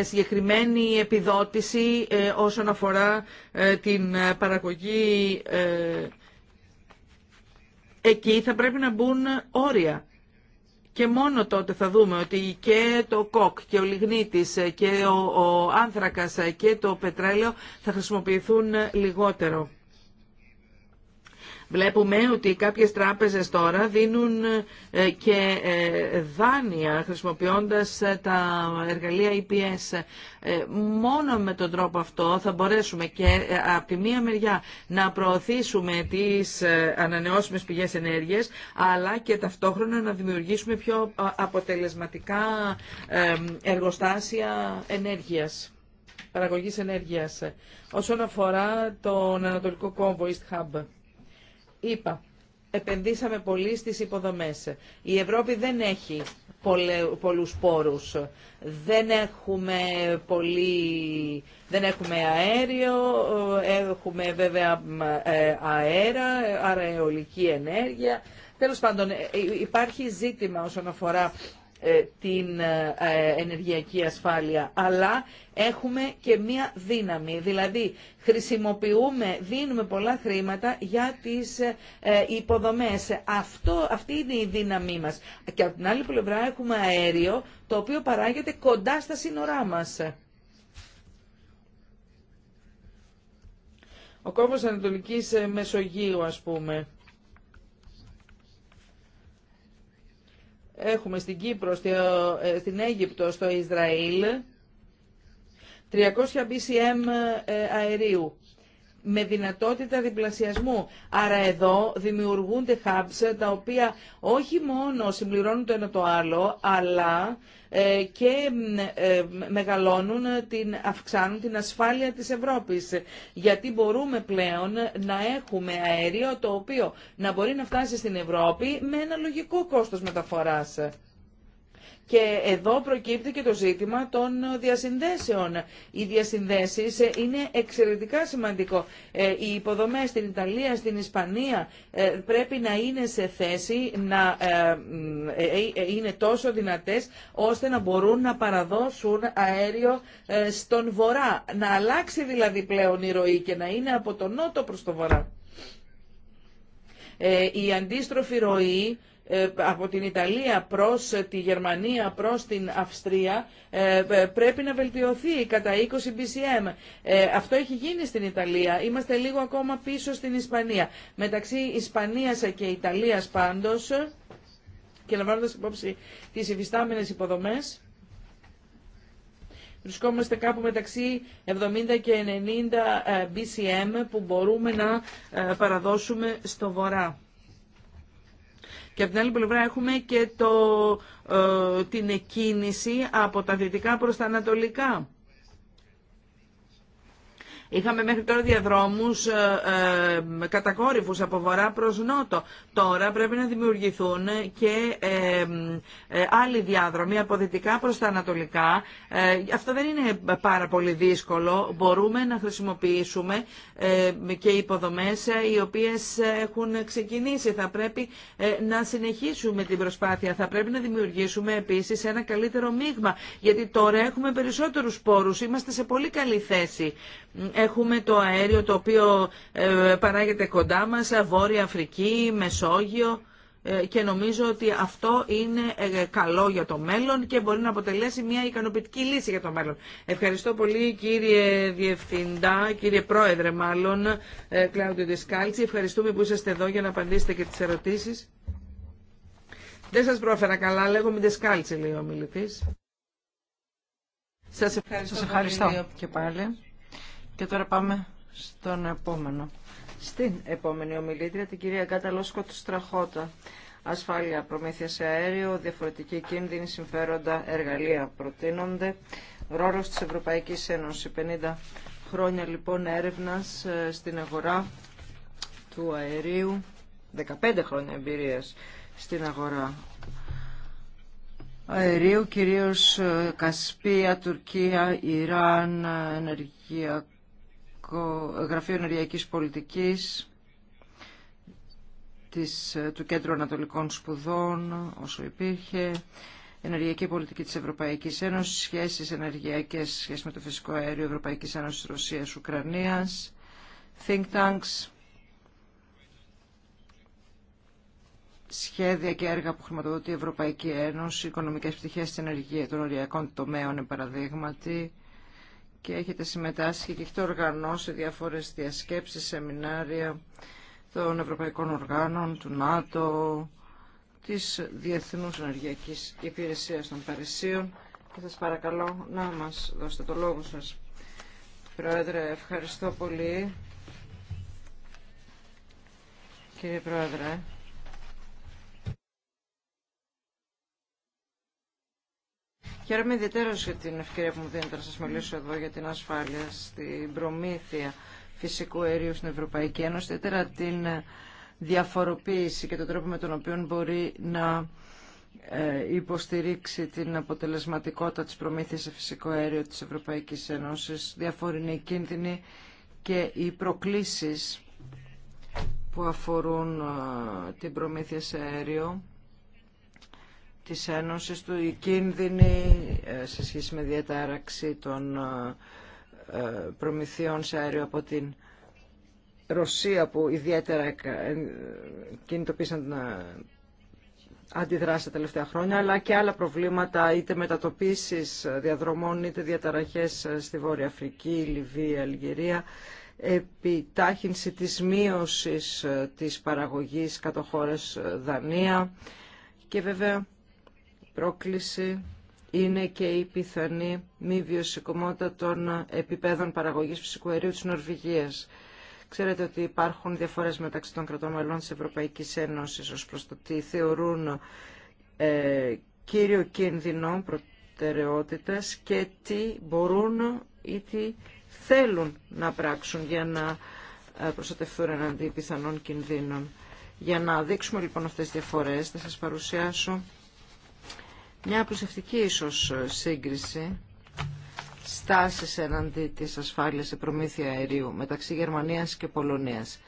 συγκεκριμένη επιδότηση όσον αφορά την παραγωγή εκεί θα πρέπει να μπουν όρια. Και μόνο τότε θα δούμε ότι και το κοκ και ο λιγνίτης και ο, ο άνθρακας και το πετρέλαιο θα χρησιμοποιηθούν λιγότερο. Βλέπουμε ότι κάποιες τράπεζες τώρα δίνουν ε, και ε, δάνεια χρησιμοποιώντας ε, τα εργαλεία EPS. Μόνο με τον τρόπο αυτό θα μπορέσουμε και από τη μία μεριά να προωθήσουμε τις ανανεώσιμες πηγές ενέργειας αλλά και ταυτόχρονα να δημιουργήσουμε πιο αποτελεσματικά εργοστάσια ενέργειας παραγωγής ενέργειας όσον αφορά τον Ανατολικό Κόμβο East Hub είπα, επενδύσαμε πολύ στις υποδομές. Η Ευρώπη δεν έχει πολλούς πόρους. Δεν έχουμε, πολύ... δεν έχουμε αέριο, έχουμε βέβαια ε, αέρα, αεολική ενέργεια. Τέλος πάντων, ε, υπάρχει ζήτημα όσον αφορά ε, την ε, ενεργειακή ασφάλεια, αλλά έχουμε και μία δύναμη. Δηλαδή, χρησιμοποιούμε, δίνουμε πολλά χρήματα για τις ε, υποδομές. Αυτό, αυτή είναι η δύναμή μας. Και από την άλλη πλευρά έχουμε αέριο, το οποίο παράγεται κοντά στα σύνορά μας. Ο κόμβος Ανατολικής Μεσογείου, ας πούμε. Έχουμε στην Κύπρο, ε, στην Αίγυπτο, στο Ισραήλ 300 BCM ε, αερίου με δυνατότητα διπλασιασμού. Άρα εδώ δημιουργούνται hubs τα οποία όχι μόνο συμπληρώνουν το ένα το άλλο, αλλά ε, και ε, μεγαλώνουν, την, αυξάνουν την ασφάλεια της Ευρώπης. Γιατί μπορούμε πλέον να έχουμε αέριο το οποίο να μπορεί να φτάσει στην Ευρώπη με ένα λογικό κόστος μεταφοράς. Και εδώ προκύπτει και το ζήτημα των διασυνδέσεων. Οι διασυνδέσεις ε, είναι εξαιρετικά σημαντικό. Ε, οι υποδομές στην Ιταλία, στην Ισπανία ε, πρέπει να είναι σε θέση να είναι τόσο δυνατέ ώστε να μπορούν να παραδώσουν αέριο στον βορρά. Να αλλάξει δηλαδή πλέον η ροή και να είναι από τον νότο προς τον βορρά. Η αντίστροφη ροή ε, από την Ιταλία προς τη Γερμανία, προς την Αυστρία ε, ε, πρέπει να βελτιωθεί κατά 20 BCM. Αυτό έχει γίνει στην Ιταλία. Είμαστε λίγο ακόμα πίσω στην Ισπανία. Μεταξύ Ισπανίας και Ιταλίας πάντως και λαμβάνοντας υπόψη τις υφιστάμενες υποδομές Βρισκόμαστε κάπου μεταξύ 70 και 90 BCM που μπορούμε να παραδώσουμε στο βορρά. Και από την άλλη πλευρά έχουμε και το, ε, την εκκίνηση από τα δυτικά προς τα ανατολικά. Είχαμε μέχρι τώρα διαδρόμους ε, ε, κατακόρυφους από βορρά προς νότο. Τώρα πρέπει να δημιουργηθούν και ε, ε, άλλοι διάδρομοι από δυτικά προς τα ανατολικά. Αυτό δεν είναι πάρα πολύ δύσκολο. Μπορούμε να χρησιμοποιήσουμε και υποδομές οι οποίες έχουν ξεκινήσει. Θα πρέπει να συνεχίσουμε την προσπάθεια. Θα πρέπει να δημιουργήσουμε επίση ένα καλύτερο μείγμα. Γιατί τώρα έχουμε περισσότερου πόρου, Είμαστε σε πολύ καλή θέση έχουμε το αέριο το οποίο ε, παράγεται κοντά μας, Βόρεια Αφρική, Μεσόγειο ε, και νομίζω ότι αυτό είναι ε, καλό για το μέλλον και μπορεί να αποτελέσει μια ικανοποιητική λύση για το μέλλον. Ευχαριστώ πολύ κύριε Διευθυντά, κύριε Πρόεδρε μάλλον, Κλάουδιο Δεσκάλτση. Ευχαριστούμε που είσαστε εδώ για να απαντήσετε και τις ερωτήσεις. Δεν σας πρόφερα καλά, λέγομαι Δεσκάλτση, λέει ο μιλητής. Σας ευχαριστώ, Σας ευχαριστώ. και πάλι. Και τώρα πάμε στον επόμενο. Στην επόμενη ομιλήτρια, την κυρία Γκάτα του Στραχώτα. Ασφάλεια, προμήθεια σε αέριο, διαφορετική κίνδυνη, συμφέροντα, εργαλεία προτείνονται. Ρόλος της Ευρωπαϊκής Ένωση. 50 χρόνια λοιπόν έρευνα ε, στην αγορά του αερίου, 15 χρόνια εμπειρία στην αγορά αερίου, κυρίως ε, Κασπία, Τουρκία, Ιράν, ε, ενεργειακό Γραφείο Ενεργειακής Πολιτικής της, του Κέντρου Ανατολικών Σπουδών, όσο υπήρχε, Ενεργειακή Πολιτική της Ευρωπαϊκής Ένωσης, σχέσεις ενεργειακές, σχέσεις με το φυσικό αέριο Ευρωπαϊκής Ένωσης Ρωσίας Ουκρανίας, Think Tanks, σχέδια και έργα που χρηματοδοτεί η Ευρωπαϊκή Ένωση, οικονομικές πτυχές στην ενεργεια των οριακών τομέων, παραδείγματι, και έχετε συμμετάσχει και έχετε οργανώσει διάφορες διασκέψεις, σεμινάρια των Ευρωπαϊκών Οργάνων, του ΝΑΤΟ, της Διεθνούς Ενεργειακής Υπηρεσίας των Παρισίων και σας παρακαλώ να μας δώσετε το λόγο σας. Πρόεδρε, ευχαριστώ πολύ. Κύριε Πρόεδρε, Χαίρομαι ιδιαίτερα για την ευκαιρία που μου δίνετε να σα μιλήσω εδώ για την ασφάλεια στην προμήθεια φυσικού αερίου στην Ευρωπαϊκή Ένωση, ιδιαίτερα την ε, διαφοροποίηση και τον τρόπο με τον οποίο μπορεί να ε, υποστηρίξει την αποτελεσματικότητα της προμήθειας σε φυσικό αέριο της Ευρωπαϊκής Ένωσης, οι κίνδυνοι και οι προκλήσεις που αφορούν ε, την προμήθεια σε αέριο της Ένωσης του, οι κίνδυνοι ε, σε σχέση με διατάραξη των ε, προμηθειών σε αέριο από την Ρωσία που ιδιαίτερα ε, κινητοποίησαν να αντιδράσει τα τελευταία χρόνια, αλλά και άλλα προβλήματα, είτε μετατοπίσεις διαδρομών, είτε διαταραχές στη Βόρεια Αφρική, Λιβύη, Αλγερία, επιτάχυνση της μείωσης της παραγωγής κατά χώρες Δανία και βέβαια πρόκληση είναι και η πιθανή μη βιωσικομότητα των επιπέδων παραγωγής φυσικού αερίου της Νορβηγίας. Ξέρετε ότι υπάρχουν διαφορές μεταξύ των κρατών μελών της Ευρωπαϊκής Ένωσης ως προς το τι θεωρούν ε, κύριο κίνδυνο προτεραιότητας και τι μπορούν ή τι θέλουν να πράξουν για να ε, προστατευτούν εναντί πιθανών κινδύνων. Για να δείξουμε λοιπόν αυτές τις διαφορές θα σας παρουσιάσω μια προσεκτική ίσως ε, σύγκριση στάσεις εναντί της ασφάλειας σε προμήθεια αερίου μεταξύ Γερμανίας και Πολωνίας.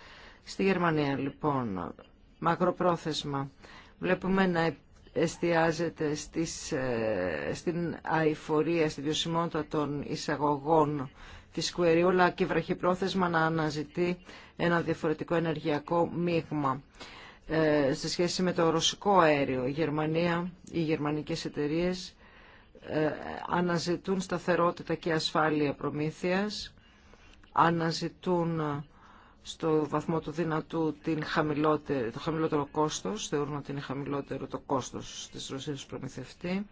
Στη Γερμανία λοιπόν μακροπρόθεσμα βλέπουμε να εστιάζεται στις, ε, στην αηφορία, στη βιωσιμότητα των εισαγωγών της αλλά και βραχυπρόθεσμα να αναζητεί ένα διαφορετικό ενεργειακό μείγμα. Ε, σε σχέση με το ρωσικό αέριο. Η Γερμανία, οι γερμανικές εταιρείες ε, αναζητούν σταθερότητα και ασφάλεια προμήθειας, αναζητούν στο βαθμό του δυνατού την το χαμηλότερο κόστος, θεωρούν ότι είναι χαμηλότερο το κόστος της Ρωσίας προμηθευτή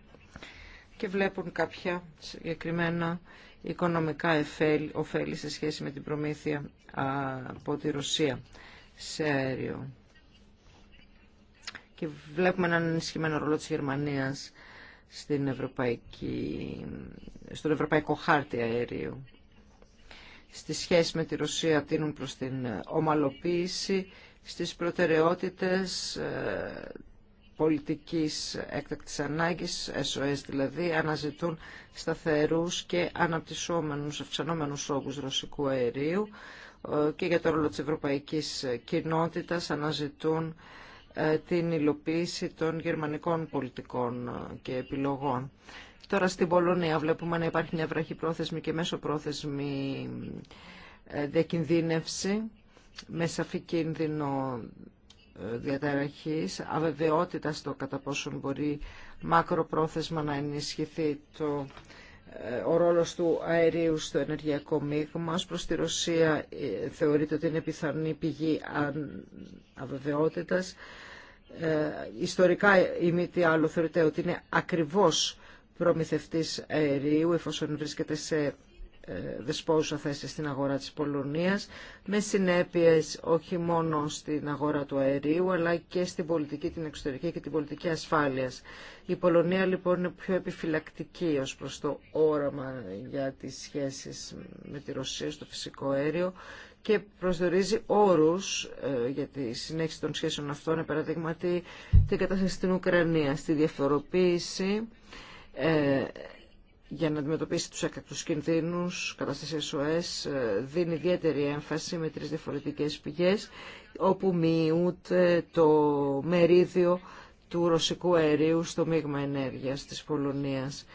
και βλέπουν κάποια συγκεκριμένα οικονομικά ωφέλη σε σχέση με την προμήθεια από τη Ρωσία σε αέριο και βλέπουμε έναν ενισχυμένο ρόλο της Γερμανίας στην ευρωπαϊκή, στον ευρωπαϊκό χάρτη αερίου. Στη σχέση με τη Ρωσία τίνουν προς την ομαλοποίηση, στις προτεραιότητες ε, πολιτικής έκτακτης ανάγκης, SOS δηλαδή, αναζητούν σταθερούς και αναπτυσσόμενους, αυξανόμενους όγκους ρωσικού αερίου ε, και για το ρόλο της ευρωπαϊκής κοινότητας αναζητούν ε, την υλοποίηση των γερμανικών πολιτικών ε, και επιλογών. Τώρα στην Πολωνία βλέπουμε να υπάρχει μια βραχυπρόθεσμη και μέσοπρόθεσμη ε, διακινδύνευση με σαφή κίνδυνο διαταραχής, αβεβαιότητα στο κατά πόσον μπορεί μακροπρόθεσμα να ενισχυθεί το, ο ρόλος του αερίου στο ενεργειακό μείγμα. Ως προς τη Ρωσία θεωρείται ότι είναι πιθανή πηγή αβεβαιότητας. Ε, ιστορικά η μη τι θεωρείται ότι είναι ακριβώς προμηθευτής αερίου εφόσον βρίσκεται σε ε, δεσπόζουσα θέση στην αγορά της Πολωνίας με συνέπειες όχι μόνο στην αγορά του αερίου αλλά και στην πολιτική, την εξωτερική και την πολιτική ασφάλειας. Η Πολωνία λοιπόν είναι πιο επιφυλακτική ως προς το όραμα για τις σχέσεις με τη Ρωσία στο φυσικό αέριο και προσδιορίζει όρους ε, για τη συνέχιση των σχέσεων αυτών, παραδείγματι την κατάσταση στην Ουκρανία, στη διαφοροποίηση ε, για να αντιμετωπίσει τους έκτακτους κινδύνους, κατάσταση SOS, ε, δίνει ιδιαίτερη έμφαση με τρει διαφορετικές πηγές, όπου μειούται το μερίδιο του ρωσικού αερίου στο μείγμα ενέργειας της Πολωνίας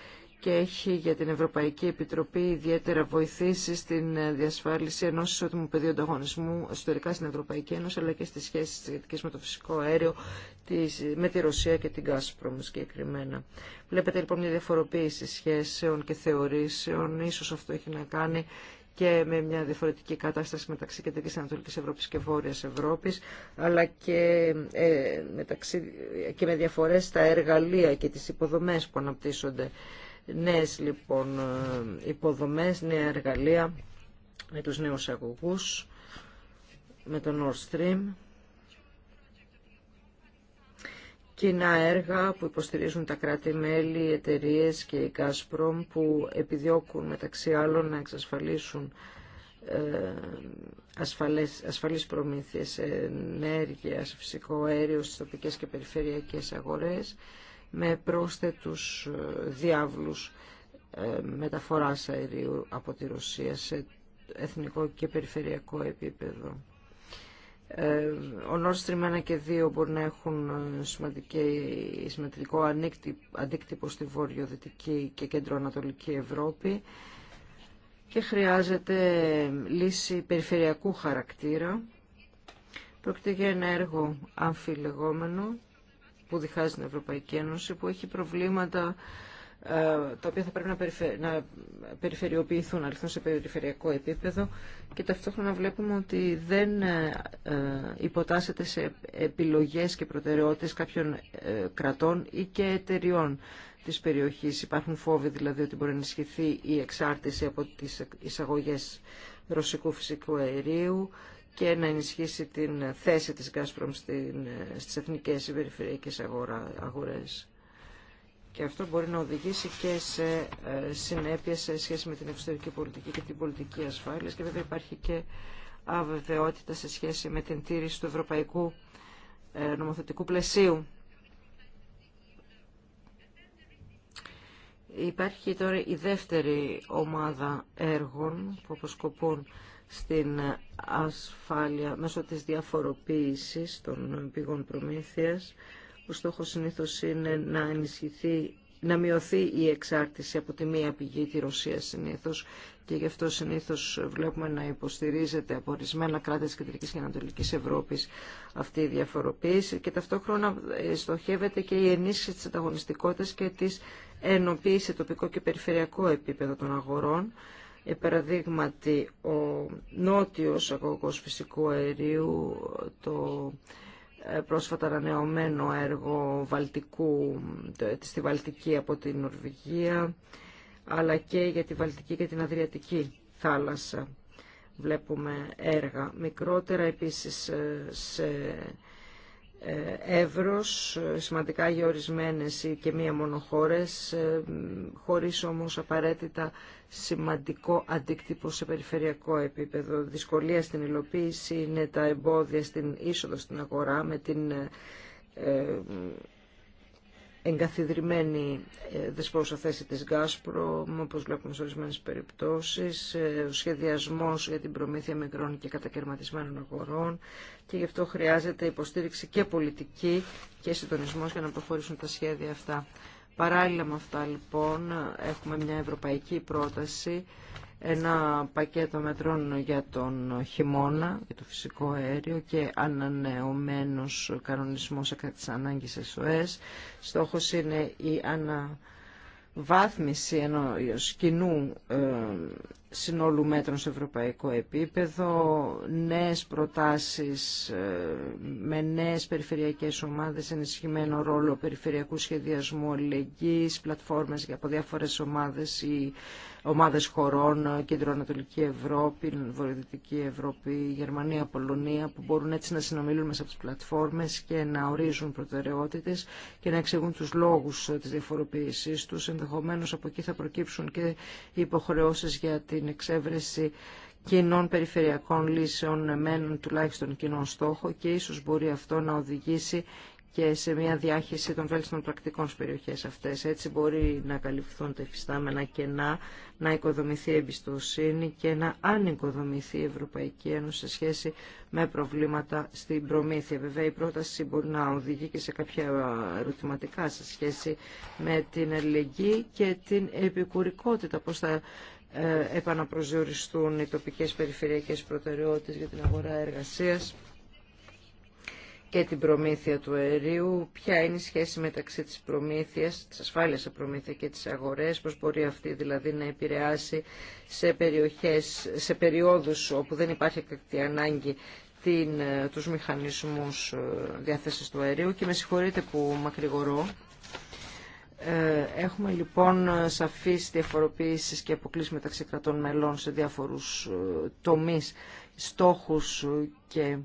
και έχει για την Ευρωπαϊκή Επιτροπή ιδιαίτερα βοηθήσει στην διασφάλιση ενό ισότιμου πεδίου ανταγωνισμού εσωτερικά στην Ευρωπαϊκή Ένωση αλλά και στις σχέσεις σχετικές με το φυσικό αέριο, με τη Ρωσία και την Gazprom συγκεκριμένα. Βλέπετε λοιπόν μια διαφοροποίηση σχέσεων και θεωρήσεων. Ίσως αυτό έχει να κάνει και με μια διαφορετική κατάσταση μεταξύ Κεντρική Ανατολική Ευρώπη και Βόρεια Ευρώπη, αλλά και, ε, μεταξύ, και με διαφορέ στα εργαλεία και τι υποδομέ που αναπτύσσονται Νέες λοιπόν ε, υποδομές, νέα εργαλεία με τους νέους αγωγούς, με τον Nord Stream. Κοινά έργα που υποστηρίζουν τα κράτη-μέλη, οι εταιρείες και η Gazprom που επιδιώκουν μεταξύ άλλων να εξασφαλίσουν ε, ασφαλές, ασφαλείς προμήθειες ενέργειας, φυσικό αέριο στις τοπικές και περιφερειακές αγορές με πρόσθετους ε, διάβλους ε, μεταφοράς αερίου από τη Ρωσία σε εθνικό και περιφερειακό επίπεδο. Ε, ο Nord Stream 1 και 2 μπορεί να έχουν σημαντικό αντίκτυπο στη βόρειο-δυτική και Κεντροανατολική Ευρώπη και χρειάζεται λύση περιφερειακού χαρακτήρα. Πρόκειται για ένα έργο αμφιλεγόμενο που διχάζει την Ευρωπαϊκή Ένωση, που έχει προβλήματα ε, τα οποία θα πρέπει να περιφερειοποιηθούν, λυθούν σε περιφερειακό επίπεδο και ταυτόχρονα βλέπουμε ότι δεν ε, ε, υποτάσσεται σε επιλογές και προτεραιότητες κάποιων κρατών ή και εταιριών της περιοχής. Υπάρχουν φόβοι δηλαδή ότι μπορεί να ενισχυθεί η εξάρτηση από τις εισαγωγές ρωσικού φυσικού αερίου, και να ενισχύσει την θέση της Gazprom στην, στις εθνικές αγορέ. αγορές. Και αυτό μπορεί να οδηγήσει και σε ε, συνέπειες σε σχέση με την εξωτερική πολιτική και την πολιτική ασφάλειας και βέβαια υπάρχει και αβεβαιότητα σε σχέση με την τήρηση του ευρωπαϊκού ε, νομοθετικού πλαισίου. Υπάρχει τώρα η δεύτερη ομάδα έργων που αποσκοπούν στην ασφάλεια μέσω της διαφοροποίησης των πηγών προμήθειας. Ο στόχος συνήθως είναι να ενισχυθεί να μειωθεί η εξάρτηση από τη μία πηγή τη Ρωσία συνήθως και γι' αυτό συνήθως βλέπουμε να υποστηρίζεται από ορισμένα κράτη της Κεντρικής και Ανατολικής Ευρώπης αυτή η διαφοροποίηση και ταυτόχρονα ε, στοχεύεται και η ενίσχυση της ανταγωνιστικότητας και της ενοποίηση τοπικό και περιφερειακό επίπεδο των αγορών Επαραδείγματι, ο νότιος αγωγός φυσικού αερίου, το ε, πρόσφατα ανανεωμένο έργο Βαλτικού, ε, στη Βαλτική από την Νορβηγία, αλλά και για τη Βαλτική και την Αδριατική θάλασσα. Βλέπουμε έργα μικρότερα επίσης ε, σε ε, εύρος, ε, σημαντικά για ορισμένες και μία μόνο χώρες, ε, χωρίς όμως απαραίτητα σημαντικό αντίκτυπο σε περιφερειακό επίπεδο. Δυσκολία στην υλοποίηση είναι τα εμπόδια στην είσοδο στην αγορά με την εγκαθιδρυμένη ε, δεσπόσα θέση της Γκάσπρο, όπως βλέπουμε σε ορισμένες περιπτώσεις, ε, ο σχεδιασμός για την προμήθεια μικρών και κατακαιρματισμένων αγορών και γι' αυτό χρειάζεται υποστήριξη και πολιτική και συντονισμός για να προχωρήσουν τα σχέδια αυτά. Παράλληλα με αυτά λοιπόν έχουμε μια ευρωπαϊκή πρόταση ένα πακέτο μετρών για τον χειμώνα, για το φυσικό αέριο και ανανεωμένος κανονισμός κατά της ανάγκης SOS. Στόχος είναι η αναβάθμιση ενός κοινού ε, συνόλου μέτρων σε ευρωπαϊκό επίπεδο, νέες προτάσεις ε, με νέες περιφερειακές ομάδες, ενισχυμένο ρόλο περιφερειακού σχεδιασμού αλληλεγγύης, πλατφόρμες από διάφορες ομάδες ή ομάδες χωρών, ε, Κεντροανατολική Ευρώπη, Βορειοδυτική Ευρώπη, Γερμανία, Πολωνία, που μπορούν έτσι να συνομιλούν μέσα από τις πλατφόρμες και να ορίζουν προτεραιότητες και να εξηγούν τους λόγους ε, της διαφοροποίησής τους. Ενδεχομένως από εκεί θα προκύψουν και οι υποχρεώσεις για την εξέβρεση κοινών περιφερειακών λύσεων με έναν τουλάχιστον κοινό στόχο και ίσως μπορεί αυτό να οδηγήσει και σε μια διάχυση των βέλτιστων πρακτικών στι περιοχές αυτές. Έτσι μπορεί να καλυφθούν τα υφιστάμενα κενά, να οικοδομηθεί η εμπιστοσύνη και να ανοικοδομηθεί η Ευρωπαϊκή Ένωση σε σχέση με προβλήματα στην προμήθεια. Βέβαια η πρόταση μπορεί να οδηγεί και σε κάποια ερωτηματικά σε σχέση με την ελληνική και την επικουρικότητα, πώ θα ε, επαναπροσδιοριστούν οι τοπικέ περιφερειακέ προτεραιότητες για την αγορά εργασία και την προμήθεια του αερίου, ποια είναι η σχέση μεταξύ της προμήθειας, της ασφάλειας σε προμήθεια και της αγορές, πώς μπορεί αυτή δηλαδή να επηρεάσει σε, περιοχές, σε περιόδους όπου δεν υπάρχει εκτακτή ανάγκη την, ε, τους μηχανισμούς ε, διάθεσης του αερίου και με συγχωρείτε που μακρηγορώ. Ε, έχουμε λοιπόν σαφείς διαφοροποίησεις και αποκλείς μεταξύ κρατών μελών σε διάφορους τομείς, στόχους και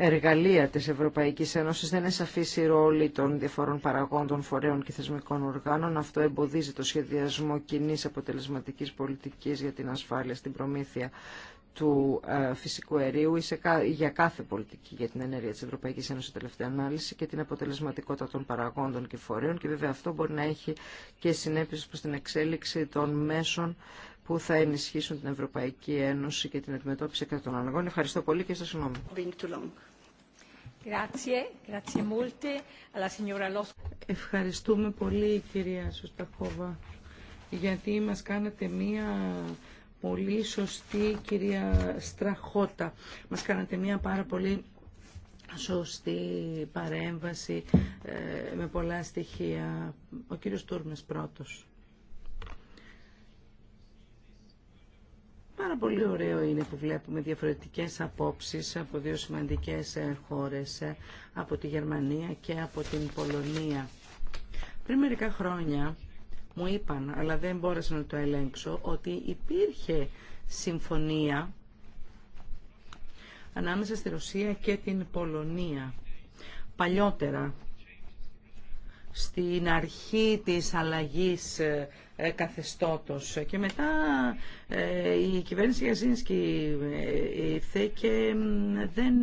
εργαλεία της Ευρωπαϊκής Ένωσης δεν είναι σαφής η ρόλη των διαφορών παραγόντων, φορέων και θεσμικών οργάνων. Αυτό εμποδίζει το σχεδιασμό κοινή αποτελεσματικής πολιτικής για την ασφάλεια στην προμήθεια του ε, φυσικού αερίου ή για κάθε πολιτική για την ενέργεια της Ευρωπαϊκής Ένωσης τελευταία ανάλυση και την αποτελεσματικότητα των παραγόντων και φορέων και βέβαια αυτό μπορεί να έχει και συνέπειες προς την εξέλιξη των μέσων που θα ενισχύσουν την Ευρωπαϊκή Ένωση και την αντιμετώπιση κατά των αναγκών. Ευχαριστώ πολύ και σας συγγνώμη. Ευχαριστούμε πολύ κυρία Σωστακόβα γιατί μας κάνατε μία πολύ σωστή κυρία Στραχώτα. Μας κάνατε μία πάρα πολύ σωστή παρέμβαση ε, με πολλά στοιχεία. Ο κύριος Τούρμες πρώτος. Πάρα πολύ ωραίο είναι που βλέπουμε διαφορετικές απόψεις από δύο σημαντικές ε, χώρες, ε, από τη Γερμανία και από την Πολωνία. Πριν μερικά χρόνια μου είπαν, αλλά δεν μπόρεσα να το ελέγξω, ότι υπήρχε συμφωνία ανάμεσα στη Ρωσία και την Πολωνία. Παλιότερα, στην αρχή της αλλαγής ε, ε, καθεστώτος. Και μετά ε, η κυβέρνηση Γιαζίνσκι ε, ήρθε και δεν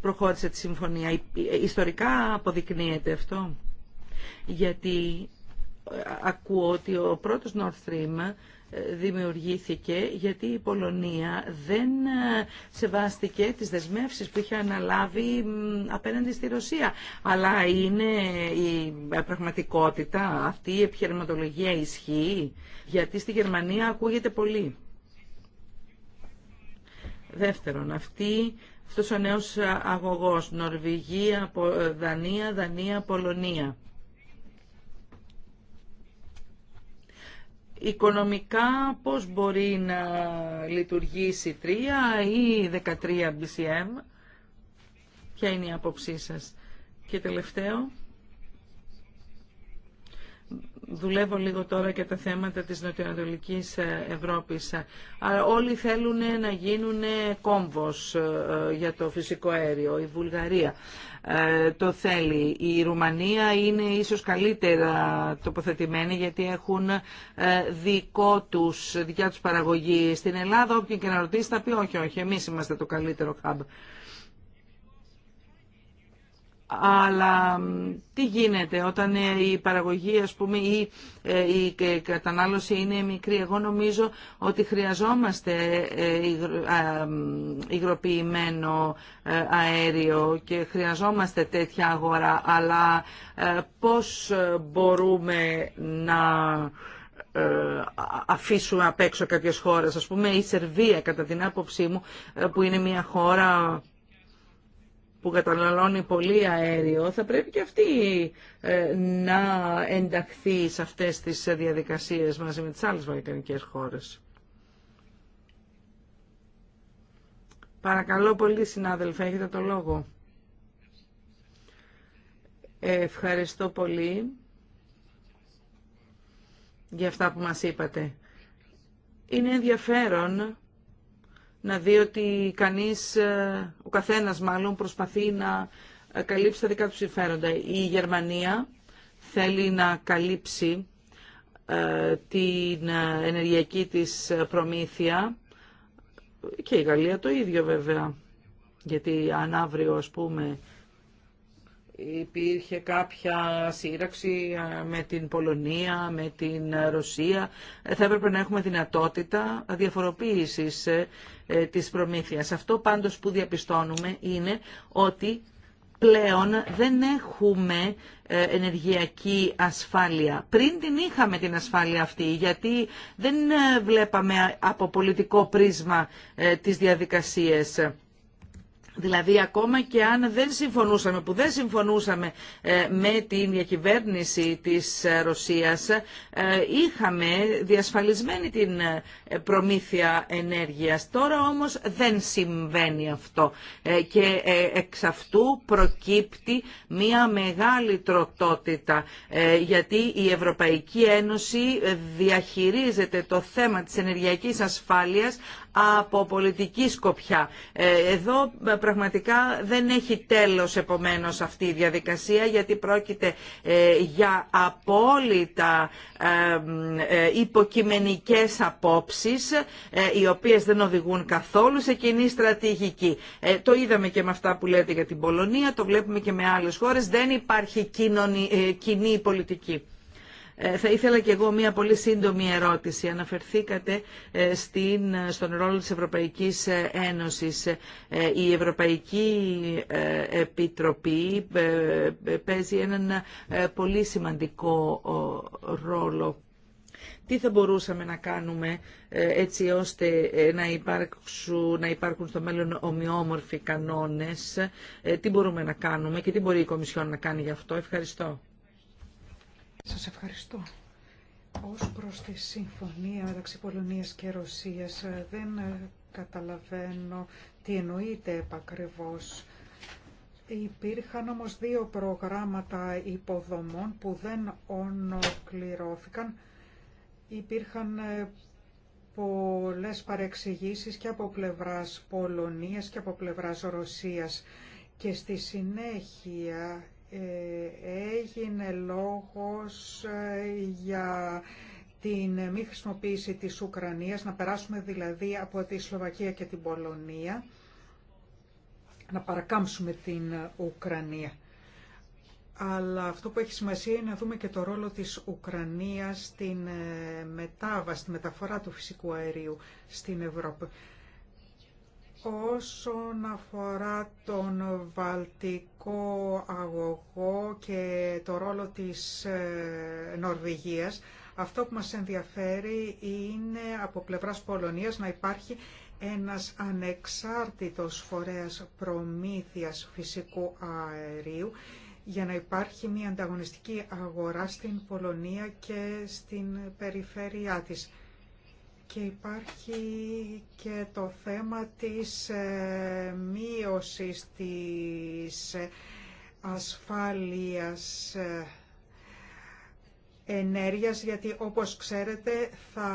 προχώρησε τη συμφωνία. Ιστορικά αποδεικνύεται αυτό. Γιατί ακούω ότι ο πρώτος North Stream δημιουργήθηκε γιατί η Πολωνία δεν ε, σεβάστηκε τις δεσμεύσεις που είχε αναλάβει απέναντι στη Ρωσία. Αλλά είναι η ε, πραγματικότητα αυτή η επιχειρηματολογία ισχύει γιατί στη Γερμανία ακούγεται πολύ. Δεύτερον, αυτή αυτός ο νέος ε, αγωγός Νορβηγία, Δανία, Δανία, Πολωνία. Οικονομικά πώς μπορεί να λειτουργήσει 3 ή 13 BCM. Ποια είναι η άποψή σας. Και τελευταίο δουλεύω λίγο τώρα και τα θέματα της νοτιοανατολικής ε, Ευρώπης. Αλλά όλοι θέλουν να γίνουν ε, κόμβος ε, για το φυσικό αέριο. Η Βουλγαρία το θέλει. Η Ρουμανία είναι ίσως καλύτερα τοποθετημένη γιατί έχουν δικό τους, δικιά τους παραγωγή. Στην Ελλάδα όποιον και να ρωτήσει θα πει όχι, όχι, εμείς είμαστε το καλύτερο χάμπ. Αλλά τι γίνεται όταν ε, η παραγωγή ας πούμε, ή ε, ε, η κατανάλωση είναι μικρή. Εγώ νομίζω ότι χρειαζόμαστε υγροποιημένο αέριο και χρειαζόμαστε τέτοια αγορά. Αλλά πώς μπορούμε να αφήσουμε απ' έξω κάποιες χώρες. Ας πούμε η Σερβία κατά την άποψή μου που είναι μια χώρα που καταναλώνει πολύ αέριο, θα πρέπει και αυτή ε, να ενταχθεί σε αυτές τις διαδικασίες μαζί με τις άλλες βαλκανικές χώρες. Παρακαλώ πολύ συνάδελφε, έχετε το λόγο. Ευχαριστώ πολύ για αυτά που μας είπατε. Είναι ενδιαφέρον να δει ότι κανείς, ε, ο καθένας μάλλον προσπαθεί να ε, καλύψει τα δικά του συμφέροντα. Η Γερμανία θέλει να καλύψει ε, την ενεργειακή της προμήθεια και η Γαλλία το ίδιο βέβαια. Γιατί αν αύριο ας πούμε υπήρχε κάποια σύραξη ε, με την Πολωνία, με την Ρωσία. Ε, θα έπρεπε να έχουμε δυνατότητα διαφοροποίησης ε, της προμήθειας. Αυτό πάντως που διαπιστώνουμε είναι ότι πλέον δεν έχουμε ενεργειακή ασφάλεια. Πριν την είχαμε την ασφάλεια αυτή, γιατί δεν βλέπαμε από πολιτικό πρίσμα τις διαδικασίες. Δηλαδή ακόμα και αν δεν συμφωνούσαμε, που δεν συμφωνούσαμε ε, με την διακυβέρνηση της ε, Ρωσίας, ε, είχαμε διασφαλισμένη την προμήθεια ενέργειας. Τώρα όμως δεν συμβαίνει αυτό και εξ αυτού προκύπτει μια μεγάλη τροτότητα, γιατί η Ευρωπαϊκή Ένωση διαχειρίζεται το θέμα της ενεργειακής ασφάλειας από πολιτική σκοπιά. Ε, εδώ πραγματικά δεν έχει τέλος επομένως αυτή η διαδικασία γιατί πρόκειται ε, για απόλυτα ε, υποκειμενικές απόψεις οι οποίες δεν οδηγούν καθόλου σε κοινή στρατηγική. Το είδαμε και με αυτά που λέτε για την Πολωνία, το βλέπουμε και με άλλες χώρες. Δεν υπάρχει κοινή πολιτική. Ε, θα ήθελα και εγώ μία πολύ σύντομη ερώτηση. Αναφερθήκατε ε, στην, στον ρόλο της Ευρωπαϊκής ε, Ένωσης. Η Ευρωπαϊκή Επιτροπή παίζει έναν πολύ σημαντικό ρόλο. Τι θα μπορούσαμε να κάνουμε έτσι ώστε να, να υπάρχουν στο μέλλον ομοιόμορφοι κανόνες. Τι μπορούμε να κάνουμε και τι μπορεί η Κομισιόν να κάνει γι' αυτό. Ευχαριστώ. Σας ευχαριστώ. Ως προς τη συμφωνία μεταξύ Πολωνίας και Ρωσίας ε, δεν ε, καταλαβαίνω τι εννοείται επακριβώς. Υπήρχαν όμως δύο προγράμματα υποδομών που δεν ονοκληρώθηκαν. Υπήρχαν ε, πολλές παρεξηγήσεις και από πλευράς Πολωνίας και από πλευράς Ρωσίας και στη συνέχεια έγινε λόγος ε, για την μη χρησιμοποίηση της Ουκρανίας, να περάσουμε δηλαδή από τη Σλοβακία και την Πολωνία, να παρακάμψουμε την Ουκρανία. Αλλά αυτό που έχει σημασία είναι να δούμε και το ρόλο της Ουκρανίας στην ε, μετάβαση, στη μεταφορά του φυσικού αερίου στην Ευρώπη. Όσον αφορά τον βαλτικό αγωγό και το ρόλο της ε, Νορβηγίας, αυτό που μας ενδιαφέρει είναι από πλευράς Πολωνίας να υπάρχει ένας ανεξάρτητος φορέας προμήθειας φυσικού αερίου για να υπάρχει μια ανταγωνιστική αγορά στην Πολωνία και στην περιφέρειά της. Και υπάρχει και το θέμα της ε, μείωσης της ε, ασφάλειας ε, ενέργειας, γιατί όπως ξέρετε θα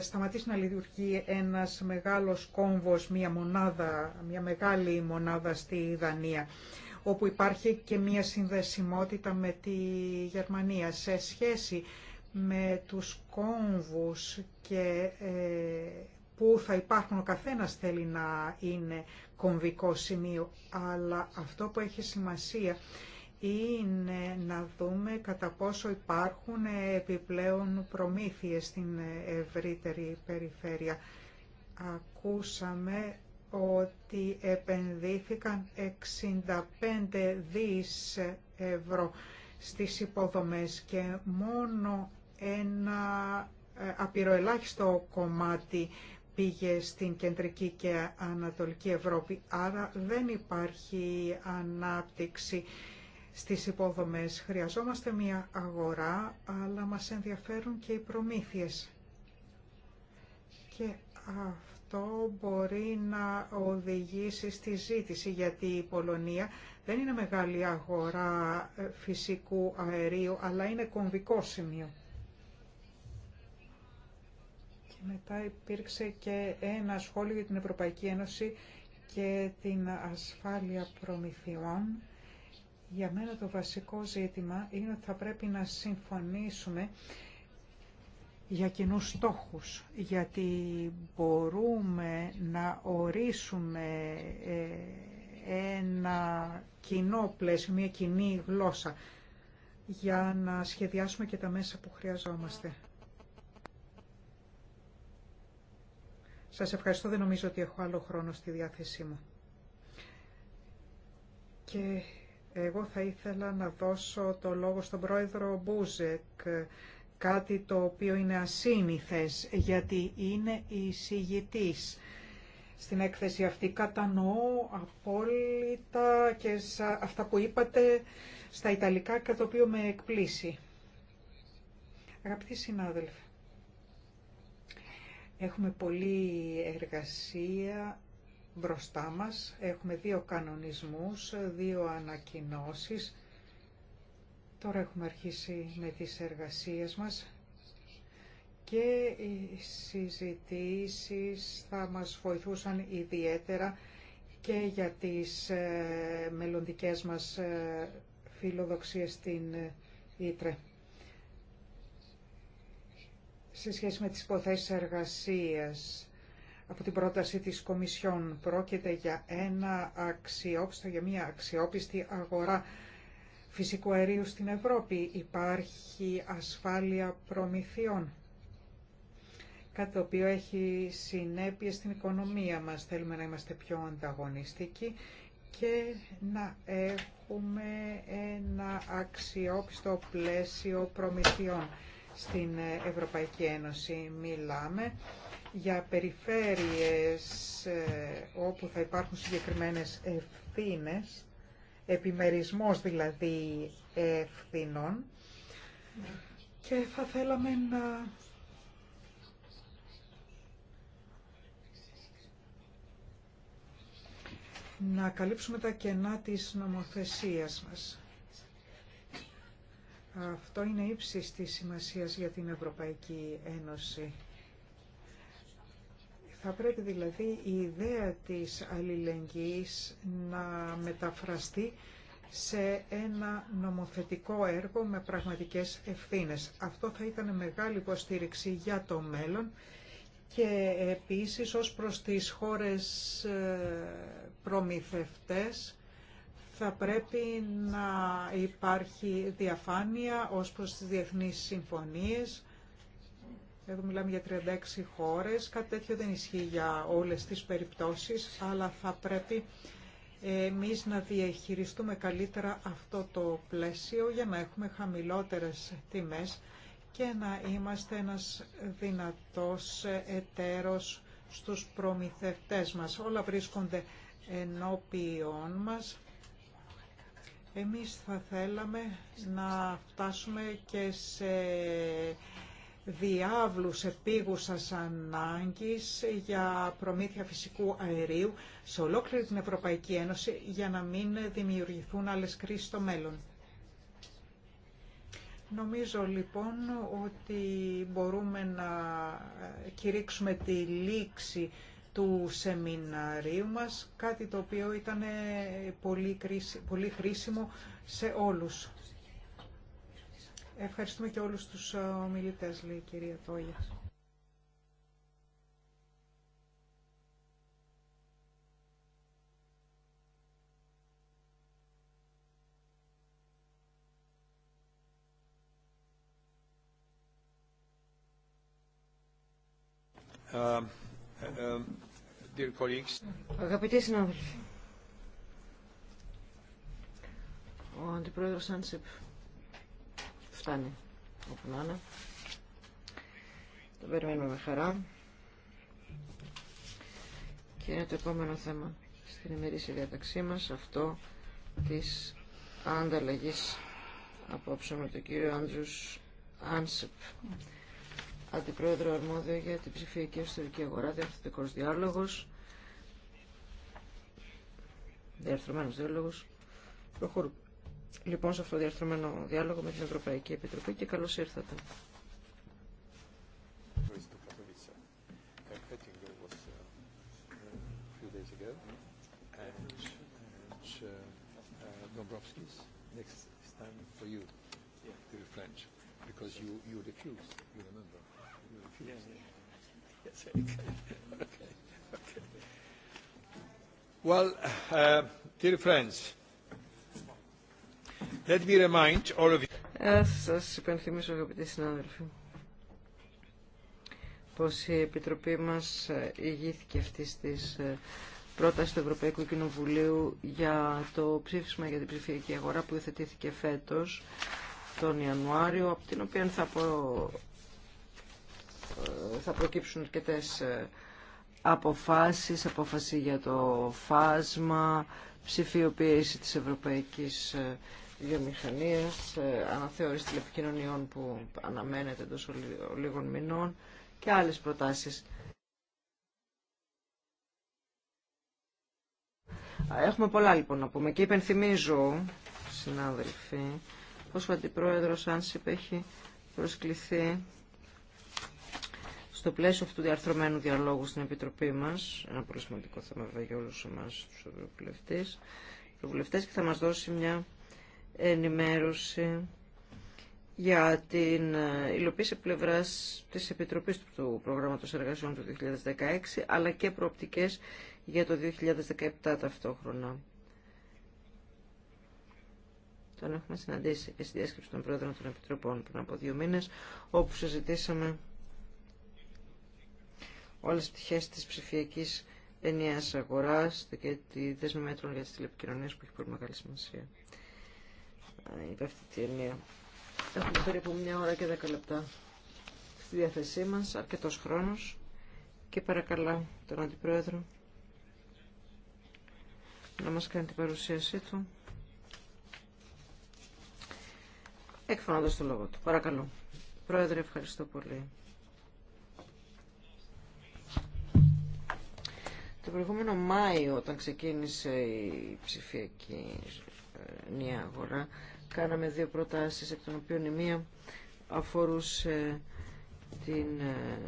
σταματήσει να λειτουργεί ένας μεγάλος κόμβος, μια μονάδα, μια μεγάλη μονάδα στη Δανία, όπου υπάρχει και μια συνδεσιμότητα με τη Γερμανία σε σχέση με τους κόμβους και ε, που θα υπάρχουν ο καθένας θέλει να είναι κομβικό σημείο, αλλά αυτό που έχει σημασία είναι να δούμε κατά πόσο υπάρχουν επιπλέον προμήθειες στην ευρύτερη περιφέρεια. Ακούσαμε ότι επενδύθηκαν 65 δις ευρώ στις υποδομές και μόνο ένα ε, απειροελάχιστο κομμάτι πήγε στην κεντρική και ανατολική Ευρώπη, άρα δεν υπάρχει ανάπτυξη στις υπόδομες. Χρειαζόμαστε μια αγορά, αλλά μας ενδιαφέρουν και οι προμήθειες. Και αυτό μπορεί να οδηγήσει στη ζήτηση, γιατί η Πολωνία δεν είναι μεγάλη αγορά ε, φυσικού αερίου, αλλά είναι κομβικό σημείο. Μετά υπήρξε και ένα σχόλιο για την Ευρωπαϊκή Ένωση και την ασφάλεια προμηθειών. Για μένα το βασικό ζήτημα είναι ότι θα πρέπει να συμφωνήσουμε για κοινούς στόχους, γιατί μπορούμε να ορίσουμε ε, ένα κοινό πλαίσιο, μια κοινή γλώσσα, για να σχεδιάσουμε και τα μέσα που χρειαζόμαστε. Σας ευχαριστώ, δεν νομίζω ότι έχω άλλο χρόνο στη διάθεσή μου. Και εγώ θα ήθελα να δώσω το λόγο στον πρόεδρο Μπούζεκ, κάτι το οποίο είναι ασύνηθες, γιατί είναι η εισηγητής. Στην έκθεση αυτή κατανοώ απόλυτα και αυτά που είπατε στα Ιταλικά, και το οποίο με εκπλήσει. Αγαπητοί συνάδελφοι, Έχουμε πολλή εργασία μπροστά μας, έχουμε δύο κανονισμούς, δύο ανακοινώσεις. Τώρα έχουμε αρχίσει με τις εργασίες μας και οι συζητήσεις θα μας βοηθούσαν ιδιαίτερα και για τις ε, μελλοντικές μας ε, φιλοδοξίες στην ε, Ήτρε σε σχέση με τις υποθέσεις εργασίας από την πρόταση της Κομισιόν πρόκειται για ένα αξιόπιστο, για μια αξιόπιστη αγορά φυσικού αερίου στην Ευρώπη. Υπάρχει ασφάλεια προμηθειών, κάτι το οποίο έχει συνέπειες στην οικονομία μας. Θέλουμε να είμαστε πιο ανταγωνιστικοί και να έχουμε ένα αξιόπιστο πλαίσιο προμηθειών στην Ευρωπαϊκή Ένωση. Μιλάμε για περιφέρειες ε, όπου θα υπάρχουν συγκεκριμένες ευθύνες, επιμερισμός δηλαδή ευθυνών και θα θέλαμε να να καλύψουμε τα κενά της νομοθεσίας μας. Αυτό είναι ύψης της σημασίας για την Ευρωπαϊκή Ένωση. Θα πρέπει δηλαδή η ιδέα της αλληλεγγύης να μεταφραστεί σε ένα νομοθετικό έργο με πραγματικές ευθύνες. Αυτό θα ήταν μεγάλη υποστήριξη για το μέλλον και επίσης ως προς τις χώρες ε, προμηθευτές θα πρέπει να υπάρχει διαφάνεια ως προς τις διεθνείς συμφωνίες. Εδώ μιλάμε για 36 χώρες, κάτι τέτοιο δεν ισχύει για όλες τις περιπτώσεις, αλλά θα πρέπει εμείς να διαχειριστούμε καλύτερα αυτό το πλαίσιο για να έχουμε χαμηλότερες τιμές και να είμαστε ένας δυνατός εταίρος στους προμηθευτές μας. Όλα βρίσκονται ενώπιον μας εμείς θα θέλαμε να φτάσουμε και σε διάβλους επίγουσας ανάγκης για προμήθεια φυσικού αερίου σε ολόκληρη την Ευρωπαϊκή Ένωση για να μην δημιουργηθούν άλλες κρίσεις στο μέλλον. Νομίζω λοιπόν ότι μπορούμε να κηρύξουμε τη λήξη του σεμιναρίου μας, κάτι το οποίο ήταν πολύ, πολύ χρήσιμο σε όλους. Ευχαριστούμε και όλους τους ε, ομιλητές, λέει η κυρία Τόγια. Ε, Αγαπητοί συνάδελφοι, ο Αντιπρόεδρος Άντσεπ φτάνει όπου να είναι. Το περιμένουμε με χαρά. Και είναι το επόμενο θέμα στην ημερήσια διαταξή μας, αυτό της ανταλλαγής απόψε με τον κύριο Άντρους Άνσιπ. Αντιπρόεδρο Αρμόδιο για την ψηφιακή εσωτερική αγορά, διαρθρωτικός διάλογος, διαρθρωμένος διάλογος. Προχωρούμε. Λοιπόν, σε αυτό το διαρθρωμένο διάλογο με την Ευρωπαϊκή Επιτροπή και καλώς ήρθατε. because you, you refused. (laughs) Well, uh, dear friends, let me remind all of you. Ε, υπενθυμίσω συνάδελφοι πως η Επιτροπή μας ε, ηγήθηκε αυτή της ε, πρότασης του Ευρωπαϊκού Κοινοβουλίου για το ψήφισμα για την ψηφιακή αγορά που υιοθετήθηκε φέτος τον Ιανουάριο, από την οποία θα θα προκύψουν αρκετέ ε, αποφάσεις, απόφαση για το φάσμα, ψηφιοποίηση της ευρωπαϊκής ε, βιομηχανίας, ε, αναθεώρηση τηλεπικοινωνιών που αναμένεται εντό λίγων μηνών και άλλες προτάσεις. Έχουμε πολλά λοιπόν να πούμε και υπενθυμίζω, συνάδελφοι, πως ο Αντιπρόεδρος Άνσιπ έχει προσκληθεί στο πλαίσιο αυτού του διαρθρωμένου διαλόγου στην Επιτροπή μας, ένα πολύ σημαντικό θέμα για όλους εμάς τους ευρωβουλευτές, και θα μας δώσει μια ενημέρωση για την ε, υλοποίηση πλευράς της Επιτροπής του Προγράμματος Εργασιών του 2016, αλλά και προοπτικές για το 2017 ταυτόχρονα. Τον έχουμε συναντήσει στη διάσκεψη των Πρόεδρων των Επιτροπών πριν από δύο μήνες, όπου συζητήσαμε όλες τις πτυχές της ψηφιακής ενιαίας αγοράς και τη δέσμη μέτρων για τις τηλεπικοινωνίες που έχει πολύ μεγάλη σημασία. Είπε αυτή τη ενιαία. Έχουμε περίπου μια ώρα και δέκα λεπτά στη διάθεσή μας, αρκετός χρόνος και παρακαλώ τον Αντιπρόεδρο να μας κάνει την παρουσίασή του. Εκφωνώντας το λόγο του. Παρακαλώ. Πρόεδρε, ευχαριστώ πολύ. Το προηγούμενο Μάιο, όταν ξεκίνησε η ψηφιακή ε, νέα αγορά, κάναμε δύο προτάσεις, εκ των οποίων η μία αφορούσε την ε,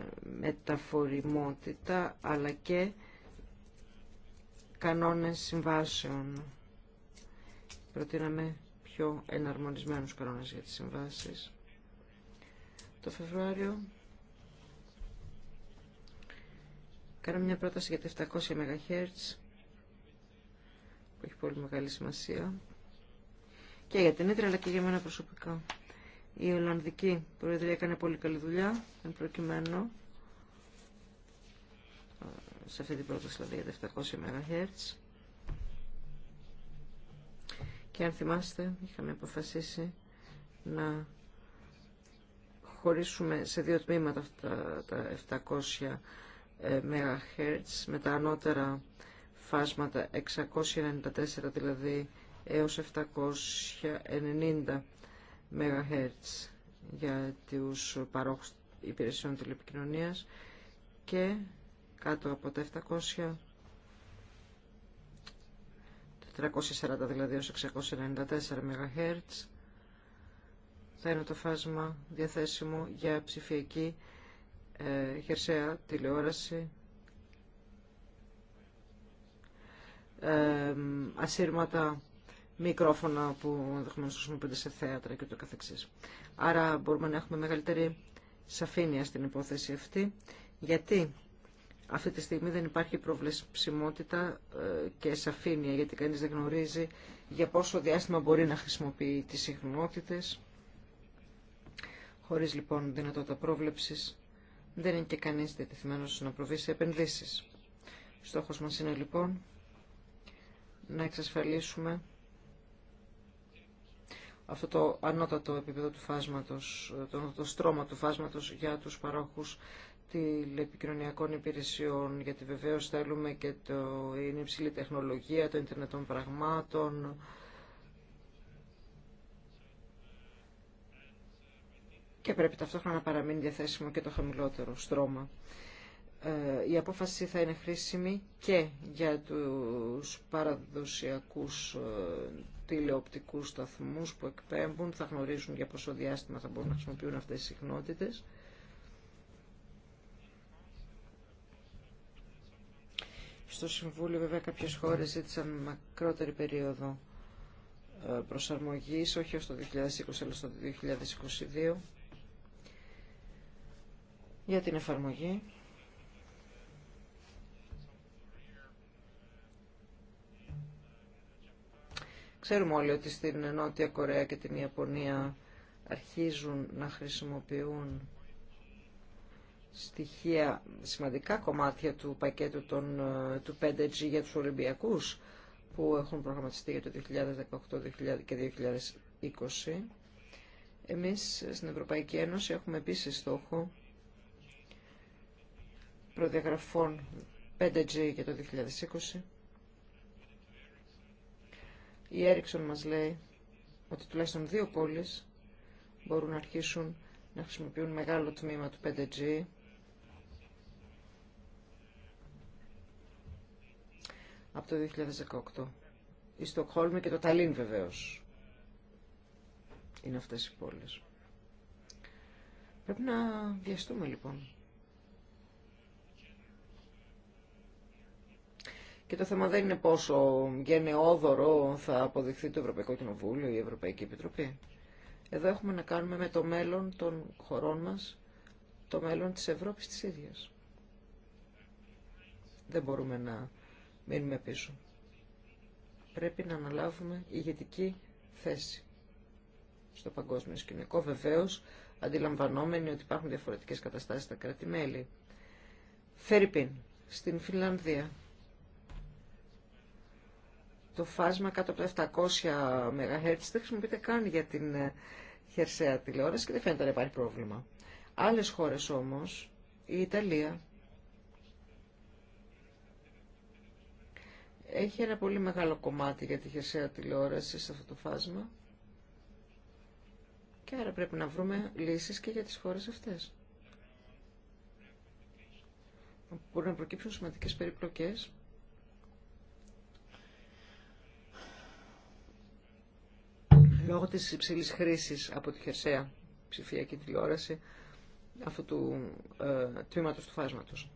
μεταφοριμότητα, αλλά και κανόνες συμβάσεων. Προτείναμε πιο εναρμονισμένους κανόνες για τις συμβάσεις. Το Φεβρουάριο Κάναμε μια πρόταση για τα 700 MHz που έχει πολύ μεγάλη σημασία και για την ίδρυα αλλά και για μένα προσωπικά. Η Ολλανδική Προεδρία έκανε πολύ καλή δουλειά εν προκειμένου ε, σε αυτή την πρόταση δηλαδή για τα 700 MHz και αν θυμάστε είχαμε αποφασίσει να χωρίσουμε σε δύο τμήματα αυτά τα 700 MHz με τα ανώτερα φάσματα 694 δηλαδή έως 790 MHz για τους παρόχους υπηρεσιών τηλεπικοινωνίας και κάτω από τα 700 440 δηλαδή έως 694 MHz θα είναι το φάσμα διαθέσιμο για ψηφιακή ε, χερσαία τηλεόραση, ε, ασύρματα μικρόφωνα που ενδεχομένω χρησιμοποιούνται σε θέατρα και το καθεξής. Άρα μπορούμε να έχουμε μεγαλύτερη σαφήνεια στην υπόθεση αυτή, γιατί αυτή τη στιγμή δεν υπάρχει προβλεψιμότητα ε, και σαφήνεια, γιατί κανείς δεν γνωρίζει για πόσο διάστημα μπορεί να χρησιμοποιεί τις συχνότητες, χωρίς λοιπόν δυνατότητα πρόβλεψης δεν είναι και κανείς διατεθειμένος να προβεί σε επενδύσεις. Στόχος μας είναι λοιπόν να εξασφαλίσουμε αυτό το ανώτατο επίπεδο του φάσματος, το, το στρώμα του φάσματος για τους παρόχους τηλεπικοινωνιακών υπηρεσιών, γιατί βεβαίως θέλουμε και το, είναι υψηλή τεχνολογία, το ίντερνετ των πραγμάτων, και πρέπει ταυτόχρονα να παραμείνει διαθέσιμο και το χαμηλότερο στρώμα. Ε, η απόφαση θα είναι χρήσιμη και για τους παραδοσιακούς ε, τηλεοπτικούς σταθμούς που εκπέμπουν, θα γνωρίζουν για πόσο διάστημα θα μπορούν να χρησιμοποιούν αυτές οι συχνότητες. Στο Συμβούλιο βέβαια κάποιες χώρες ζήτησαν μακρότερη περίοδο ε, προσαρμογής, όχι ως το 2020 αλλά το 2022 για την εφαρμογή. Ξέρουμε όλοι ότι στην Νότια Κορέα και την Ιαπωνία αρχίζουν να χρησιμοποιούν στοιχεία, σημαντικά κομμάτια του πακέτου των, ε, του 5G για τους Ολυμπιακούς που έχουν προγραμματιστεί για το 2018 και 2020. Εμείς στην Ευρωπαϊκή Ένωση έχουμε επίσης στόχο προδιαγραφών 5G για το 2020. Η Ericsson μας λέει ότι τουλάχιστον δύο πόλεις μπορούν να αρχίσουν να χρησιμοποιούν μεγάλο τμήμα του 5G. από το 2018. Η Στοκχόλμη και το Ταλίν βεβαίως είναι αυτές οι πόλεις. Πρέπει να βιαστούμε λοιπόν. Και το θέμα δεν είναι πόσο γενναιόδωρο θα αποδειχθεί το Ευρωπαϊκό Κοινοβούλιο ή η Ευρωπαϊκή Επιτροπή. Εδώ έχουμε να κάνουμε με το μέλλον των χωρών μας, το μέλλον της Ευρώπης της ίδιας. Δεν μπορούμε να μείνουμε πίσω. Πρέπει να αναλάβουμε ηγετική θέση στο παγκόσμιο σκηνικό. Βεβαίως, αντιλαμβανόμενοι ότι υπάρχουν διαφορετικές καταστάσεις στα κράτη-μέλη. Φερρυπίν, στην Φιλανδία, το φάσμα κάτω από τα 700 MHz δεν χρησιμοποιείται καν για την ε, χερσαία τηλεόραση και δεν φαίνεται να υπάρχει πρόβλημα. Άλλες χώρες όμως, η Ιταλία, έχει ένα πολύ μεγάλο κομμάτι για τη χερσαία τηλεόραση σε αυτό το φάσμα και άρα πρέπει να βρούμε λύσεις και για τις χώρες αυτές. Μπορούν να προκύψουν σημαντικές περιπλοκές λόγω της υψηλής χρήσης από τη χερσαία ψηφιακή τηλεόραση αυτού του ε, τμήματος του φάσματος.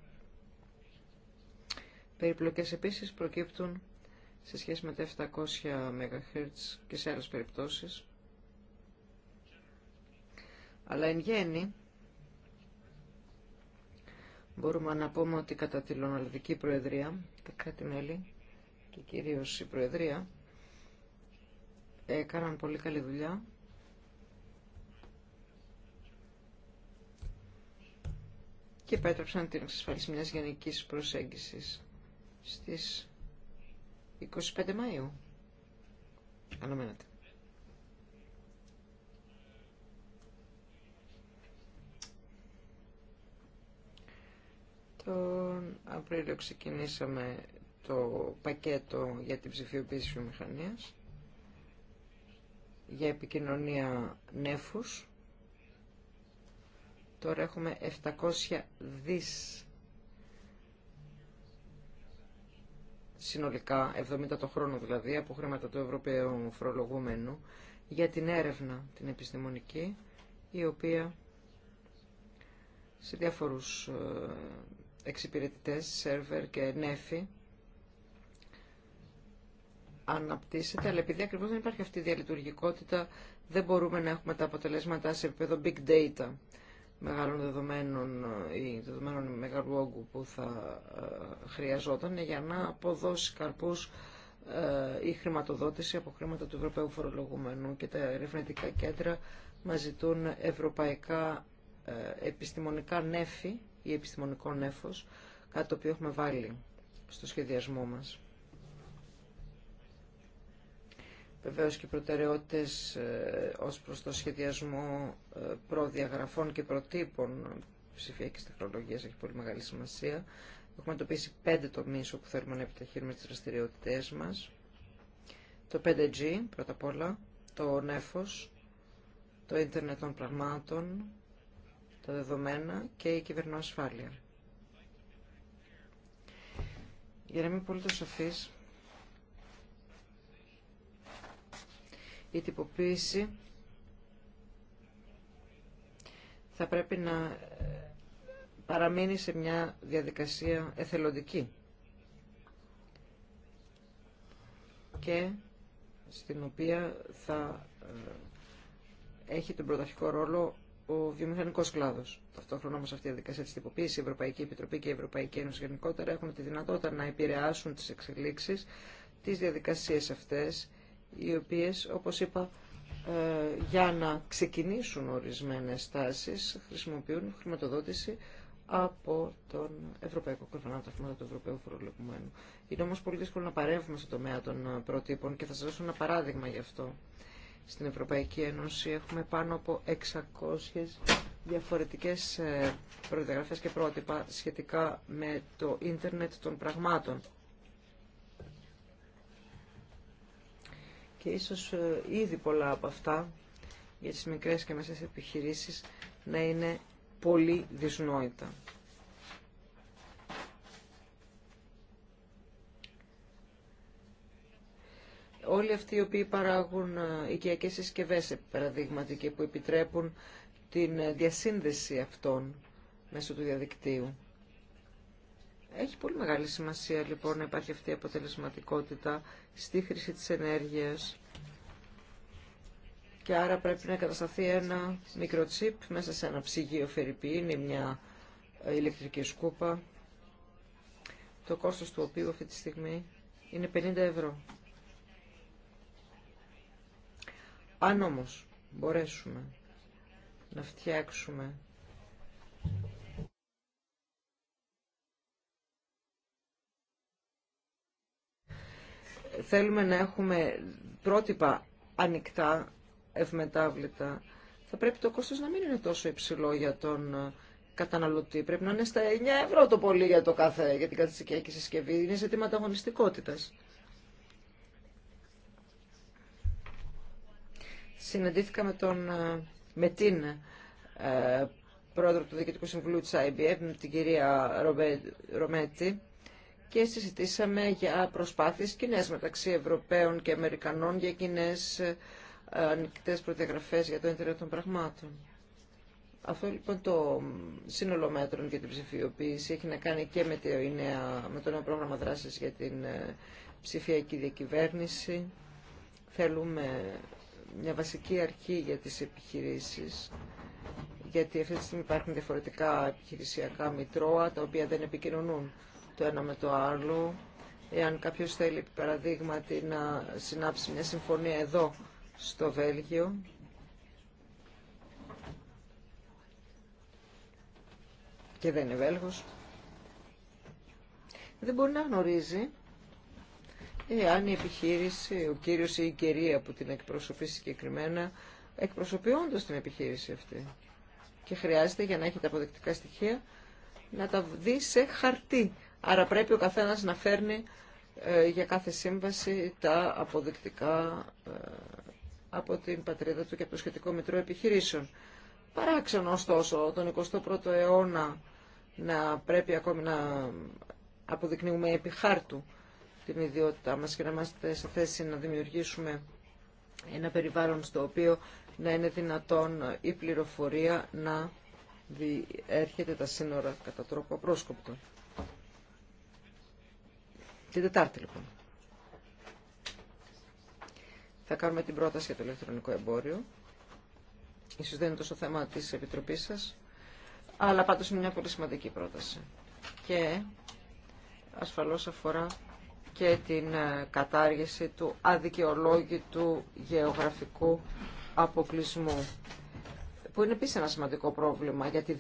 Περιπλοκές επίσης προκύπτουν σε σχέση με τα 700 MHz και σε άλλες περιπτώσεις. Αλλά εν γέννη μπορούμε να πούμε ότι κατά τη Λοναλδική Προεδρία, τα κράτη-μέλη και κυρίως η Προεδρία έκαναν πολύ καλή δουλειά. και επέτρεψαν την εξασφάλιση μιας γενικής προσέγγισης στις 25 Μαΐου. Αναμένατε. Τον Απρίλιο ξεκινήσαμε το πακέτο για την ψηφιοποίηση βιομηχανίας για επικοινωνία νέφους. Τώρα έχουμε 700 δις συνολικά, 70 το χρόνο δηλαδή, από χρήματα του Ευρωπαίου Φορολογούμενου, για την έρευνα την επιστημονική, η οποία σε διάφορους ε, εξυπηρετητές, σερβερ και νέφη, αναπτύσσεται, αλλά επειδή ακριβώς δεν υπάρχει αυτή η διαλειτουργικότητα, δεν μπορούμε να έχουμε τα αποτελέσματα σε επίπεδο big data μεγάλων δεδομένων ε, ή δεδομένων μεγάλου όγκου που θα ε, χρειαζόταν για να αποδώσει καρπούς ε, η χρηματοδότηση από χρήματα του Ευρωπαίου Φορολογουμένου και τα ερευνητικά κέντρα μας ζητούν ευρωπαϊκά επιστημονικά νέφη ή επιστημονικό νέφος, κάτι το οποίο έχουμε βάλει στο σχεδιασμό μας. Βεβαίως και προτεραιότητες ε, ως προς το σχεδιασμό ε, προδιαγραφών και προτύπων ψηφιακής τεχνολογίας έχει πολύ μεγάλη σημασία. Έχουμε εντοπίσει πέντε τομείς όπου θέλουμε να επιταχύνουμε τις δραστηριότητε μας. Το 5G πρώτα απ' όλα, το νέφος, το ίντερνετ των πραγμάτων, τα δεδομένα και η κυβερνοασφάλεια. Για να είμαι πολύ το η τυποποίηση θα πρέπει να παραμείνει σε μια διαδικασία εθελοντική και στην οποία θα ε, έχει τον πρωταρχικό ρόλο ο βιομηχανικό κλάδο. Ταυτόχρονα όμω αυτή η διαδικασία τη τυποποίηση, η Ευρωπαϊκή Επιτροπή και η Ευρωπαϊκή Ένωση γενικότερα έχουν τη δυνατότητα να επηρεάσουν τι εξελίξει, τι διαδικασίε αυτέ οι οποίες, όπως είπα, ε, για να ξεκινήσουν ορισμένες τάσεις χρησιμοποιούν χρηματοδότηση από τον Ευρωπαϊκό Κορφανά, τα χρήματα του Ευρωπαίου Είναι όμως πολύ δύσκολο να παρεύουμε στο τομέα των ε, προτύπων και θα σας δώσω ένα παράδειγμα γι' αυτό. Στην Ευρωπαϊκή Ένωση έχουμε πάνω από 600 διαφορετικές ε, προδιαγραφές και πρότυπα σχετικά με το ίντερνετ των πραγμάτων. και ίσως ε, ήδη πολλά από αυτά για τις μικρές και μεσές επιχειρήσεις να είναι πολύ δυσνόητα. Όλοι αυτοί οι οποίοι παράγουν ε, οικιακές συσκευές, παραδείγματι, και που επιτρέπουν την ε, διασύνδεση αυτών μέσω του διαδικτύου. Έχει πολύ μεγάλη σημασία λοιπόν να υπάρχει αυτή η αποτελεσματικότητα στη χρήση της ενέργειας και άρα πρέπει να κατασταθεί ένα μικρό τσίπ μέσα σε ένα ψυγείο φερρυπίν μια ηλεκτρική σκούπα το κόστος του οποίου αυτή τη στιγμή είναι 50 ευρώ. Αν όμως μπορέσουμε να φτιάξουμε θέλουμε να έχουμε πρότυπα ανοιχτά, ευμετάβλητα, θα πρέπει το κόστος να μην είναι τόσο υψηλό για τον ε, καταναλωτή. Πρέπει να είναι στα 9 ευρώ το πολύ για, το κάθε, για την κάθε συσκευή. Είναι ζητήματα αγωνιστικότητας. Συναντήθηκα με, τον, ε, με την ε, πρόεδρο του Διοικητικού Συμβουλίου της IBM, την κυρία Ρομέτη, και συζητήσαμε για προσπάθειες κοινέ μεταξύ Ευρωπαίων και Αμερικανών για κοινέ ε, ανοιχτέ προδιαγραφές για το ίντερνετ των πραγμάτων. Αυτό λοιπόν το σύνολο μέτρων για την ψηφιοποίηση έχει να κάνει και με το, νέα, με το νέο πρόγραμμα δράσης για την ε, ψηφιακή διακυβέρνηση. Θέλουμε μια βασική αρχή για τις επιχειρήσεις, γιατί αυτή τη στιγμή υπάρχουν διαφορετικά επιχειρησιακά μητρώα τα οποία δεν επικοινωνούν το ένα με το άλλο. Εάν κάποιο θέλει, παραδείγματι, να συνάψει μια συμφωνία εδώ, στο Βέλγιο, και δεν είναι Βέλγος, δεν μπορεί να γνωρίζει εάν η επιχείρηση, ο κύριος ή η κυρία που την εκπροσωπεί συγκεκριμένα, εκπροσωπεί την επιχείρηση αυτή. Και χρειάζεται για να έχει τα αποδεκτικά στοιχεία να τα δει σε χαρτί Άρα πρέπει ο καθένας να φέρνει ε, για κάθε σύμβαση τα αποδεικτικά ε, από την πατρίδα του και από το σχετικό Μητρό Επιχειρήσεων. Παράξενο ωστόσο τον 21ο αιώνα να πρέπει ακόμη να αποδεικνύουμε επί χάρτου την ιδιότητά μας και να είμαστε σε θέση να δημιουργήσουμε ένα περιβάλλον στο οποίο να είναι δυνατόν η πληροφορία να διέρχεται τα σύνορα κατά τρόπο απρόσκοπτο. Την Τετάρτη λοιπόν. Θα κάνουμε την πρόταση για το ηλεκτρονικό εμπόριο. Ίσως δεν είναι τόσο θέμα της Επιτροπής σας, αλλά πάντως είναι μια πολύ σημαντική πρόταση. Και ασφαλώς αφορά και την ε, κατάργηση του αδικαιολόγητου γεωγραφικού αποκλεισμού που είναι επίσης ένα σημαντικό πρόβλημα, γιατί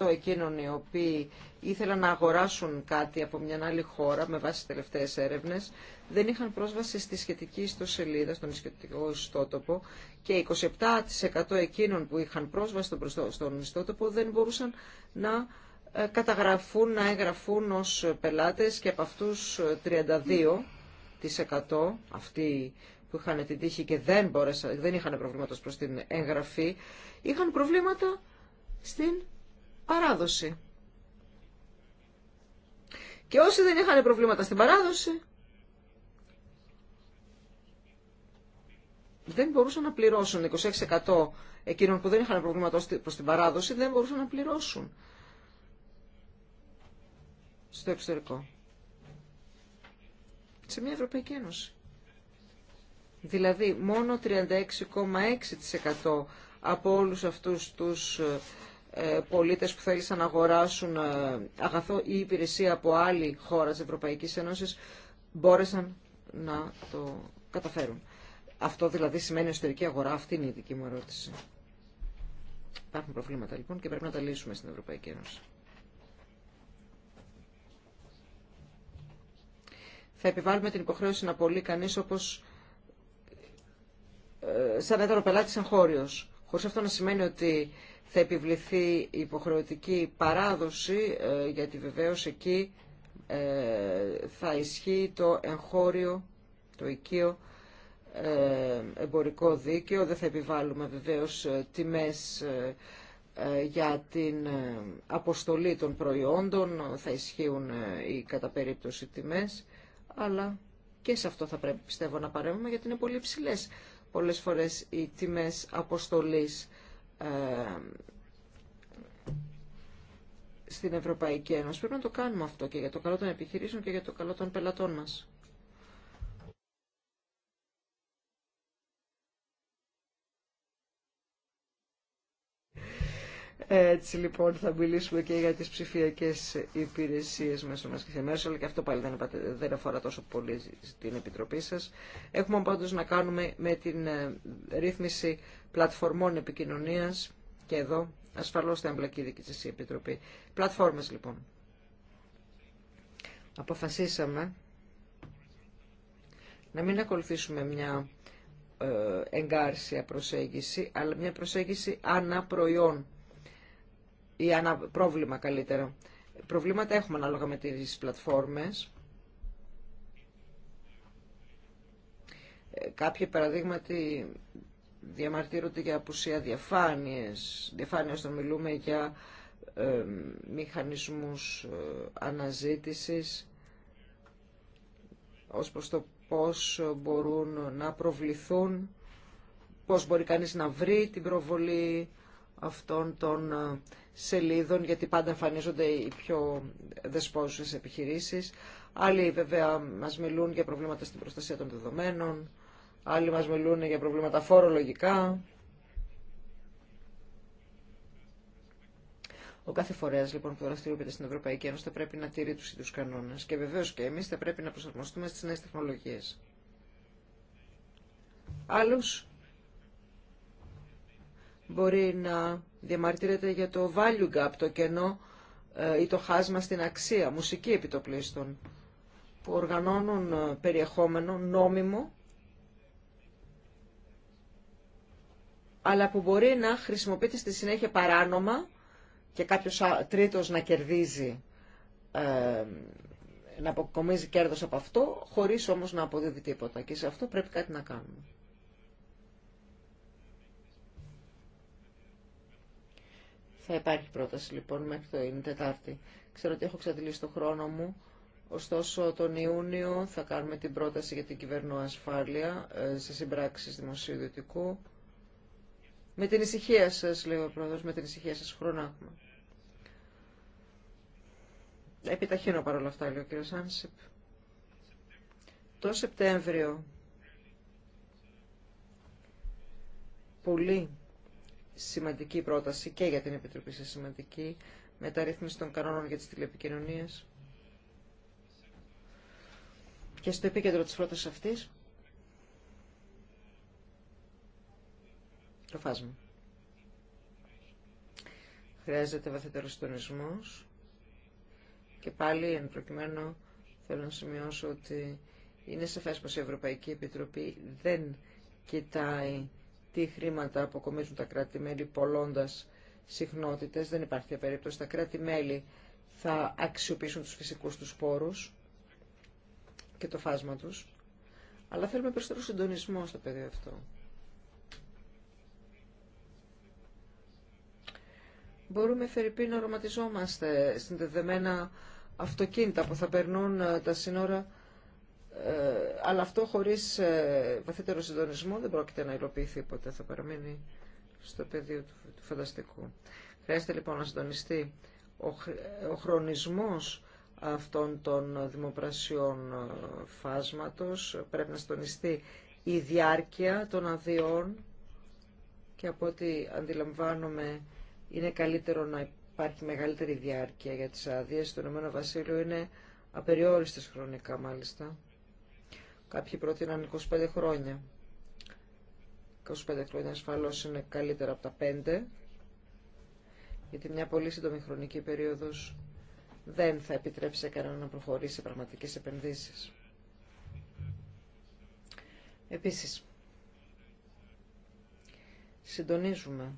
2% εκείνων οι οποίοι ήθελαν να αγοράσουν κάτι από μια άλλη χώρα με βάση τις τελευταίες έρευνες, δεν είχαν πρόσβαση στη σχετική ιστοσελίδα, στον σχετικό ιστότοπο και 27% εκείνων που είχαν πρόσβαση στον ιστότοπο δεν μπορούσαν να ε, καταγραφούν, να εγγραφούν ως πελάτες και από αυτούς 32% ε, αυτοί που είχαν την τύχη και δεν, μπόρεσαν, δεν είχαν προβλήματα προς την εγγραφή, είχαν προβλήματα στην παράδοση. Και όσοι δεν είχαν προβλήματα στην παράδοση, δεν μπορούσαν να πληρώσουν. 26% εκείνων που δεν είχαν προβλήματα προς την παράδοση δεν μπορούσαν να πληρώσουν στο εξωτερικό. Σε μια Ευρωπαϊκή Ένωση. Δηλαδή μόνο 36,6% από όλους αυτούς τους ε, πολίτες που θέλησαν να αγοράσουν ε, αγαθό ή υπηρεσία από άλλη χώρα της Ευρωπαϊκής Ένωσης μπόρεσαν να το καταφέρουν. Αυτό δηλαδή σημαίνει εσωτερική αγορά. Αυτή είναι η δική μου ερώτηση. Υπάρχουν προβλήματα λοιπόν και πρέπει να τα λύσουμε στην Ευρωπαϊκή Ένωση. Θα επιβάλλουμε την υποχρέωση να πωλεί κανείς όπως σαν να ήταν ο Χωρί Χωρίς αυτό να σημαίνει ότι θα επιβληθεί υποχρεωτική παράδοση, ε, γιατί βεβαίω εκεί ε, θα ισχύει το εγχώριο, το οικείο, ε, εμπορικό δίκαιο. Δεν θα επιβάλλουμε βεβαίως τιμές για την αποστολή των προϊόντων, θα ισχύουν οι κατά περίπτωση τιμές, αλλά και σε αυτό θα πρέπει πιστεύω να παρέμβουμε γιατί είναι πολύ υψηλές πολλές φορές οι τιμές αποστολής ε, στην Ευρωπαϊκή Ένωση. Πρέπει να το κάνουμε αυτό και για το καλό των επιχειρήσεων και για το καλό των πελατών μας. Έτσι λοιπόν θα μιλήσουμε και για τις ψηφιακές υπηρεσίες μέσω μας και σε αλλά και αυτό πάλι δεν, δεν αφορά τόσο πολύ στην Επιτροπή σας. Έχουμε πάντως να κάνουμε με την ε, ρύθμιση πλατφορμών επικοινωνίας και εδώ ασφαλώς θα εμπλακεί η δική Επιτροπή. Πλατφόρμες λοιπόν. Αποφασίσαμε να μην ακολουθήσουμε μια ε, εγκάρσια προσέγγιση, αλλά μια προσέγγιση αναπροϊόν ή ανα, πρόβλημα καλύτερα. Προβλήματα έχουμε ανάλογα με τις πλατφόρμες. Ε, κάποιοι παραδείγματι διαμαρτύρονται για απουσία διαφάνειες, Διαφάνειες όταν μιλούμε για ε, μηχανισμούς ε, αναζήτησης ως προς το πώς μπορούν να προβληθούν, πώς μπορεί κανείς να βρει την προβολή, αυτών των ε, σελίδων, γιατί πάντα εμφανίζονται οι πιο δεσπόζουσες επιχειρήσεις. Άλλοι βέβαια μας μιλούν για προβλήματα στην προστασία των δεδομένων, άλλοι μας μιλούν για προβλήματα φορολογικά. Ο κάθε φορέας λοιπόν που δραστηριοποιείται στην Ευρωπαϊκή Ένωση θα πρέπει να τηρεί τους ίδιους κανόνες και βεβαίως και εμείς θα πρέπει να προσαρμοστούμε στις νέες τεχνολογίες. Άλλους μπορεί να διαμαρτύρεται για το value gap, το κενό ε, ή το χάσμα στην αξία, μουσική επιτοπλίστων, που οργανώνουν ε, περιεχόμενο νόμιμο, αλλά που μπορεί να χρησιμοποιείται στη συνέχεια παράνομα και κάποιος τρίτος να κερδίζει, να αποκομίζει κέρδος από αυτό, χωρίς όμως να αποδίδει τίποτα. Και σε αυτό πρέπει κάτι να κάνουμε. Θα υπάρχει πρόταση λοιπόν μέχρι το είναι Τετάρτη. Ξέρω ότι έχω ξαντλήσει το χρόνο μου. Ωστόσο, τον Ιούνιο θα κάνουμε την πρόταση για την κυβερνοασφάλεια ε, σε συμπράξει δημοσίου Με την ησυχία σας, λέει ο πρόεδρο, με την ησυχία σα χρόνο έχουμε. Επιταχύνω παρόλα αυτά, λέει ο κύριος Άνσιπ. Το Σεπτέμβριο. Πολύ σημαντική πρόταση και για την Επιτροπή σε σημαντική μεταρρύθμιση των κανόνων για τις τηλεπικοινωνίες. Και στο επίκεντρο της πρότασης αυτής το φάσμα. Χρειάζεται βαθύτερο και πάλι εν προκειμένου θέλω να σημειώσω ότι είναι σαφές πως η Ευρωπαϊκή Επιτροπή δεν κοιτάει τι χρήματα αποκομίζουν τα κράτη-μέλη πολλώντας συχνότητες. Δεν υπάρχει περίπτωση. Τα κράτη-μέλη θα αξιοποιήσουν τους φυσικούς τους πόρους και το φάσμα τους. Αλλά θέλουμε περισσότερο συντονισμό στο πεδίο αυτό. Μπορούμε, Φερρυπή, να οροματιζόμαστε συνδεδεμένα αυτοκίνητα που θα περνούν ε, τα σύνορα ε, αλλά αυτό χωρίς ε, βαθύτερο συντονισμό δεν πρόκειται να υλοποιηθεί ποτέ, θα παραμείνει στο πεδίο του, φανταστικού. Χρειάζεται λοιπόν να συντονιστεί ο, ε, ο χρονισμός αυτών των δημοπρασιών φάσματος, πρέπει να συντονιστεί η διάρκεια των αδειών και από ό,τι αντιλαμβάνομαι είναι καλύτερο να υπάρχει μεγαλύτερη διάρκεια για τις αδείες στο Ηνωμένο Βασίλειο είναι απεριόριστες χρονικά μάλιστα Κάποιοι πρότειναν 25 χρόνια. 25 χρόνια ασφαλώς είναι καλύτερα από τα 5, γιατί μια πολύ σύντομη χρονική περίοδος δεν θα επιτρέψει κανέναν να προχωρήσει σε πραγματικές επενδύσεις. Επίσης, συντονίζουμε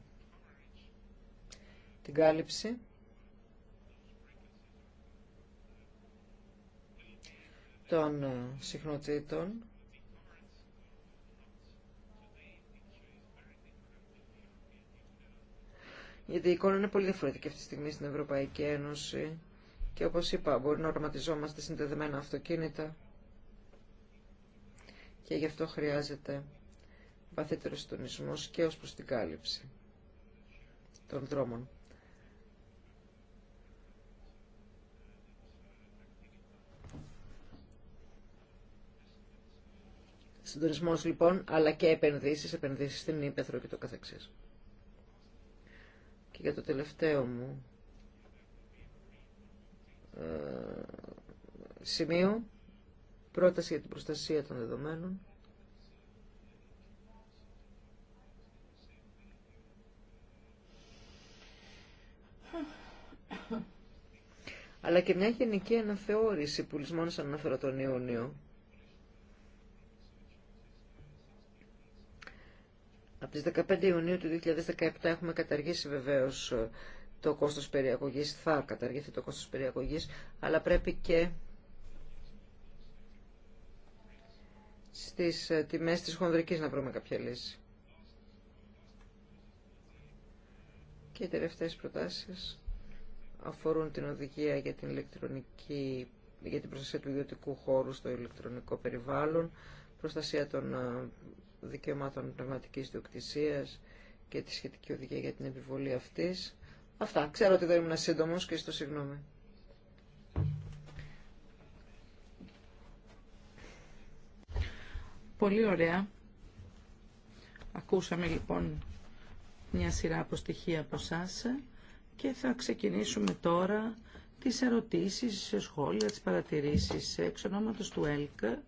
την κάλυψη των ε, συχνοτήτων γιατί η εικόνα είναι πολύ διαφορετική αυτή τη στιγμή στην Ευρωπαϊκή Ένωση και όπως είπα μπορεί να οραματιζόμαστε συνδεδεμένα αυτοκίνητα και γι' αυτό χρειάζεται βαθύτερο τονισμός και ως προς την κάλυψη των δρόμων. Συντονισμός λοιπόν, αλλά και επενδύσεις, επενδύσεις στην Ήπεθρο και το καθεξής. Και για το τελευταίο μου ε, σημείο, πρόταση για την προστασία των δεδομένων. αλλά και μια γενική αναθεώρηση που να αναφέρω τον Ιούνιο Από τις 15 Ιουνίου του 2017 έχουμε καταργήσει βεβαίως ε, το κόστος περιαγωγής, θα καταργηθεί το κόστος περιαγωγής, αλλά πρέπει και στις ε, τιμές της χονδρικής να βρούμε κάποια λύση. Και οι τελευταίες προτάσεις αφορούν την οδηγία για την, ηλεκτρονική, για την προστασία του ιδιωτικού χώρου στο ηλεκτρονικό περιβάλλον, προστασία των ε, δικαιωμάτων πνευματικής διοκτησίας και τη σχετική οδηγία για την επιβολή αυτής. Αυτά. Ξέρω ότι δεν ήμουν σύντομος και στο συγγνώμη. Πολύ ωραία. Ακούσαμε λοιπόν μια σειρά από από εσά και θα ξεκινήσουμε τώρα τις ερωτήσεις, σχόλια, τις παρατηρήσεις εξ ονόματος του ΕΛΚΑ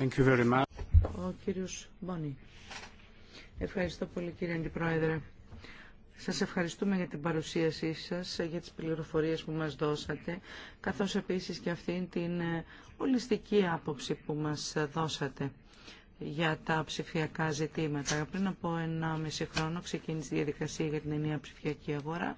ο κύριος Μπόνι. Ευχαριστώ πολύ κύριε Αντιπρόεδρε. Σας ευχαριστούμε για την παρουσίασή σας, για τις πληροφορίες που μας δώσατε, καθώς επίσης και αυτήν την ε, ολιστική άποψη που μας δώσατε για τα ψηφιακά ζητήματα. Πριν από ένα μισή χρόνο ξεκίνησε η διαδικασία για την ενιαία ψηφιακή αγορά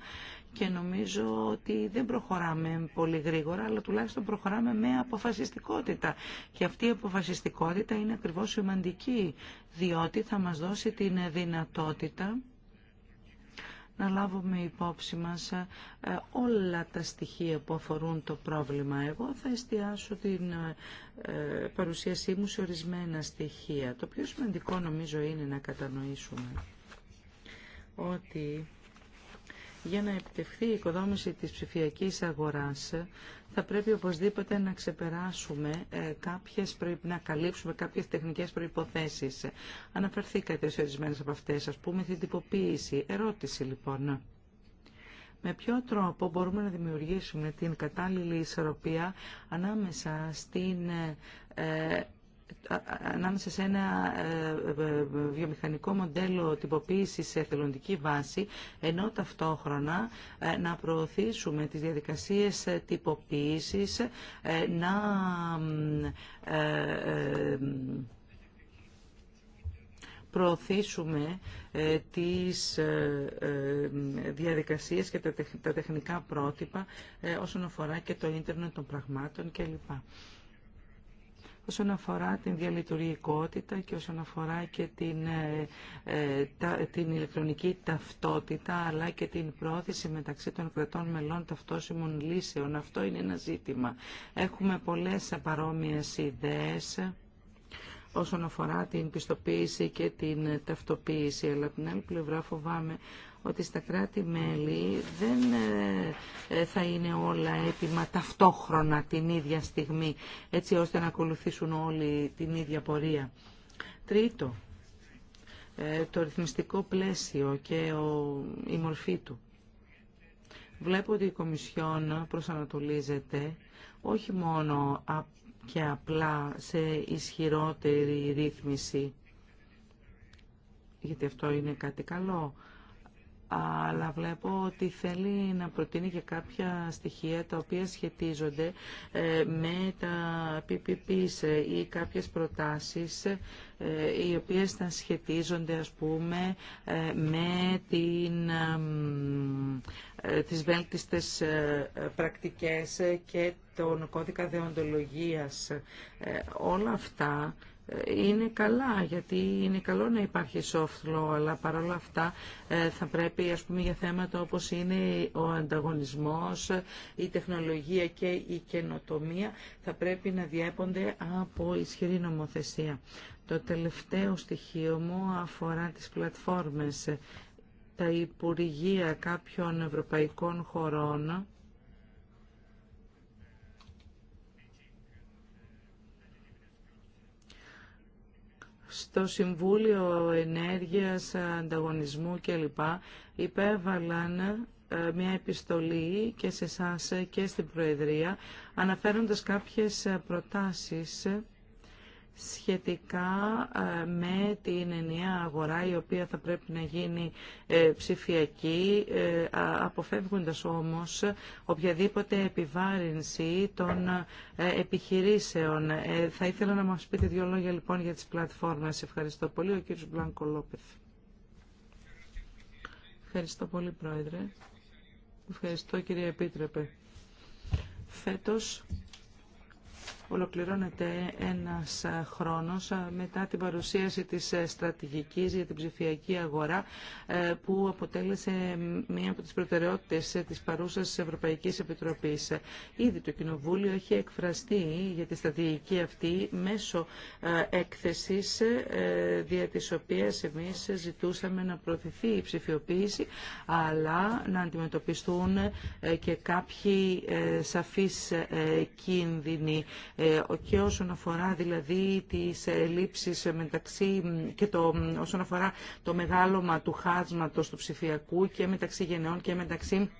και νομίζω ότι δεν προχωράμε πολύ γρήγορα, αλλά τουλάχιστον προχωράμε με αποφασιστικότητα. Και αυτή η αποφασιστικότητα είναι ακριβώς σημαντική, διότι θα μας δώσει την δυνατότητα να λάβουμε υπόψη μας ε, όλα τα στοιχεία που αφορούν το πρόβλημα. Εγώ θα εστιάσω την ε, παρουσίασή μου σε ορισμένα στοιχεία. Το πιο σημαντικό νομίζω είναι να κατανοήσουμε ότι για να επιτευχθεί η οικοδόμηση της ψηφιακής αγοράς θα πρέπει οπωσδήποτε να ξεπεράσουμε ε, κάποιες, να καλύψουμε κάποιες τεχνικές προϋποθέσεις. Αναφερθήκατε σε ορισμένες από αυτές, ας πούμε την τυποποίηση. Ερώτηση λοιπόν. Με ποιο τρόπο μπορούμε να δημιουργήσουμε την κατάλληλη ισορροπία ανάμεσα στην ε, ανάμεσα σε ένα ε, ε, ε, βιομηχανικό μοντέλο τυποποίηση σε εθελοντική βάση, ενώ ταυτόχρονα να προωθήσουμε τις διαδικασίες τυποποίησης, να προωθήσουμε τις διαδικασίες και τα τεχνικά πρότυπα όσον αφορά και το ίντερνετ των πραγμάτων κλπ όσον αφορά την διαλειτουργικότητα και όσον αφορά και την, ε, ε, την ηλεκτρονική ταυτότητα αλλά και την πρόθεση μεταξύ των κρατών μελών ταυτόσιμων λύσεων. Αυτό είναι ένα ζήτημα. Έχουμε πολλές παρόμοιες ιδέες όσον αφορά την πιστοποίηση και την ταυτοποίηση. Αλλά από την άλλη πλευρά φοβάμαι ότι στα κράτη-μέλη δεν ε, ε, θα είναι όλα έτοιμα ταυτόχρονα την ίδια στιγμή, έτσι ώστε να ακολουθήσουν όλοι την ίδια πορεία. Τρίτο, ε, το ρυθμιστικό πλαίσιο και η μορφή του. Βλέπω ότι η Κομισιόν προσανατολίζεται όχι μόνο και απλά σε ισχυρότερη ρύθμιση, γιατί αυτό είναι κάτι καλό, αλλά βλέπω ότι θέλει να προτείνει και κάποια στοιχεία τα οποία σχετίζονται ε, με τα PPPs ε, ή κάποιες προτάσεις ε, οι οποίες θα σχετίζονται ας πούμε με την, τις βέλτιστες πρακτικές και τον κώδικα δεοντολογίας. Όλα αυτά είναι καλά, γιατί είναι καλό να υπάρχει soft law, αλλά παρόλα αυτά ε, θα πρέπει ας πούμε, για θέματα όπως είναι ο ανταγωνισμός, η τεχνολογία και η καινοτομία, θα πρέπει να διέπονται από ισχυρή νομοθεσία. Το τελευταίο στοιχείο μου αφορά τις πλατφόρμες. Τα Υπουργεία κάποιων Ευρωπαϊκών χωρών στο Συμβούλιο Ενέργειας, Ανταγωνισμού κλπ. υπέβαλαν ε, μια επιστολή και σε εσά και στην Προεδρία αναφέροντας κάποιες ε, προτάσεις σχετικά ε, με την ενιαία αγορά η οποία θα πρέπει να γίνει ε, ψηφιακή ε, αποφεύγοντας όμως οποιαδήποτε επιβάρυνση των επιχειρήσεων. Θα ήθελα να μας πείτε δύο λόγια λοιπόν για τις πλατφόρμες. Ευχαριστώ πολύ. Ο κύριος Μπλάνκο Λόπεθ. Ευχαριστώ πολύ Πρόεδρε. Ευχαριστώ κύριε Επίτρεπε. Φέτος ολοκληρώνεται ένας χρόνος μετά την παρουσίαση της ε, στρατηγικής για την ψηφιακή αγορά ε, που αποτέλεσε μία από τις προτεραιότητες ε, της παρούσας Ευρωπαϊκής Επιτροπής. Ήδη το Κοινοβούλιο έχει εκφραστεί για τη στρατηγική αυτή μέσω έκθεσης δια της οποίας εμείς ζητούσαμε να προωθηθεί η ψηφιοποίηση αλλά να αντιμετωπιστούν και κάποιοι σαφείς κίνδυνοι ε, και όσον αφορά δηλαδή τις ελλείψεις μεταξύ και το, όσον αφορά το μεγάλωμα του χάσματος του ψηφιακού και μεταξύ γενεών και μεταξύ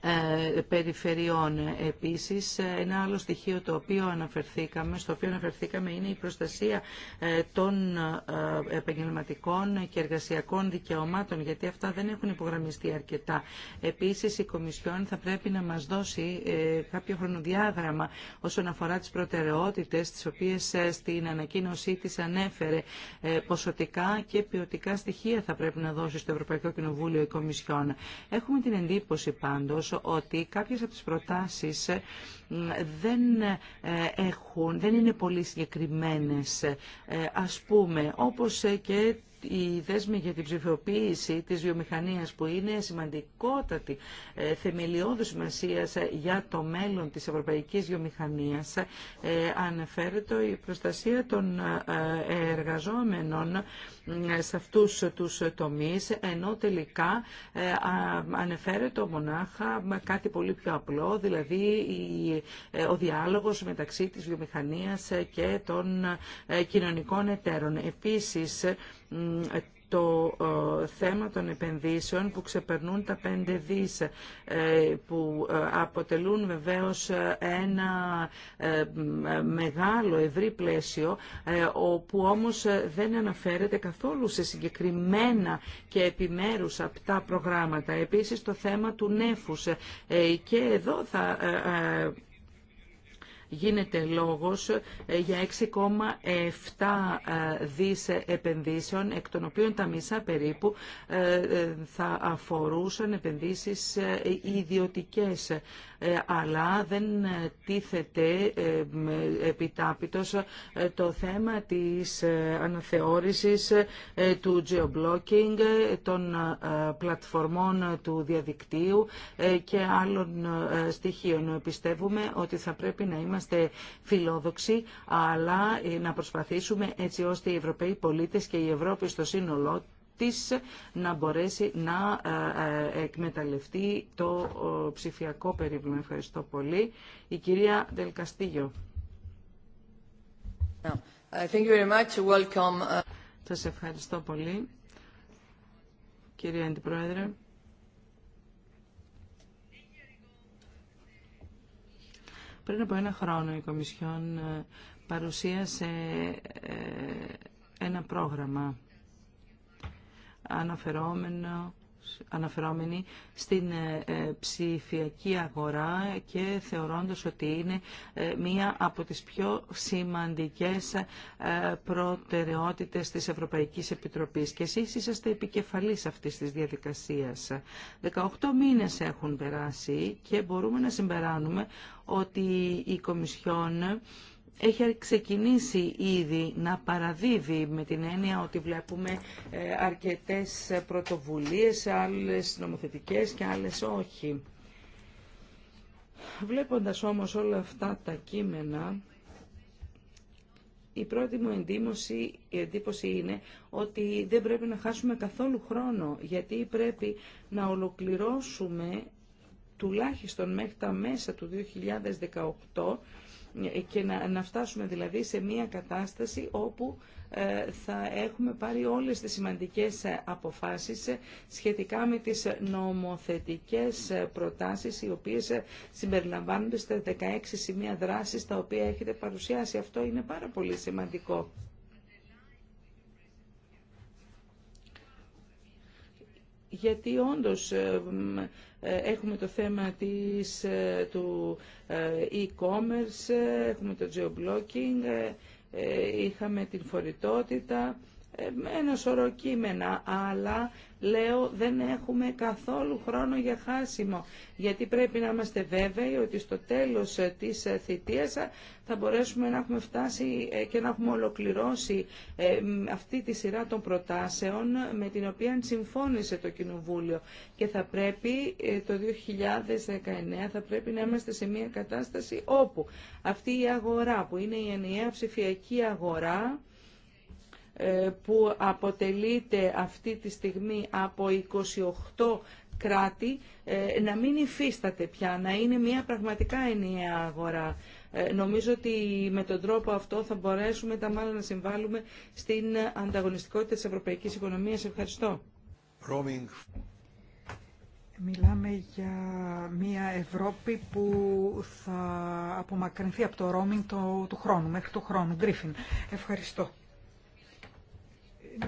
ε, περιφερειών. Επίσης, ένα άλλο στοιχείο το οποίο αναφερθήκαμε, στο οποίο αναφερθήκαμε είναι η προστασία ε, των ε, επαγγελματικών και εργασιακών δικαιωμάτων, γιατί αυτά δεν έχουν υπογραμμιστεί αρκετά. Επίσης, η Κομισιόν θα πρέπει να μας δώσει κάποιο χρονοδιάγραμμα όσον αφορά τις προτεραιότητες, τις οποίες στην ανακοίνωσή της ανέφερε ποσοτικά και ποιοτικά στοιχεία θα πρέπει να δώσει στο Ευρωπαϊκό Κοινοβούλιο η Κομισιόν. Έχουμε την εντύπωση πάντως ότι κάποιες από τις προτάσεις ε, δεν, ε, έχουν, δεν είναι πολύ συγκεκριμένες. Ε, ας πούμε, όπως και η δέσμη για την ψηφιοποίηση της βιομηχανίας που είναι σημαντικότατη ε, θεμελιώδη σημασία για το μέλλον της ευρωπαϊκής βιομηχανίας ε, αναφέρεται η προστασία των ε, εργαζόμενων σε αυτούς τους τομείς ενώ τελικά αναφέρεται μονάχα κάτι πολύ πιο απλό δηλαδή ο διάλογος μεταξύ της βιομηχανίας και των κοινωνικών εταίρων. Επίσης ε, το ε, θέμα των επενδύσεων που ξεπερνούν τα 5 δις ε, που αποτελούν βεβαίως ένα μεγάλο ευρύ πλαίσιο όπου όμως δεν αναφέρεται καθόλου σε συγκεκριμένα και επιμέρους απτά προγράμματα. Επίσης το θέμα του νέφους και εδώ θα γίνεται λόγος ε, για 6,7 ε, δις επενδύσεων, εκ των οποίων τα μισά περίπου ε, θα αφορούσαν επενδύσεις ιδιωτικές. Ε, αλλά δεν ε, τίθεται ε, επιτάπητος το θέμα της αναθεώρησης του geoblocking, των πλατφορμών του διαδικτύου και άλλων στοιχείων. Πιστεύουμε ότι θα πρέπει να είμαστε φιλόδοξοι, αλλά να προσπαθήσουμε έτσι ώστε οι Ευρωπαίοι πολίτες και η Ευρώπη στο σύνολό της να μπορέσει να ε, ε, εκμεταλλευτεί το ψηφιακό περίπτωμα. Ευχαριστώ πολύ. Η κυρία Δελκαστίγιο. Thank Σας ευχαριστώ πολύ, κυρία Αντιπρόεδρε. Πριν από ένα χρόνο η Κομισιόν ε, παρουσίασε ένα πρόγραμμα αναφερόμενο αναφερόμενοι στην ε, ε, ψηφιακή αγορά και θεωρώντας ότι είναι ε, μία από τις πιο σημαντικές προτεραιότητες της Ευρωπαϊκής Επιτροπής. Και εσείς είσαστε επικεφαλής αυτής της διαδικασίας. 18 μήνες έχουν περάσει και μπορούμε να συμπεράνουμε ότι η Κομισιόν έχει ξεκινήσει ήδη να παραδίδει με την έννοια ότι βλέπουμε ε, αρκετές πρωτοβουλίες, άλλες νομοθετικές και άλλες όχι. Βλέποντας όμως όλα αυτά τα κείμενα, η πρώτη μου εντύπωση, η εντύπωση είναι ότι δεν πρέπει να χάσουμε καθόλου χρόνο, γιατί πρέπει να ολοκληρώσουμε τουλάχιστον μέχρι τα μέσα του 2018 και να, να φτάσουμε δηλαδή σε μια κατάσταση όπου ε, θα έχουμε πάρει όλες τις σημαντικές ε, αποφάσεις ε, σχετικά με τις νομοθετικές προτάσεις οι οποίες συμπεριλαμβάνονται στα 16 σημεία δράσης τα οποία έχετε παρουσιάσει. Αυτό είναι πάρα πολύ σημαντικό. γιατί όντως ε, έχουμε το θέμα της, ε, του ε, e-commerce, έχουμε το geoblocking, είχαμε την φορητότητα, ένα σωρό κείμενα, αλλά λέω δεν έχουμε καθόλου χρόνο για χάσιμο, γιατί πρέπει να είμαστε βέβαιοι ότι στο τέλος ε, της ε, θητείας ε, θα μπορέσουμε να έχουμε φτάσει και να έχουμε ολοκληρώσει αυτή τη σειρά των προτάσεων με την οποία συμφώνησε το Κοινοβούλιο και θα πρέπει το 2019 θα πρέπει να είμαστε σε μια κατάσταση όπου αυτή η αγορά που είναι η ενιαία ψηφιακή αγορά ε, που αποτελείται αυτή τη στιγμή από 28 κράτη ε, να μην υφίσταται πια, να είναι μια πραγματικά ενιαία αγορά. Ε, νομίζω ότι με τον τρόπο αυτό θα μπορέσουμε τα μάλλον να συμβάλλουμε στην ανταγωνιστικότητα της ευρωπαϊκής οικονομίας. Ευχαριστώ. Roaming. Μιλάμε για μια Ευρώπη που θα απομακρυνθεί από το roaming το, του χρόνου, μέχρι του χρόνου. Γκρίφιν, ευχαριστώ.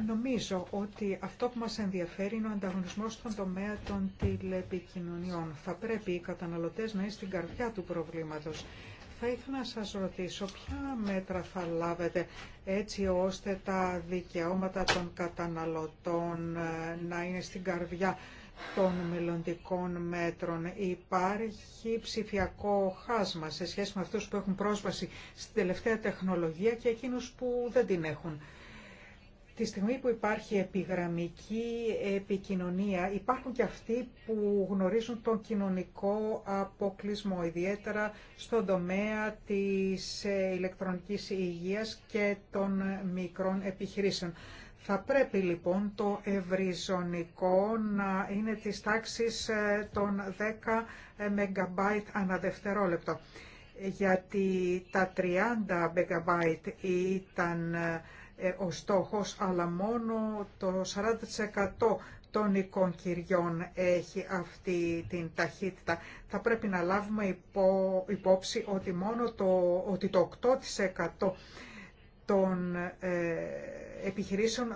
Νομίζω ότι αυτό που μας ενδιαφέρει είναι ο ανταγωνισμός στον τομέα των τηλεπικοινωνιών. Θα πρέπει οι καταναλωτές να είναι στην καρδιά του προβλήματος. Θα ήθελα να σας ρωτήσω ποια μέτρα θα λάβετε έτσι ώστε τα δικαιώματα των καταναλωτών ε, να είναι στην καρδιά των μελλοντικών μέτρων. Υπάρχει ψηφιακό χάσμα σε σχέση με αυτούς που έχουν πρόσβαση στην τελευταία τεχνολογία και εκείνους που δεν την έχουν. Τη στιγμή που υπάρχει επιγραμμική επικοινωνία, υπάρχουν και αυτοί που γνωρίζουν τον κοινωνικό αποκλεισμό, ιδιαίτερα στον τομέα της ε, ηλεκτρονικής υγείας και των μικρών επιχειρήσεων. Θα πρέπει λοιπόν το ευρυζωνικό να είναι της τάξης ε, των 10 ε, MB ανά γιατί τα 30 MB ήταν ε, ο στόχος, αλλά μόνο το 40% των οικοκυριών έχει αυτή την ταχύτητα. Θα πρέπει να λάβουμε υπόψη ότι μόνο το, ότι το 8% των ε, επιχειρήσεων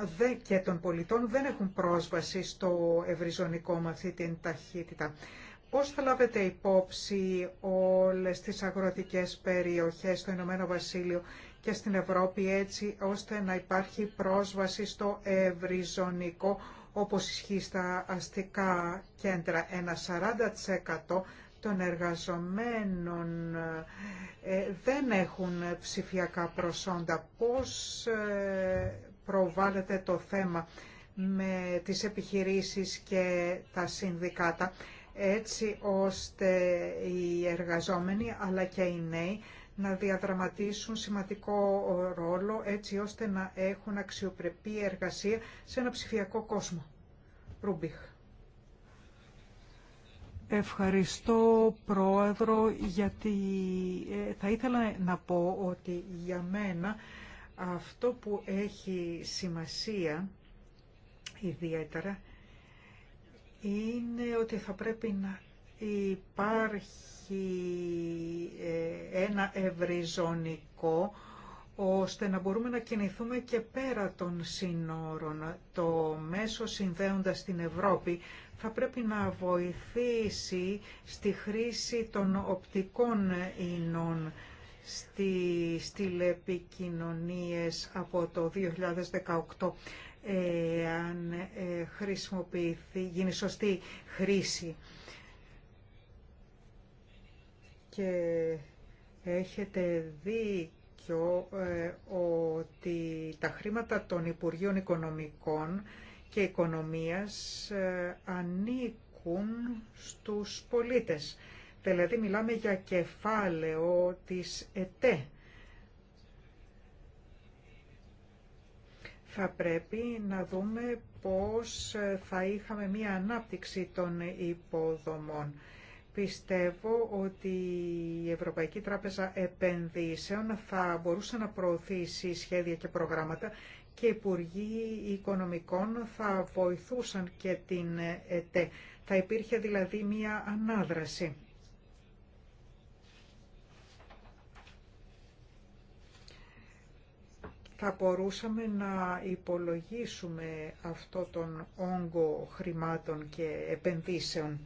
και των πολιτών δεν έχουν πρόσβαση στο ευρυζωνικό με αυτή την ταχύτητα. Πώς θα λάβετε υπόψη όλες τις αγροτικές περιοχές στο Ηνωμένο Βασίλειο και στην Ευρώπη έτσι ώστε να υπάρχει πρόσβαση στο ευρυζωνικό όπως ισχύει στα αστικά κέντρα. Ένα 40% των εργαζομένων ε, δεν έχουν ψηφιακά προσόντα. Πώς ε, προβάλλεται το θέμα με τις επιχειρήσεις και τα συνδικάτα έτσι ώστε οι εργαζόμενοι αλλά και οι νέοι να διαδραματίσουν σημαντικό ρόλο έτσι ώστε να έχουν αξιοπρεπή εργασία σε ένα ψηφιακό κόσμο. Ρούμπιχ. Ευχαριστώ Πρόεδρο γιατί ε, θα ήθελα να πω ότι για μένα αυτό που έχει σημασία ιδιαίτερα είναι ότι θα πρέπει να υπάρχει ε, ένα ευρυζωνικό ώστε να μπορούμε να κινηθούμε και πέρα των σύνορων. Το μέσο συνδέοντας την Ευρώπη θα πρέπει να βοηθήσει στη χρήση των οπτικών ινών στις τηλεπικοινωνίες από το 2018 αν ε, χρησιμοποιηθεί, γίνει σωστή χρήση και έχετε δίκιο ε, ότι τα χρήματα των Υπουργείων Οικονομικών και Οικονομίας ε, ανήκουν στους πολίτες. Δηλαδή μιλάμε για κεφάλαιο της ΕΤΕ. Θα πρέπει να δούμε πώς ε, θα είχαμε μία ανάπτυξη των υποδομών Πιστεύω ότι η Ευρωπαϊκή Τράπεζα Επενδύσεων θα μπορούσε να προωθήσει σχέδια και προγράμματα και οι Υπουργοί Οικονομικών θα βοηθούσαν και την ΕΤΕ. Θα υπήρχε δηλαδή μία ανάδραση. Θα μπορούσαμε να υπολογίσουμε αυτό τον όγκο χρημάτων και επενδύσεων.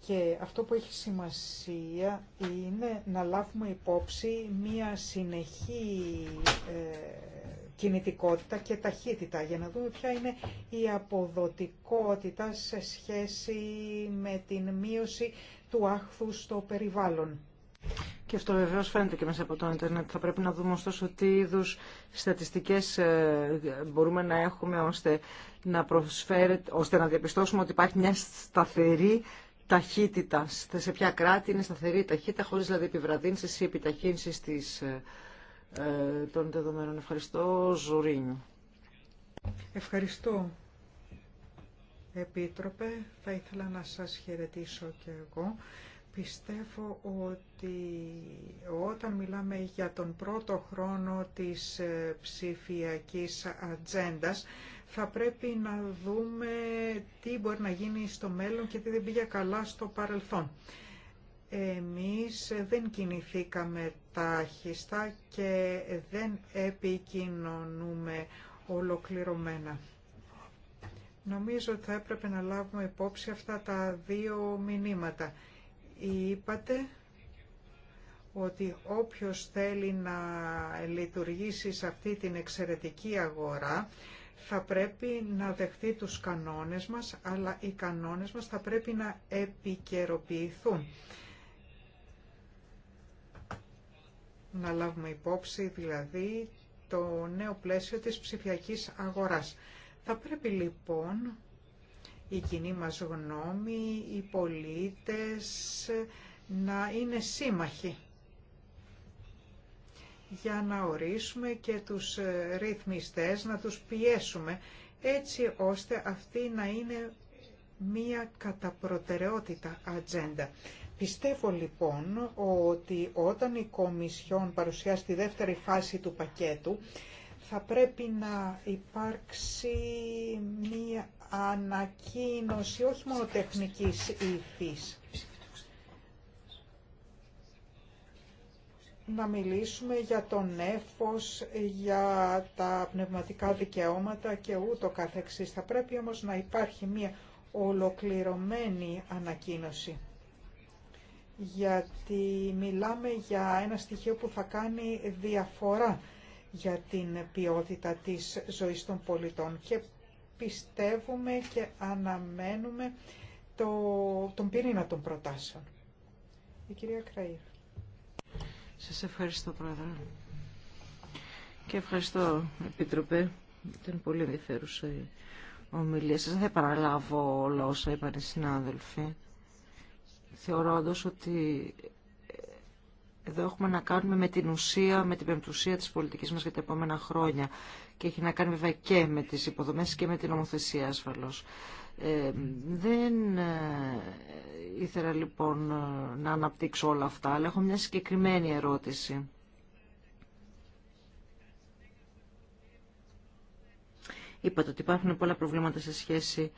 Και αυτό που έχει σημασία είναι να λάβουμε υπόψη μία συνεχή ε, κινητικότητα και ταχύτητα για να δούμε ποια είναι η αποδοτικότητα σε σχέση με την μείωση του άχθου στο περιβάλλον. Και αυτό βεβαίω φαίνεται και μέσα από το Ιντερνετ. Θα πρέπει να δούμε ωστόσο τι είδου στατιστικέ ε, μπορούμε να έχουμε ώστε να, προσφέρεται ώστε να διαπιστώσουμε ότι υπάρχει μια σταθερή ταχύτητα, σε ποια κράτη είναι σταθερή ταχύτητα, χωρίς δηλαδή επιβραδύνσεις ή επιταχύνσεις ε, ε, των δεδομένων. Ευχαριστώ, Ζουρίνιο. Ευχαριστώ, Επίτροπε. Θα ήθελα να σας χαιρετήσω και εγώ. Πιστεύω ότι όταν μιλάμε για τον πρώτο χρόνο της ε, ψηφιακής ατζέντας, θα πρέπει να δούμε τι μπορεί να γίνει στο μέλλον και τι δεν πήγε καλά στο παρελθόν. Εμείς δεν κινηθήκαμε τάχιστα και δεν επικοινωνούμε ολοκληρωμένα. Νομίζω ότι θα έπρεπε να λάβουμε υπόψη αυτά τα δύο μηνύματα. Είπατε ότι όποιος θέλει να λειτουργήσει σε αυτή την εξαιρετική αγορά θα πρέπει να δεχτεί τους κανόνες μας, αλλά οι κανόνες μας θα πρέπει να επικαιροποιηθούν. Να λάβουμε υπόψη δηλαδή το νέο πλαίσιο της ψηφιακής αγοράς. Θα πρέπει λοιπόν η κοινή μας γνώμη, οι πολίτες να είναι σύμμαχοι για να ορίσουμε και τους ε, ρυθμιστές, να τους πιέσουμε έτσι ώστε αυτή να είναι μία κατά προτεραιότητα ατζέντα. Πιστεύω λοιπόν ότι όταν η Κομισιόν παρουσιάσει τη δεύτερη φάση του πακέτου θα πρέπει να υπάρξει μία ανακοίνωση όχι μόνο τεχνικής ήθης να μιλήσουμε για τον νέφος, για τα πνευματικά δικαιώματα και ούτω καθεξής. Θα πρέπει όμως να υπάρχει μια ολοκληρωμένη ανακοίνωση. Γιατί μιλάμε για ένα στοιχείο που θα κάνει διαφορά για την ποιότητα της ζωής των πολιτών και πιστεύουμε και αναμένουμε το, τον πυρήνα των προτάσεων. Η κυρία Κραήρ. Σας ευχαριστώ πρόεδρε. Και ευχαριστώ Επίτροπε. Ήταν πολύ ενδιαφέρουσα η ομιλία σας. Δεν θα όλα όσα είπαν οι συνάδελφοι. Θεωρώ ότι εδώ έχουμε να κάνουμε με την ουσία, με την πεμπτουσία της πολιτικής μας για τα επόμενα χρόνια και έχει να κάνει βέβαια και με τις υποδομές και με την νομοθεσία ασφαλώς. Ε, δεν ε, ήθελα λοιπόν ε, να αναπτύξω όλα αυτά, αλλά έχω μια συγκεκριμένη ερώτηση. Είπατε ότι υπάρχουν πολλά προβλήματα σε σχέση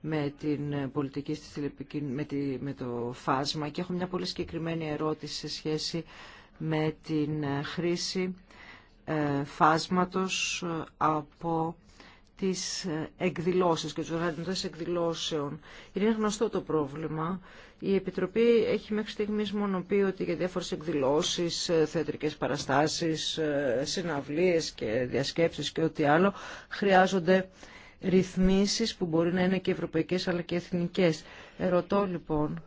με την πολιτική στη με, τη... με το φάσμα και έχω μια πολύ συγκεκριμένη ερώτηση σε σχέση με την χρήση φάσματος από τις ε, εκδηλώσεις και τους οργανωτές εκδηλώσεων. Είναι γνωστό το πρόβλημα. Η Επιτροπή έχει μέχρι στιγμής μόνο πει ότι για διάφορες εκδηλώσεις, ε, θεατρικές παραστάσεις, ε, συναυλίες και διασκέψεις και ό,τι άλλο χρειάζονται ρυθμίσεις που μπορεί να είναι και ευρωπαϊκές αλλά και εθνικές. Ερωτώ λοιπόν,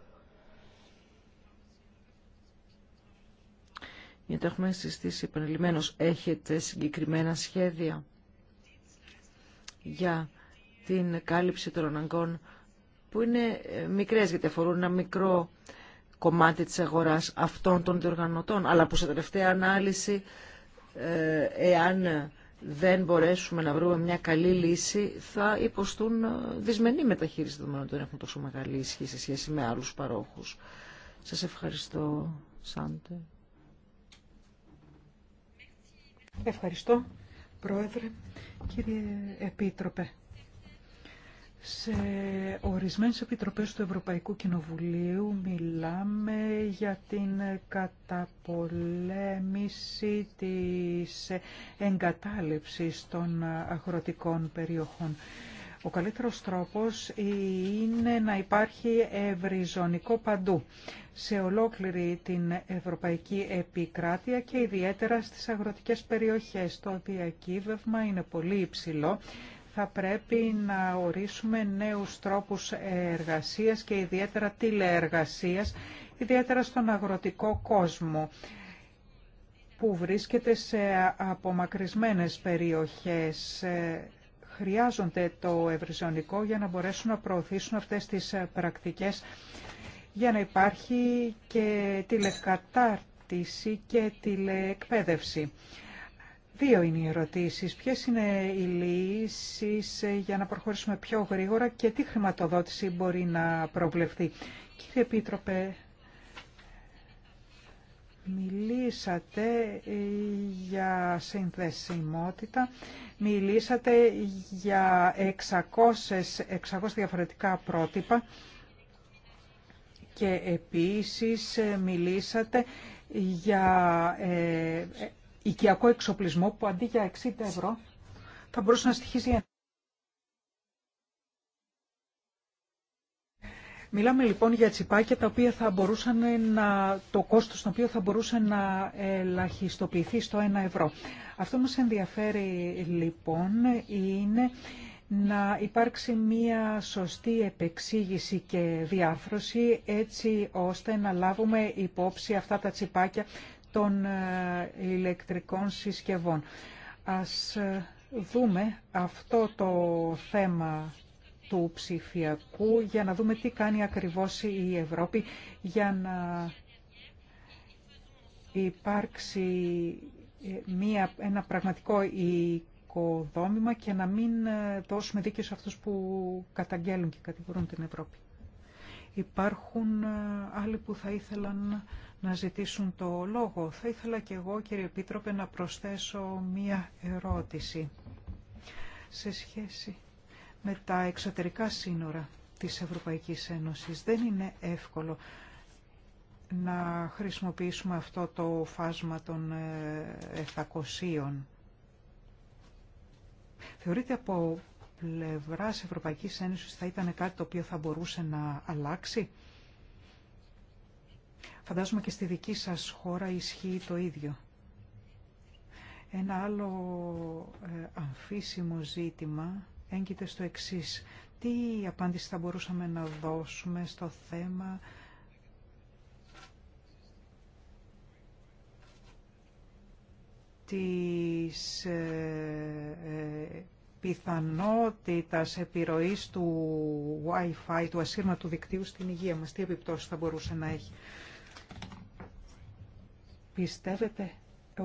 γιατί έχουμε συστήσει επανειλημμένως, έχετε συγκεκριμένα σχέδια για την κάλυψη των αναγκών που είναι ε, μικρές γιατί αφορούν ένα μικρό κομμάτι της αγοράς αυτών των διοργανωτών αλλά που σε τελευταία ανάλυση ε, εάν δεν μπορέσουμε να βρούμε μια καλή λύση θα υποστούν ε, δυσμενή μεταχείριση δεδομένου ότι δεν έχουν τόσο μεγάλη ισχύ σε σχέση με άλλους παρόχους. Σας ευχαριστώ Σάντε. Ευχαριστώ. Πρόεδρε, κύριε Επίτροπε. Σε ορισμένες επιτροπές του Ευρωπαϊκού Κοινοβουλίου μιλάμε για την καταπολέμηση της εγκατάλειψης των αγροτικών περιοχών. Ο καλύτερος τρόπος είναι να υπάρχει ευρυζωνικό παντού σε ολόκληρη την ευρωπαϊκή επικράτεια και ιδιαίτερα στις αγροτικές περιοχές. Το διακύβευμα είναι πολύ υψηλό. Θα πρέπει να ορίσουμε νέους τρόπους εργασίας και ιδιαίτερα τηλεεργασίας, ιδιαίτερα στον αγροτικό κόσμο που βρίσκεται σε απομακρυσμένες περιοχές χρειάζονται το ευρυζωνικό για να μπορέσουν να προωθήσουν αυτές τις ε, πρακτικές για να υπάρχει και τηλεκατάρτιση και τηλεεκπαίδευση. Δύο είναι οι ερωτήσεις. Ποιες είναι οι λύσεις ε, για να προχωρήσουμε πιο γρήγορα και τι χρηματοδότηση μπορεί να προβλεφθεί. Κύριε Επίτροπε, Μιλήσατε ε, για συνδεσιμότητα, μιλήσατε για 600, 600 διαφορετικά πρότυπα και επίσης ε, μιλήσατε για ε, ε, οικιακό εξοπλισμό που αντί για 60 ευρώ θα μπορούσε να στοιχίζει Μιλάμε λοιπόν για τσιπάκια τα οποία θα μπορούσαν να, το κόστος το οποίο θα μπορούσε να ελαχιστοποιηθεί στο 1 ευρώ. Αυτό μας ενδιαφέρει λοιπόν είναι να υπάρξει μία σωστή επεξήγηση και διάφρωση έτσι ώστε να λάβουμε υπόψη αυτά τα τσιπάκια των ε, ηλεκτρικών συσκευών. Ας ε, δούμε αυτό το θέμα του ψηφιακού για να δούμε τι κάνει ακριβώς η Ευρώπη για να υπάρξει ε, μία, ένα πραγματικό οικοδόμημα και να μην ε, δώσουμε δίκαιο σε αυτούς που καταγγέλουν και κατηγορούν την Ευρώπη. Υπάρχουν ε, άλλοι που θα ήθελαν να ζητήσουν το λόγο. Θα ήθελα και εγώ, κύριε Επίτροπε, να προσθέσω μία ερώτηση σε σχέση με τα εξωτερικά σύνορα της Ευρωπαϊκής Ένωσης. Δεν είναι εύκολο να χρησιμοποιήσουμε αυτό το φάσμα των 700. Ε, Θεωρείτε από πλευρά Ευρωπαϊκής Ένωσης θα ήταν κάτι το οποίο θα μπορούσε να αλλάξει. Φαντάζομαι και στη δική σας χώρα ισχύει το ίδιο. Ένα άλλο ε, αμφίσιμο ζήτημα έγκυται στο εξής. Τι απάντηση θα μπορούσαμε να δώσουμε στο θέμα της ε, ε, πιθανότητας επιρροής του Wi-Fi, του ασύρματου δικτύου στην υγεία μας. Τι επιπτώσεις θα μπορούσε να έχει. Πιστεύετε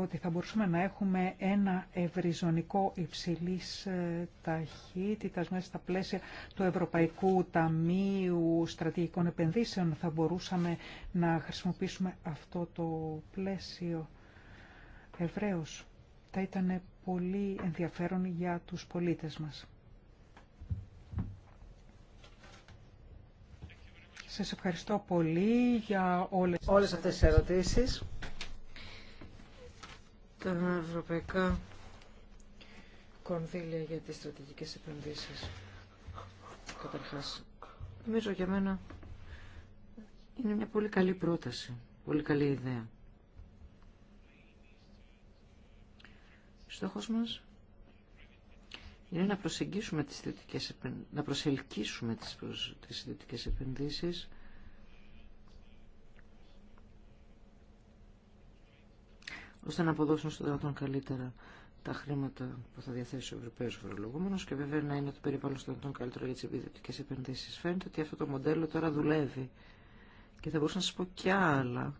ότι θα μπορούσαμε να έχουμε ένα ευρυζωνικό υψηλής ε, ταχύτητας μέσα στα πλαίσια του Ευρωπαϊκού Ταμείου Στρατηγικών Επενδύσεων. Θα μπορούσαμε να χρησιμοποιήσουμε αυτό το πλαίσιο ευρέως. Θα ήταν πολύ ενδιαφέρον για τους πολίτες μας. Σας ευχαριστώ πολύ για όλες, όλες αυτές τις ερωτήσεις τα ευρωπαϊκά κονδύλια για τις στρατηγικές επενδύσεις. Καταρχάς, νομίζω για μένα είναι μια πολύ καλή πρόταση, πολύ καλή ιδέα. Στόχος μας είναι να προσεγγίσουμε τις να προσελκύσουμε τις, τις επενδύσεις ώστε να αποδώσουν στο δυνατόν καλύτερα τα χρήματα που θα διαθέσει ο Ευρωπαίο φορολογούμενο και βέβαια να είναι το περιβάλλον στο δυνατόν καλύτερο για τι επιδοτικέ επενδύσει. Φαίνεται ότι αυτό το μοντέλο τώρα δουλεύει. Και θα μπορούσα να σα πω κι άλλα.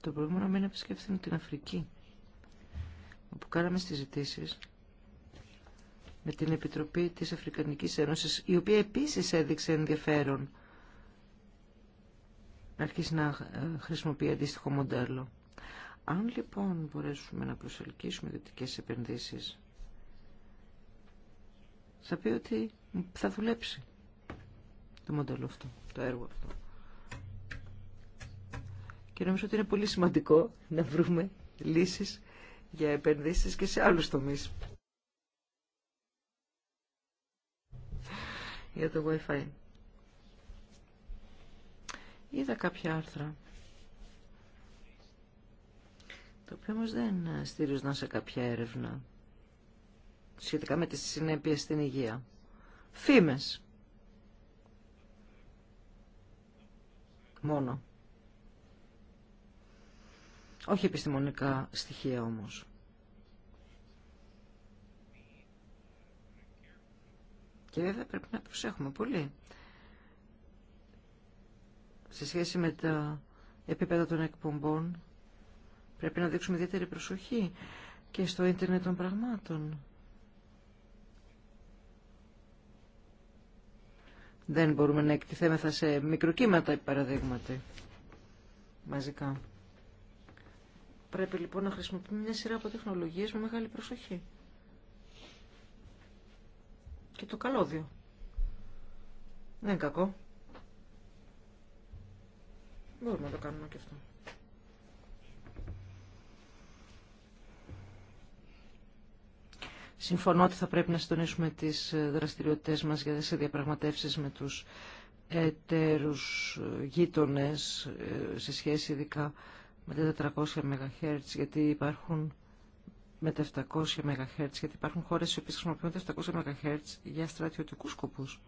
Το πρόβλημα να μην επισκεφθούμε την Αφρική, όπου κάναμε συζητήσει με την Επιτροπή της Αφρικανικής Ένωσης, η οποία επίσης έδειξε ενδιαφέρον να αρχίσει να χρησιμοποιεί αντίστοιχο μοντέλο. Αν λοιπόν μπορέσουμε να προσελκύσουμε δυτικέ επενδύσεις, θα πει ότι θα δουλέψει το μοντέλο αυτό, το έργο αυτό. Και νομίζω ότι είναι πολύ σημαντικό να βρούμε λύσεις για επενδύσεις και σε άλλους τομείς. Για το Wi-Fi. Είδα κάποια άρθρα. Το οποίο όμω δεν στήριζαν σε κάποια έρευνα σχετικά με τις συνέπειες στην υγεία. Φήμες. Μόνο. Όχι επιστημονικά στοιχεία όμως. Και βέβαια πρέπει να προσέχουμε πολύ σε σχέση με τα επίπεδα των εκπομπών πρέπει να δείξουμε ιδιαίτερη προσοχή και στο ίντερνετ των πραγμάτων. Δεν μπορούμε να εκτιθέμεθα σε μικροκύματα, παραδείγματι, μαζικά. Πρέπει λοιπόν να χρησιμοποιούμε μια σειρά από τεχνολογίες με μεγάλη προσοχή. Και το καλώδιο. Δεν είναι κακό. Μπορούμε να το κάνουμε και αυτό. Συμφωνώ ότι θα πρέπει να συντονίσουμε τις ε, δραστηριότητες μας για σε διαπραγματεύσεις με τους εταίρους ε, γείτονες ε, σε σχέση ειδικά με τα 400 MHz γιατί υπάρχουν με τα 700 MHz γιατί υπάρχουν χώρες οι οποίες χρησιμοποιούν τα 700 MHz για στρατιωτικούς σκοπούς.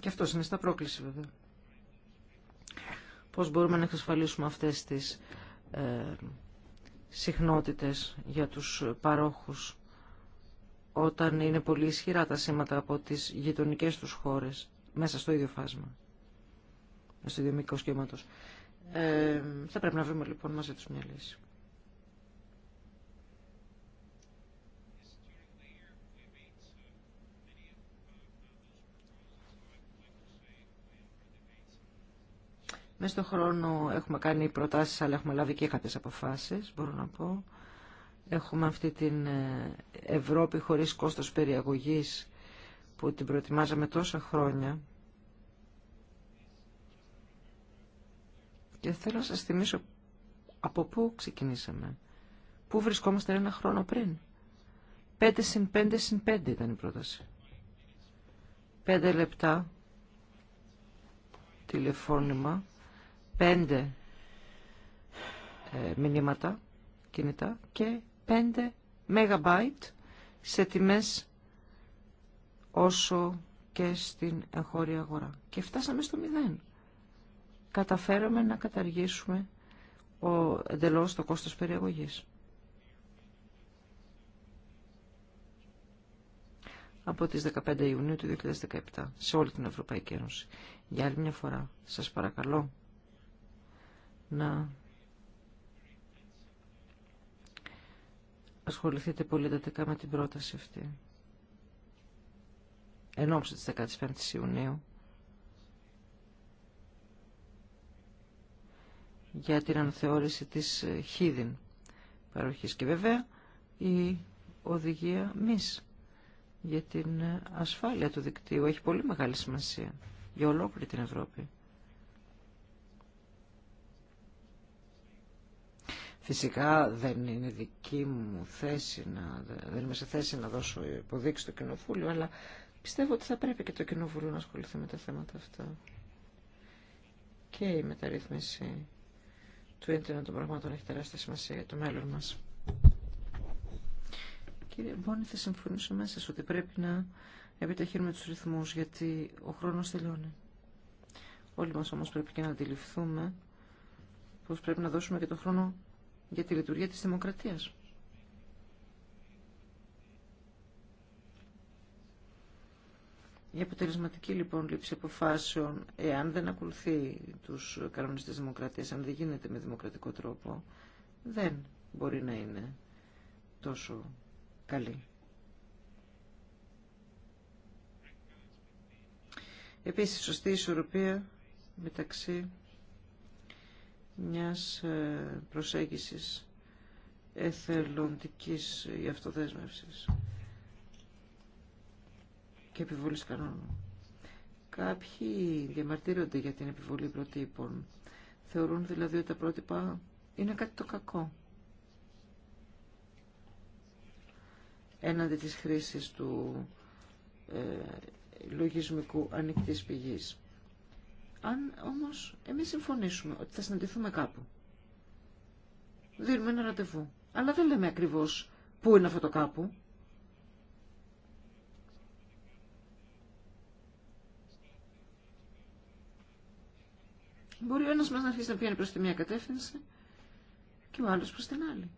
Και αυτό είναι στα πρόκληση βέβαια. Πώς μπορούμε να εξασφαλίσουμε αυτές τις ε, συχνότητες για τους παρόχους όταν είναι πολύ ισχυρά τα σήματα από τις γειτονικές τους χώρες μέσα στο ίδιο φάσμα, στο ίδιο μικρό σχήματος. Ε, θα πρέπει να βρούμε λοιπόν μαζί τους μια λύση. Μέσα στον χρόνο έχουμε κάνει προτάσεις, αλλά έχουμε λάβει και κάποιες αποφάσεις, μπορώ να πω. Έχουμε αυτή την ε, Ευρώπη χωρίς κόστος περιαγωγής που την προετοιμάζαμε τόσα χρόνια. Και θέλω να σας θυμίσω από πού ξεκινήσαμε. Πού βρισκόμαστε ένα χρόνο πριν. 5 συν 5 συν 5 ήταν η πρόταση. 5 λεπτά τηλεφώνημα πέντε ε, μηνύματα κινητά και 5 μεγαμπάιτ σε τιμές όσο και στην εγχώρια αγορά. Και φτάσαμε στο μηδέν. Καταφέραμε να καταργήσουμε ο, εντελώς το κόστος περιεγωγής. από τις 15 Ιουνίου του 2017 σε όλη την Ευρωπαϊκή Ένωση. Για άλλη μια φορά, σας παρακαλώ, να ασχοληθείτε πολύ εντατικά με την πρόταση αυτή. Ενώψε της 15 η Ιουνίου. για την αναθεώρηση της χίδιν παροχής. Και βέβαια η οδηγία μης για την ασφάλεια του δικτύου έχει πολύ μεγάλη σημασία για ολόκληρη την Ευρώπη. Φυσικά δεν είναι δική μου θέση να, δεν είμαι σε θέση να δώσω υποδείξει στο κοινοβούλιο, αλλά πιστεύω ότι θα πρέπει και το κοινοβούλιο να ασχοληθεί με τα θέματα αυτά. Και η μεταρρύθμιση του ίντερνετ των πραγμάτων έχει τεράστια σημασία για το μέλλον μας. Κύριε Μπόνη, θα συμφωνήσω μέσα ότι πρέπει να επιταχύνουμε τους ρυθμούς, γιατί ο χρόνος τελειώνει. Όλοι μας όμως πρέπει και να αντιληφθούμε πως πρέπει να δώσουμε και τον χρόνο για τη λειτουργία της δημοκρατίας. Η αποτελεσματική λοιπόν λήψη αποφάσεων, εάν δεν ακολουθεί τους κανόνες της δημοκρατίας, αν δεν γίνεται με δημοκρατικό τρόπο, δεν μπορεί να είναι τόσο καλή. Επίσης, σωστή ισορροπία μεταξύ μιας ε, προσέγγισης εθελοντικής ή αυτοδέσμευσης και επιβολής κανόνων. Κάποιοι διαμαρτύρονται για την επιβολή προτύπων. Θεωρούν δηλαδή ότι τα πρότυπα είναι κάτι το κακό. Έναντι της χρήσης του ε, λογισμικού ανοιχτής πηγής. Αν όμως εμείς συμφωνήσουμε ότι θα συναντηθούμε κάπου, δίνουμε ένα ραντεβού, αλλά δεν λέμε ακριβώς πού είναι αυτό το κάπου, Μπορεί ο ένας μας να αρχίσει να πηγαίνει προς τη μία κατεύθυνση και ο άλλος προς την άλλη.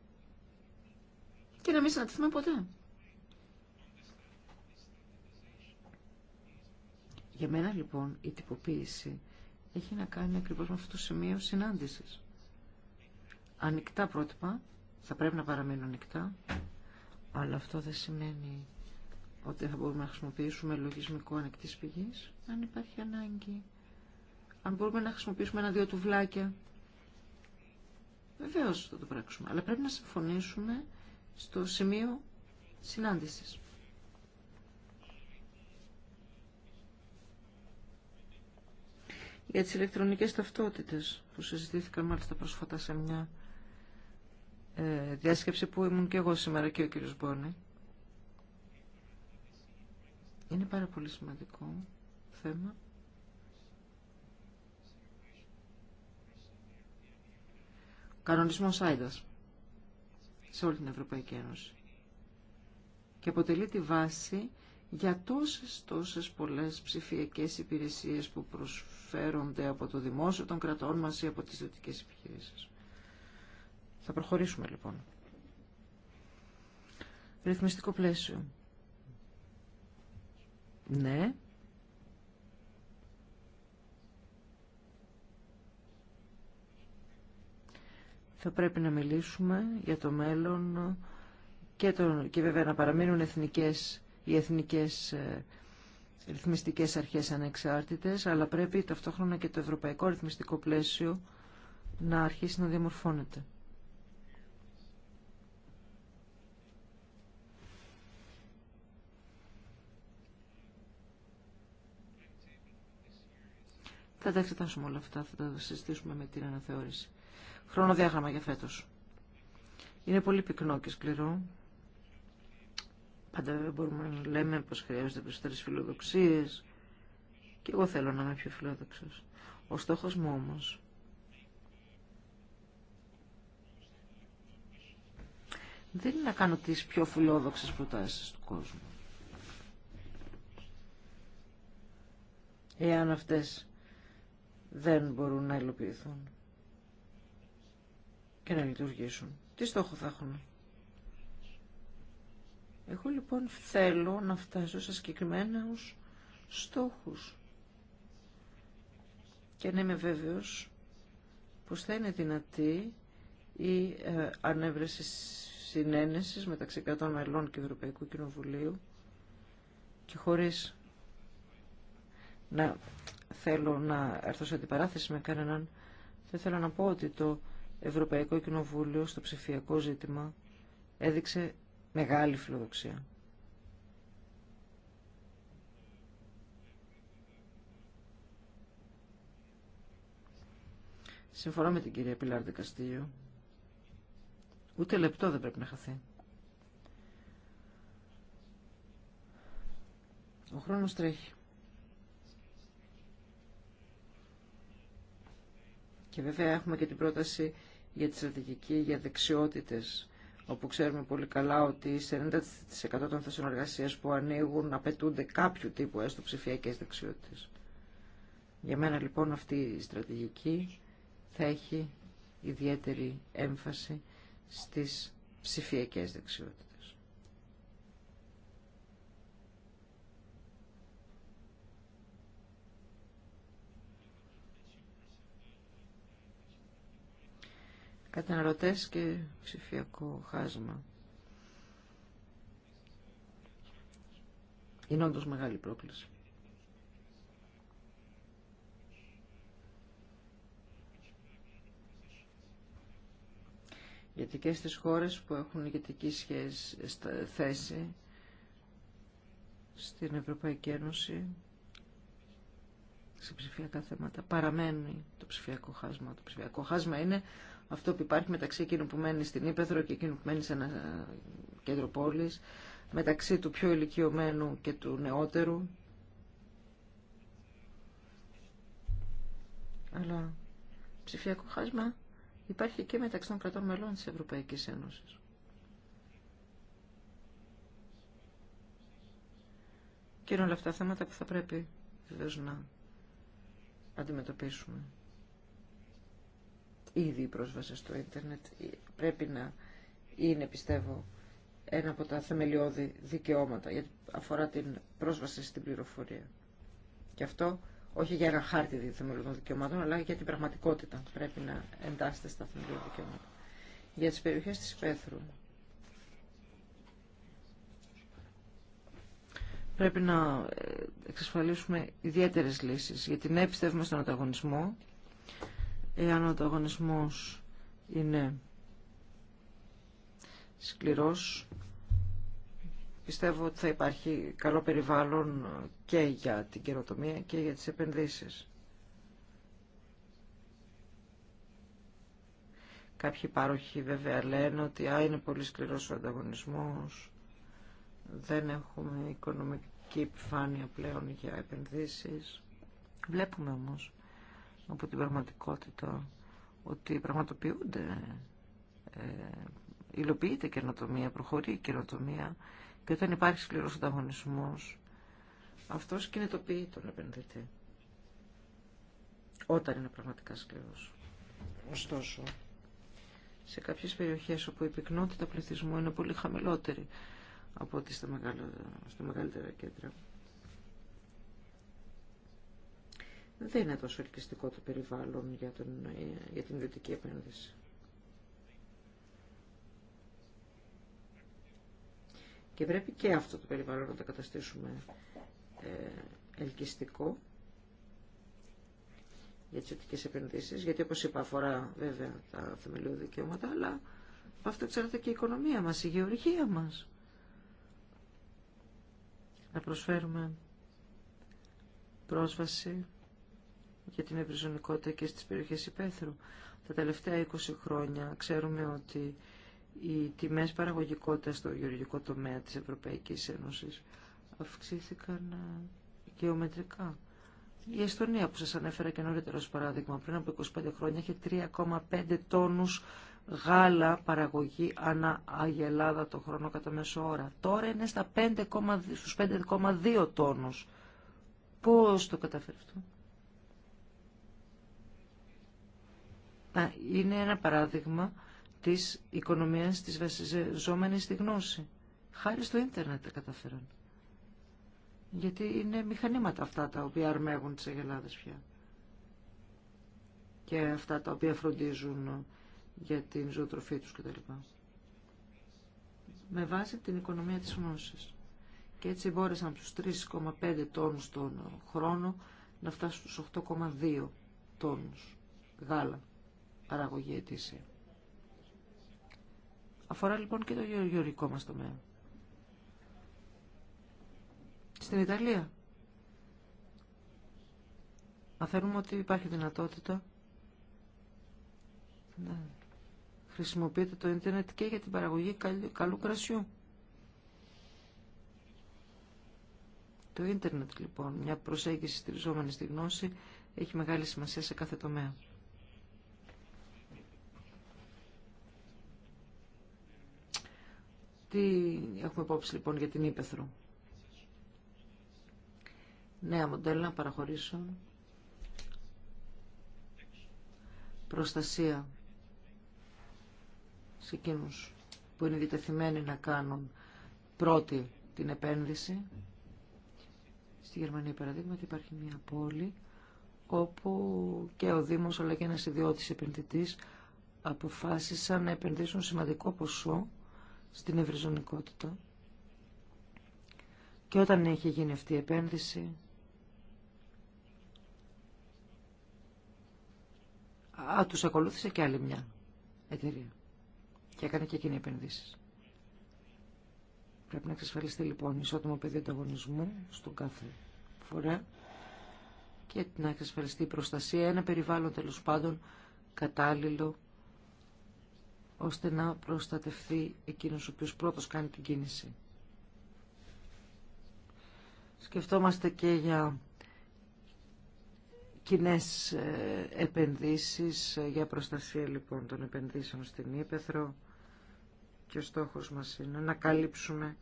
Και να μην συναντηθούμε ποτέ. Για μένα λοιπόν η τυποποίηση έχει να κάνει ακριβώς με αυτό το σημείο συνάντησης. Ανοιχτά πρότυπα, θα πρέπει να παραμείνουν ανοιχτά, αλλά αυτό δεν σημαίνει ότι θα μπορούμε να χρησιμοποιήσουμε λογισμικό ανοιχτή πηγής, αν υπάρχει ανάγκη. Αν μπορούμε να χρησιμοποιήσουμε ένα-δύο τουβλάκια, βεβαίω θα το πράξουμε. Αλλά πρέπει να συμφωνήσουμε στο σημείο συνάντησης. για τις ηλεκτρονικές ταυτότητες που συζητήθηκαν μάλιστα προσφατά σε μια ε, διάσκεψη που ήμουν και εγώ σήμερα και ο κύριος Μπόνη. Είναι πάρα πολύ σημαντικό θέμα. Ο κανονισμός Άιντας σε όλη την Ευρωπαϊκή Ένωση και αποτελεί τη βάση για τόσες τόσες πολλές ψηφιακές υπηρεσίες που προσφέρονται από το δημόσιο των κρατών μας ή από τις δυτικές επιχειρήσεις. Θα προχωρήσουμε λοιπόν. Ρυθμιστικό πλαίσιο. Ναι. Θα πρέπει να μιλήσουμε για το μέλλον και, τον και βέβαια να παραμείνουν εθνικές οι εθνικές ε, ρυθμιστικές αρχές ανεξάρτητες, αλλά πρέπει ταυτόχρονα και το ευρωπαϊκό ρυθμιστικό πλαίσιο να αρχίσει να διαμορφώνεται. Θα τα εξετάσουμε όλα αυτά, θα τα συζητήσουμε με την αναθεώρηση. Χρονοδιάγραμμα για φέτος. Είναι πολύ πυκνό και σκληρό. Πάντα μπορούμε να λέμε πως χρειάζονται περισσότερες φιλοδοξίες και εγώ θέλω να είμαι πιο φιλόδοξος. Ο στόχος μου όμως δεν είναι να κάνω τις πιο φιλόδοξες προτάσεις του κόσμου. Εάν αυτές δεν μπορούν να υλοποιηθούν και να λειτουργήσουν. Τι στόχο θα έχουμε εγώ λοιπόν θέλω να φτάσω σε συγκεκριμένους στόχους και να είμαι βέβαιος πως θα είναι δυνατή η ε, ανέβρεση συνένεσης μεταξύ 100 μελών και Ευρωπαϊκού Κοινοβουλίου και χωρίς να θέλω να έρθω σε αντιπαράθεση με κανέναν θα θέλω να πω ότι το Ευρωπαϊκό Κοινοβούλιο στο ψηφιακό ζήτημα έδειξε Μεγάλη φιλοδοξία. Συμφωνώ με την κυρία Πιλάρδη Ούτε λεπτό δεν πρέπει να χαθεί. Ο χρόνος τρέχει. Και βέβαια έχουμε και την πρόταση για τη στρατηγική για δεξιότητες όπου ξέρουμε πολύ καλά ότι σε 90% των θέσεων εργασία που ανοίγουν απαιτούνται κάποιου τύπου έστω ψηφιακέ δεξιότητε. Για μένα λοιπόν αυτή η στρατηγική θα έχει ιδιαίτερη έμφαση στις ψηφιακές δεξιότητες. καταναλωτές και ψηφιακό χάσμα. Είναι όντως μεγάλη πρόκληση. Γιατί και στις χώρες που έχουν ηγετική θέση στην Ευρωπαϊκή Ένωση σε ψηφιακά θέματα παραμένει το ψηφιακό χάσμα. Το ψηφιακό χάσμα είναι αυτό που υπάρχει μεταξύ εκείνου που μένει στην Ήπεθρο και εκείνου που μένει σε ένα κέντρο πόλης, μεταξύ του πιο ηλικιωμένου και του νεότερου. Αλλά ψηφιακό χάσμα υπάρχει και μεταξύ των κρατών μελών της Ευρωπαϊκής Ένωσης. Και είναι όλα αυτά θέματα που θα πρέπει βεβαίως να αντιμετωπίσουμε ήδη η πρόσβαση στο ίντερνετ πρέπει να είναι πιστεύω ένα από τα θεμελιώδη δικαιώματα γιατί αφορά την πρόσβαση στην πληροφορία. Και αυτό όχι για ένα χάρτη θεμελιωδών δικαιωμάτων αλλά για την πραγματικότητα πρέπει να εντάσσεται στα θεμελιώδη δικαιώματα. Για τις περιοχές της Πέθρου πρέπει να ε, εξασφαλίσουμε ιδιαίτερες λύσεις για την ναι, έπιστευμα στον ανταγωνισμό εάν ο ανταγωνισμός είναι σκληρός, πιστεύω ότι θα υπάρχει καλό περιβάλλον και για την καινοτομία και για τις επενδύσεις. Κάποιοι πάροχοι βέβαια λένε ότι είναι πολύ σκληρός ο ανταγωνισμός, δεν έχουμε οικονομική επιφάνεια πλέον για επενδύσεις. Βλέπουμε όμως από την πραγματικότητα ότι πραγματοποιούνται, ε, υλοποιείται καινοτομία, προχωρεί η καινοτομία και όταν υπάρχει σκληρός ανταγωνισμός αυτός κινητοποιεί τον επενδυτή όταν είναι πραγματικά σκληρός. Ωστόσο, σε κάποιες περιοχές όπου η πυκνότητα πληθυσμού είναι πολύ χαμηλότερη από ό,τι στα μεγαλύτερα κέντρα δεν είναι τόσο ελκυστικό το περιβάλλον για, τον, ε, για την ιδιωτική επένδυση. Και πρέπει και αυτό το περιβάλλον να το καταστήσουμε ε, ελκυστικό για τις ιδιωτικές επενδύσεις, γιατί όπως είπα αφορά βέβαια τα θεμελιώδη δικαιώματα, αλλά αυτό ξέρετε και η οικονομία μας, η γεωργία μας. Να προσφέρουμε πρόσβαση για την ευρυζωνικότητα και στις περιοχές υπαίθρου. Τα τελευταία 20 χρόνια ξέρουμε ότι οι τιμές παραγωγικότητας στο γεωργικό τομέα της Ευρωπαϊκής Ένωσης αυξήθηκαν ε, γεωμετρικά. Η Εστονία που σας ανέφερα και νωρίτερα ως παράδειγμα πριν από 25 χρόνια είχε 3,5 τόνους γάλα παραγωγή ανά αγελάδα το χρόνο κατά μέσο ώρα. Τώρα είναι στα 5,2, στους 5,2 τόνους. Πώς το καταφέρει είναι ένα παράδειγμα της οικονομίας της βασιζόμενης στη γνώση. Χάρη στο ίντερνετ τα καταφέραν. Γιατί είναι μηχανήματα αυτά τα οποία αρμέγουν τις αγελάδες πια. Και αυτά τα οποία φροντίζουν για την ζωοτροφή τους κτλ. Με βάση την οικονομία της γνώσης. Και έτσι μπόρεσαν από τους 3,5 τόνους τον χρόνο να φτάσουν στους 8,2 τόνους γάλα παραγωγή Αφορά λοιπόν και το γεωργικό μας τομέα. Στην Ιταλία μαθαίνουμε ότι υπάρχει δυνατότητα να χρησιμοποιείται το ίντερνετ και για την παραγωγή καλού κρασιού. Το ίντερνετ λοιπόν, μια προσέγγιση στηριζόμενη στη γνώση, έχει μεγάλη σημασία σε κάθε τομέα. Τι έχουμε υπόψη λοιπόν για την Ήπεθρο. Νέα μοντέλα παραχωρήσω, Προστασία σε εκείνους που είναι διτεθειμένοι να κάνουν πρώτη την επένδυση. Στη Γερμανία, παραδείγματι, υπάρχει μια πόλη όπου και ο Δήμος αλλά και ένας ιδιώτης επενδυτής αποφάσισαν να επενδύσουν σημαντικό ποσό στην ευρυζωνικότητα. Και όταν έχει γίνει αυτή η επένδυση, α, τους ακολούθησε και άλλη μια εταιρεία. Και έκανε και εκείνη επενδύσεις. Πρέπει να εξασφαλιστεί λοιπόν ισότιμο πεδίο ανταγωνισμού στον κάθε φορέα και να εξασφαλιστεί η προστασία, ένα περιβάλλον τέλο πάντων κατάλληλο ώστε να προστατευθεί εκείνος ο οποίος πρώτος κάνει την κίνηση. Σκεφτόμαστε και για κοινέ ε, επενδύσεις, ε, για προστασία λοιπόν των επενδύσεων στην Ήπεθρο και ο στόχος μας είναι να καλύψουμε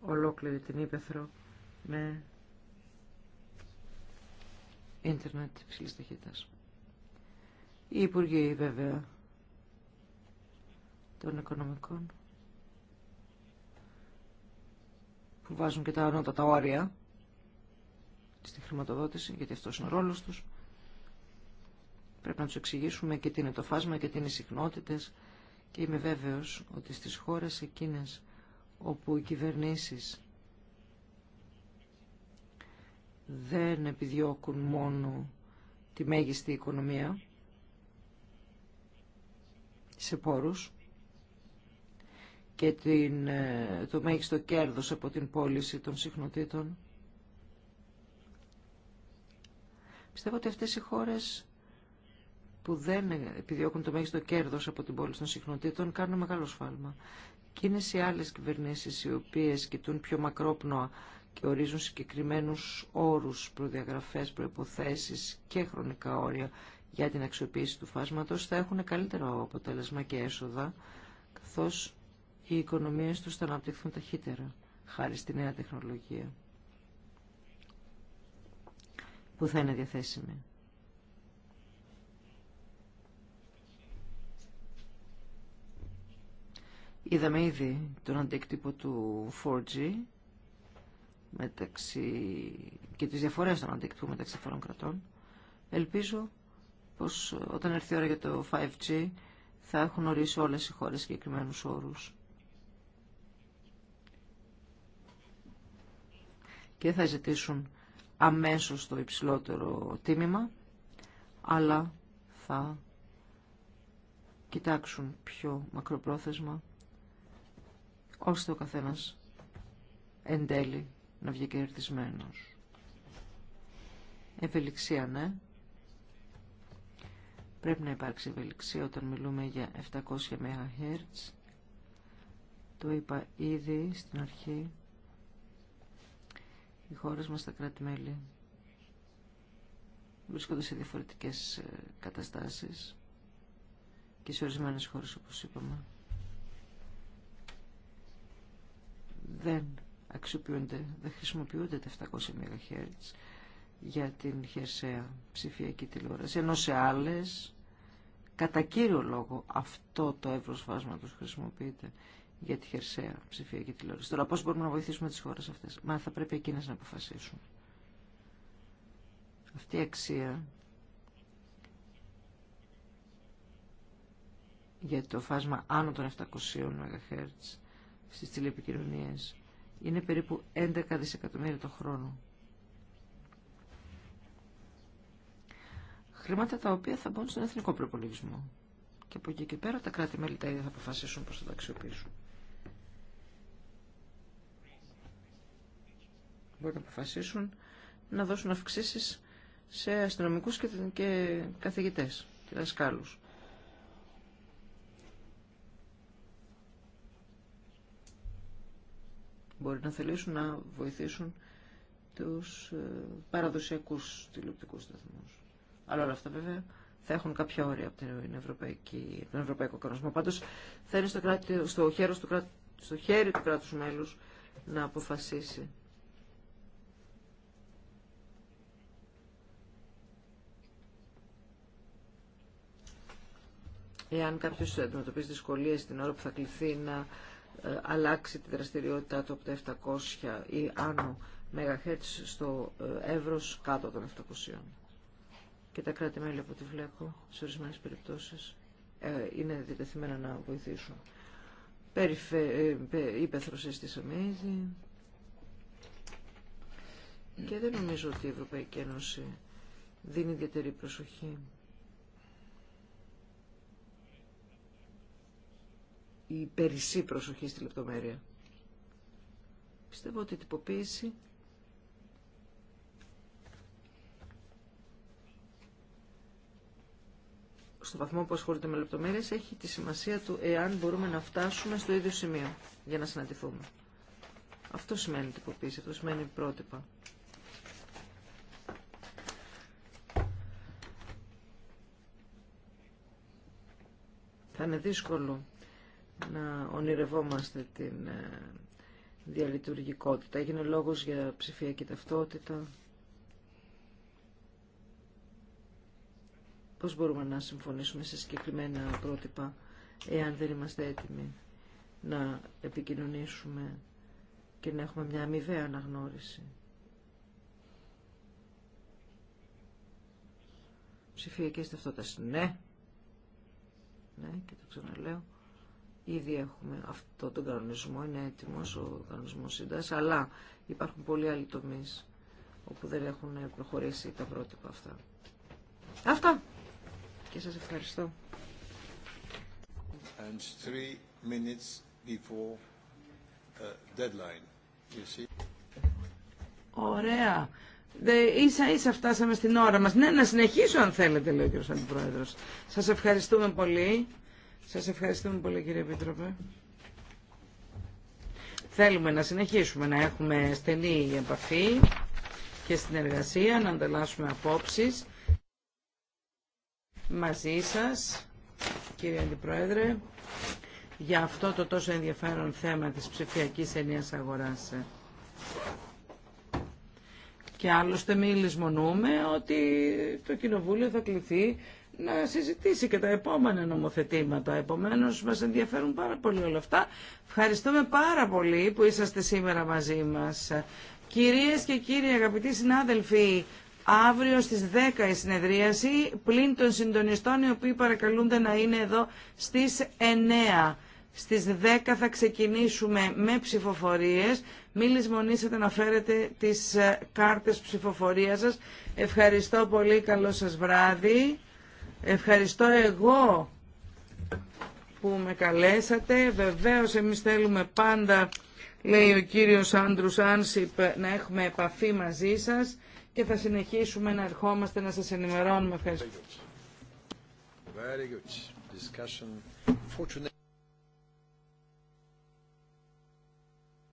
ολόκληρη την Ήπεθρο με ίντερνετ υψηλής ταχύτητας. Οι Υπουργοί βέβαια των οικονομικών που βάζουν και τα ανώτατα όρια στη χρηματοδότηση, γιατί αυτός είναι ο ρόλος τους. Πρέπει να τους εξηγήσουμε και τι είναι το φάσμα και τι είναι οι συχνότητες και είμαι βέβαιος ότι στις χώρες εκείνες όπου οι κυβερνήσεις δεν επιδιώκουν μόνο τη μέγιστη οικονομία σε πόρους, και την, ε, το μέγιστο κέρδος από την πώληση των συχνοτήτων. Πιστεύω ότι αυτές οι χώρες που δεν επιδιώκουν το μέγιστο κέρδος από την πώληση των συχνοτήτων κάνουν μεγάλο σφάλμα. Και είναι σε άλλες κυβερνήσεις οι οποίες κοιτούν πιο μακρόπνοα και ορίζουν συγκεκριμένους όρους, προδιαγραφές, προϋποθέσεις και χρονικά όρια για την αξιοποίηση του φάσματος θα έχουν καλύτερο αποτέλεσμα και έσοδα καθώς οι οικονομίες τους θα αναπτυχθούν ταχύτερα χάρη στη νέα τεχνολογία που θα είναι διαθέσιμη. Είδαμε ήδη τον αντίκτυπο του 4G μεταξύ, και τις διαφορές των αντίκτυπων μεταξύ φορών κρατών. Ελπίζω πως όταν έρθει η ώρα για το 5G θα έχουν ορίσει όλες οι χώρες συγκεκριμένου όρους και θα ζητήσουν αμέσως το υψηλότερο τίμημα, αλλά θα κοιτάξουν πιο μακροπρόθεσμα, ώστε ο καθένας εν τέλει να βγει κερδισμένος. Ευελιξία, ναι. Πρέπει να υπάρξει ευελιξία όταν μιλούμε για 700 MHz. Το είπα ήδη στην αρχή οι χώρες μας, τα κράτη-μέλη βρίσκονται σε διαφορετικές ε, καταστάσεις και σε ορισμένες χώρες όπως είπαμε δεν αξιοποιούνται, δεν χρησιμοποιούνται τα 700 MHz για την χερσαία ψηφιακή τηλεόραση ενώ σε άλλες κατά κύριο λόγο αυτό το εύρος φάσματος χρησιμοποιείται για τη χερσαία ψηφιακή τηλεόραση. Τώρα πώς μπορούμε να βοηθήσουμε τις χώρε αυτές. Μα θα πρέπει εκείνες να αποφασίσουν. Αυτή η αξία για το φάσμα άνω των 700 MHz στις τηλεπικοινωνίες είναι περίπου 11 δισεκατομμύρια το χρόνο. Χρήματα τα οποία θα μπουν στον εθνικό προπολογισμό. Και από εκεί και πέρα τα κράτη-μέλη τα ίδια θα αποφασίσουν πώς θα τα αξιοποιήσουν. μπορεί να αποφασίσουν να δώσουν αυξήσεις σε αστυνομικούς και, και καθηγητές και δασκάλους. Μπορεί να θελήσουν να βοηθήσουν τους ε, παραδοσιακούς τηλεοπτικούς σταθμού. Αλλά όλα αυτά βέβαια θα έχουν κάποια όρια από, την Ευρωπαϊκή, τον Ευρωπαϊκό Κανονισμό. Πάντως θα είναι στο, κράτη, στο, χέρι, στο χέρι του κράτους μέλους να αποφασίσει Εάν κάποιο αντιμετωπίζει δυσκολίε την ώρα που θα κληθεί να ε, αλλάξει τη δραστηριότητά του από τα 700 ή άνω MHz στο ε, εύρο κάτω των 700. Και τα κράτη-μέλη από ό,τι βλέπω σε ορισμένε περιπτώσεις ε, είναι διτεθειμένα να βοηθήσουν. Περιφε... Ήπεθρος ΑΜΕΙΔΗ. Και δεν νομίζω ότι η Ευρωπαϊκή Ένωση δίνει ιδιαίτερη προσοχή η περισσή προσοχή στη λεπτομέρεια. Πιστεύω ότι η τυποποίηση στο βαθμό που ασχολείται με λεπτομέρειες έχει τη σημασία του εάν μπορούμε να φτάσουμε στο ίδιο σημείο για να συναντηθούμε. Αυτό σημαίνει τυποποίηση, αυτό σημαίνει πρότυπα. Θα είναι δύσκολο να ονειρευόμαστε την ε, διαλειτουργικότητα. Έγινε λόγος για ψηφιακή ταυτότητα. Πώς μπορούμε να συμφωνήσουμε σε συγκεκριμένα πρότυπα εάν δεν είμαστε έτοιμοι να επικοινωνήσουμε και να έχουμε μια αμοιβαία αναγνώριση. Ψηφιακές ταυτότητες, ναι. Ναι, και το ξαναλέω. Ήδη έχουμε αυτό τον κανονισμό, είναι έτοιμο ο κανονισμό σύντας, αλλά υπάρχουν πολλοί άλλοι τομεί όπου δεν έχουν προχωρήσει τα πρότυπα αυτά. Αυτά και σας ευχαριστώ. And minutes before uh, deadline. You see? Ωραία. Ίσα ίσα φτάσαμε στην ώρα μας. Ναι, να συνεχίσω αν θέλετε, λέει ο κ. Αντιπρόεδρος. Σας ευχαριστούμε πολύ. Σας ευχαριστούμε πολύ κύριε Επίτροπε. Θέλουμε να συνεχίσουμε να έχουμε στενή επαφή και συνεργασία, να ανταλλάσσουμε απόψεις μαζί σας, κύριε Αντιπρόεδρε, για αυτό το τόσο ενδιαφέρον θέμα της ψηφιακής ενίας αγοράς. Και άλλωστε μην λησμονούμε ότι το Κοινοβούλιο θα κληθεί να συζητήσει και τα επόμενα νομοθετήματα. επομένω μα ενδιαφέρουν πάρα πολύ όλα αυτά. Ευχαριστούμε πάρα πολύ που είσαστε σήμερα μαζί μα. Κυρίε και κύριοι αγαπητοί συνάδελφοι, αύριο στι 10 η συνεδρίαση πλην των συντονιστών οι οποίοι παρακαλούνται να είναι εδώ στι 9. Στις 10 θα ξεκινήσουμε με ψηφοφορίες. Μην λησμονήσετε να φέρετε τις κάρτες ψηφοφορίας σας. Ευχαριστώ πολύ. Καλό σας βράδυ. Ευχαριστώ εγώ που με καλέσατε. Βεβαίως εμείς θέλουμε πάντα, λέει ο κύριος Άντρους Άνσιπ, να έχουμε επαφή μαζί σας και θα συνεχίσουμε να ερχόμαστε να σας ενημερώνουμε. Ευχαριστώ. Very good.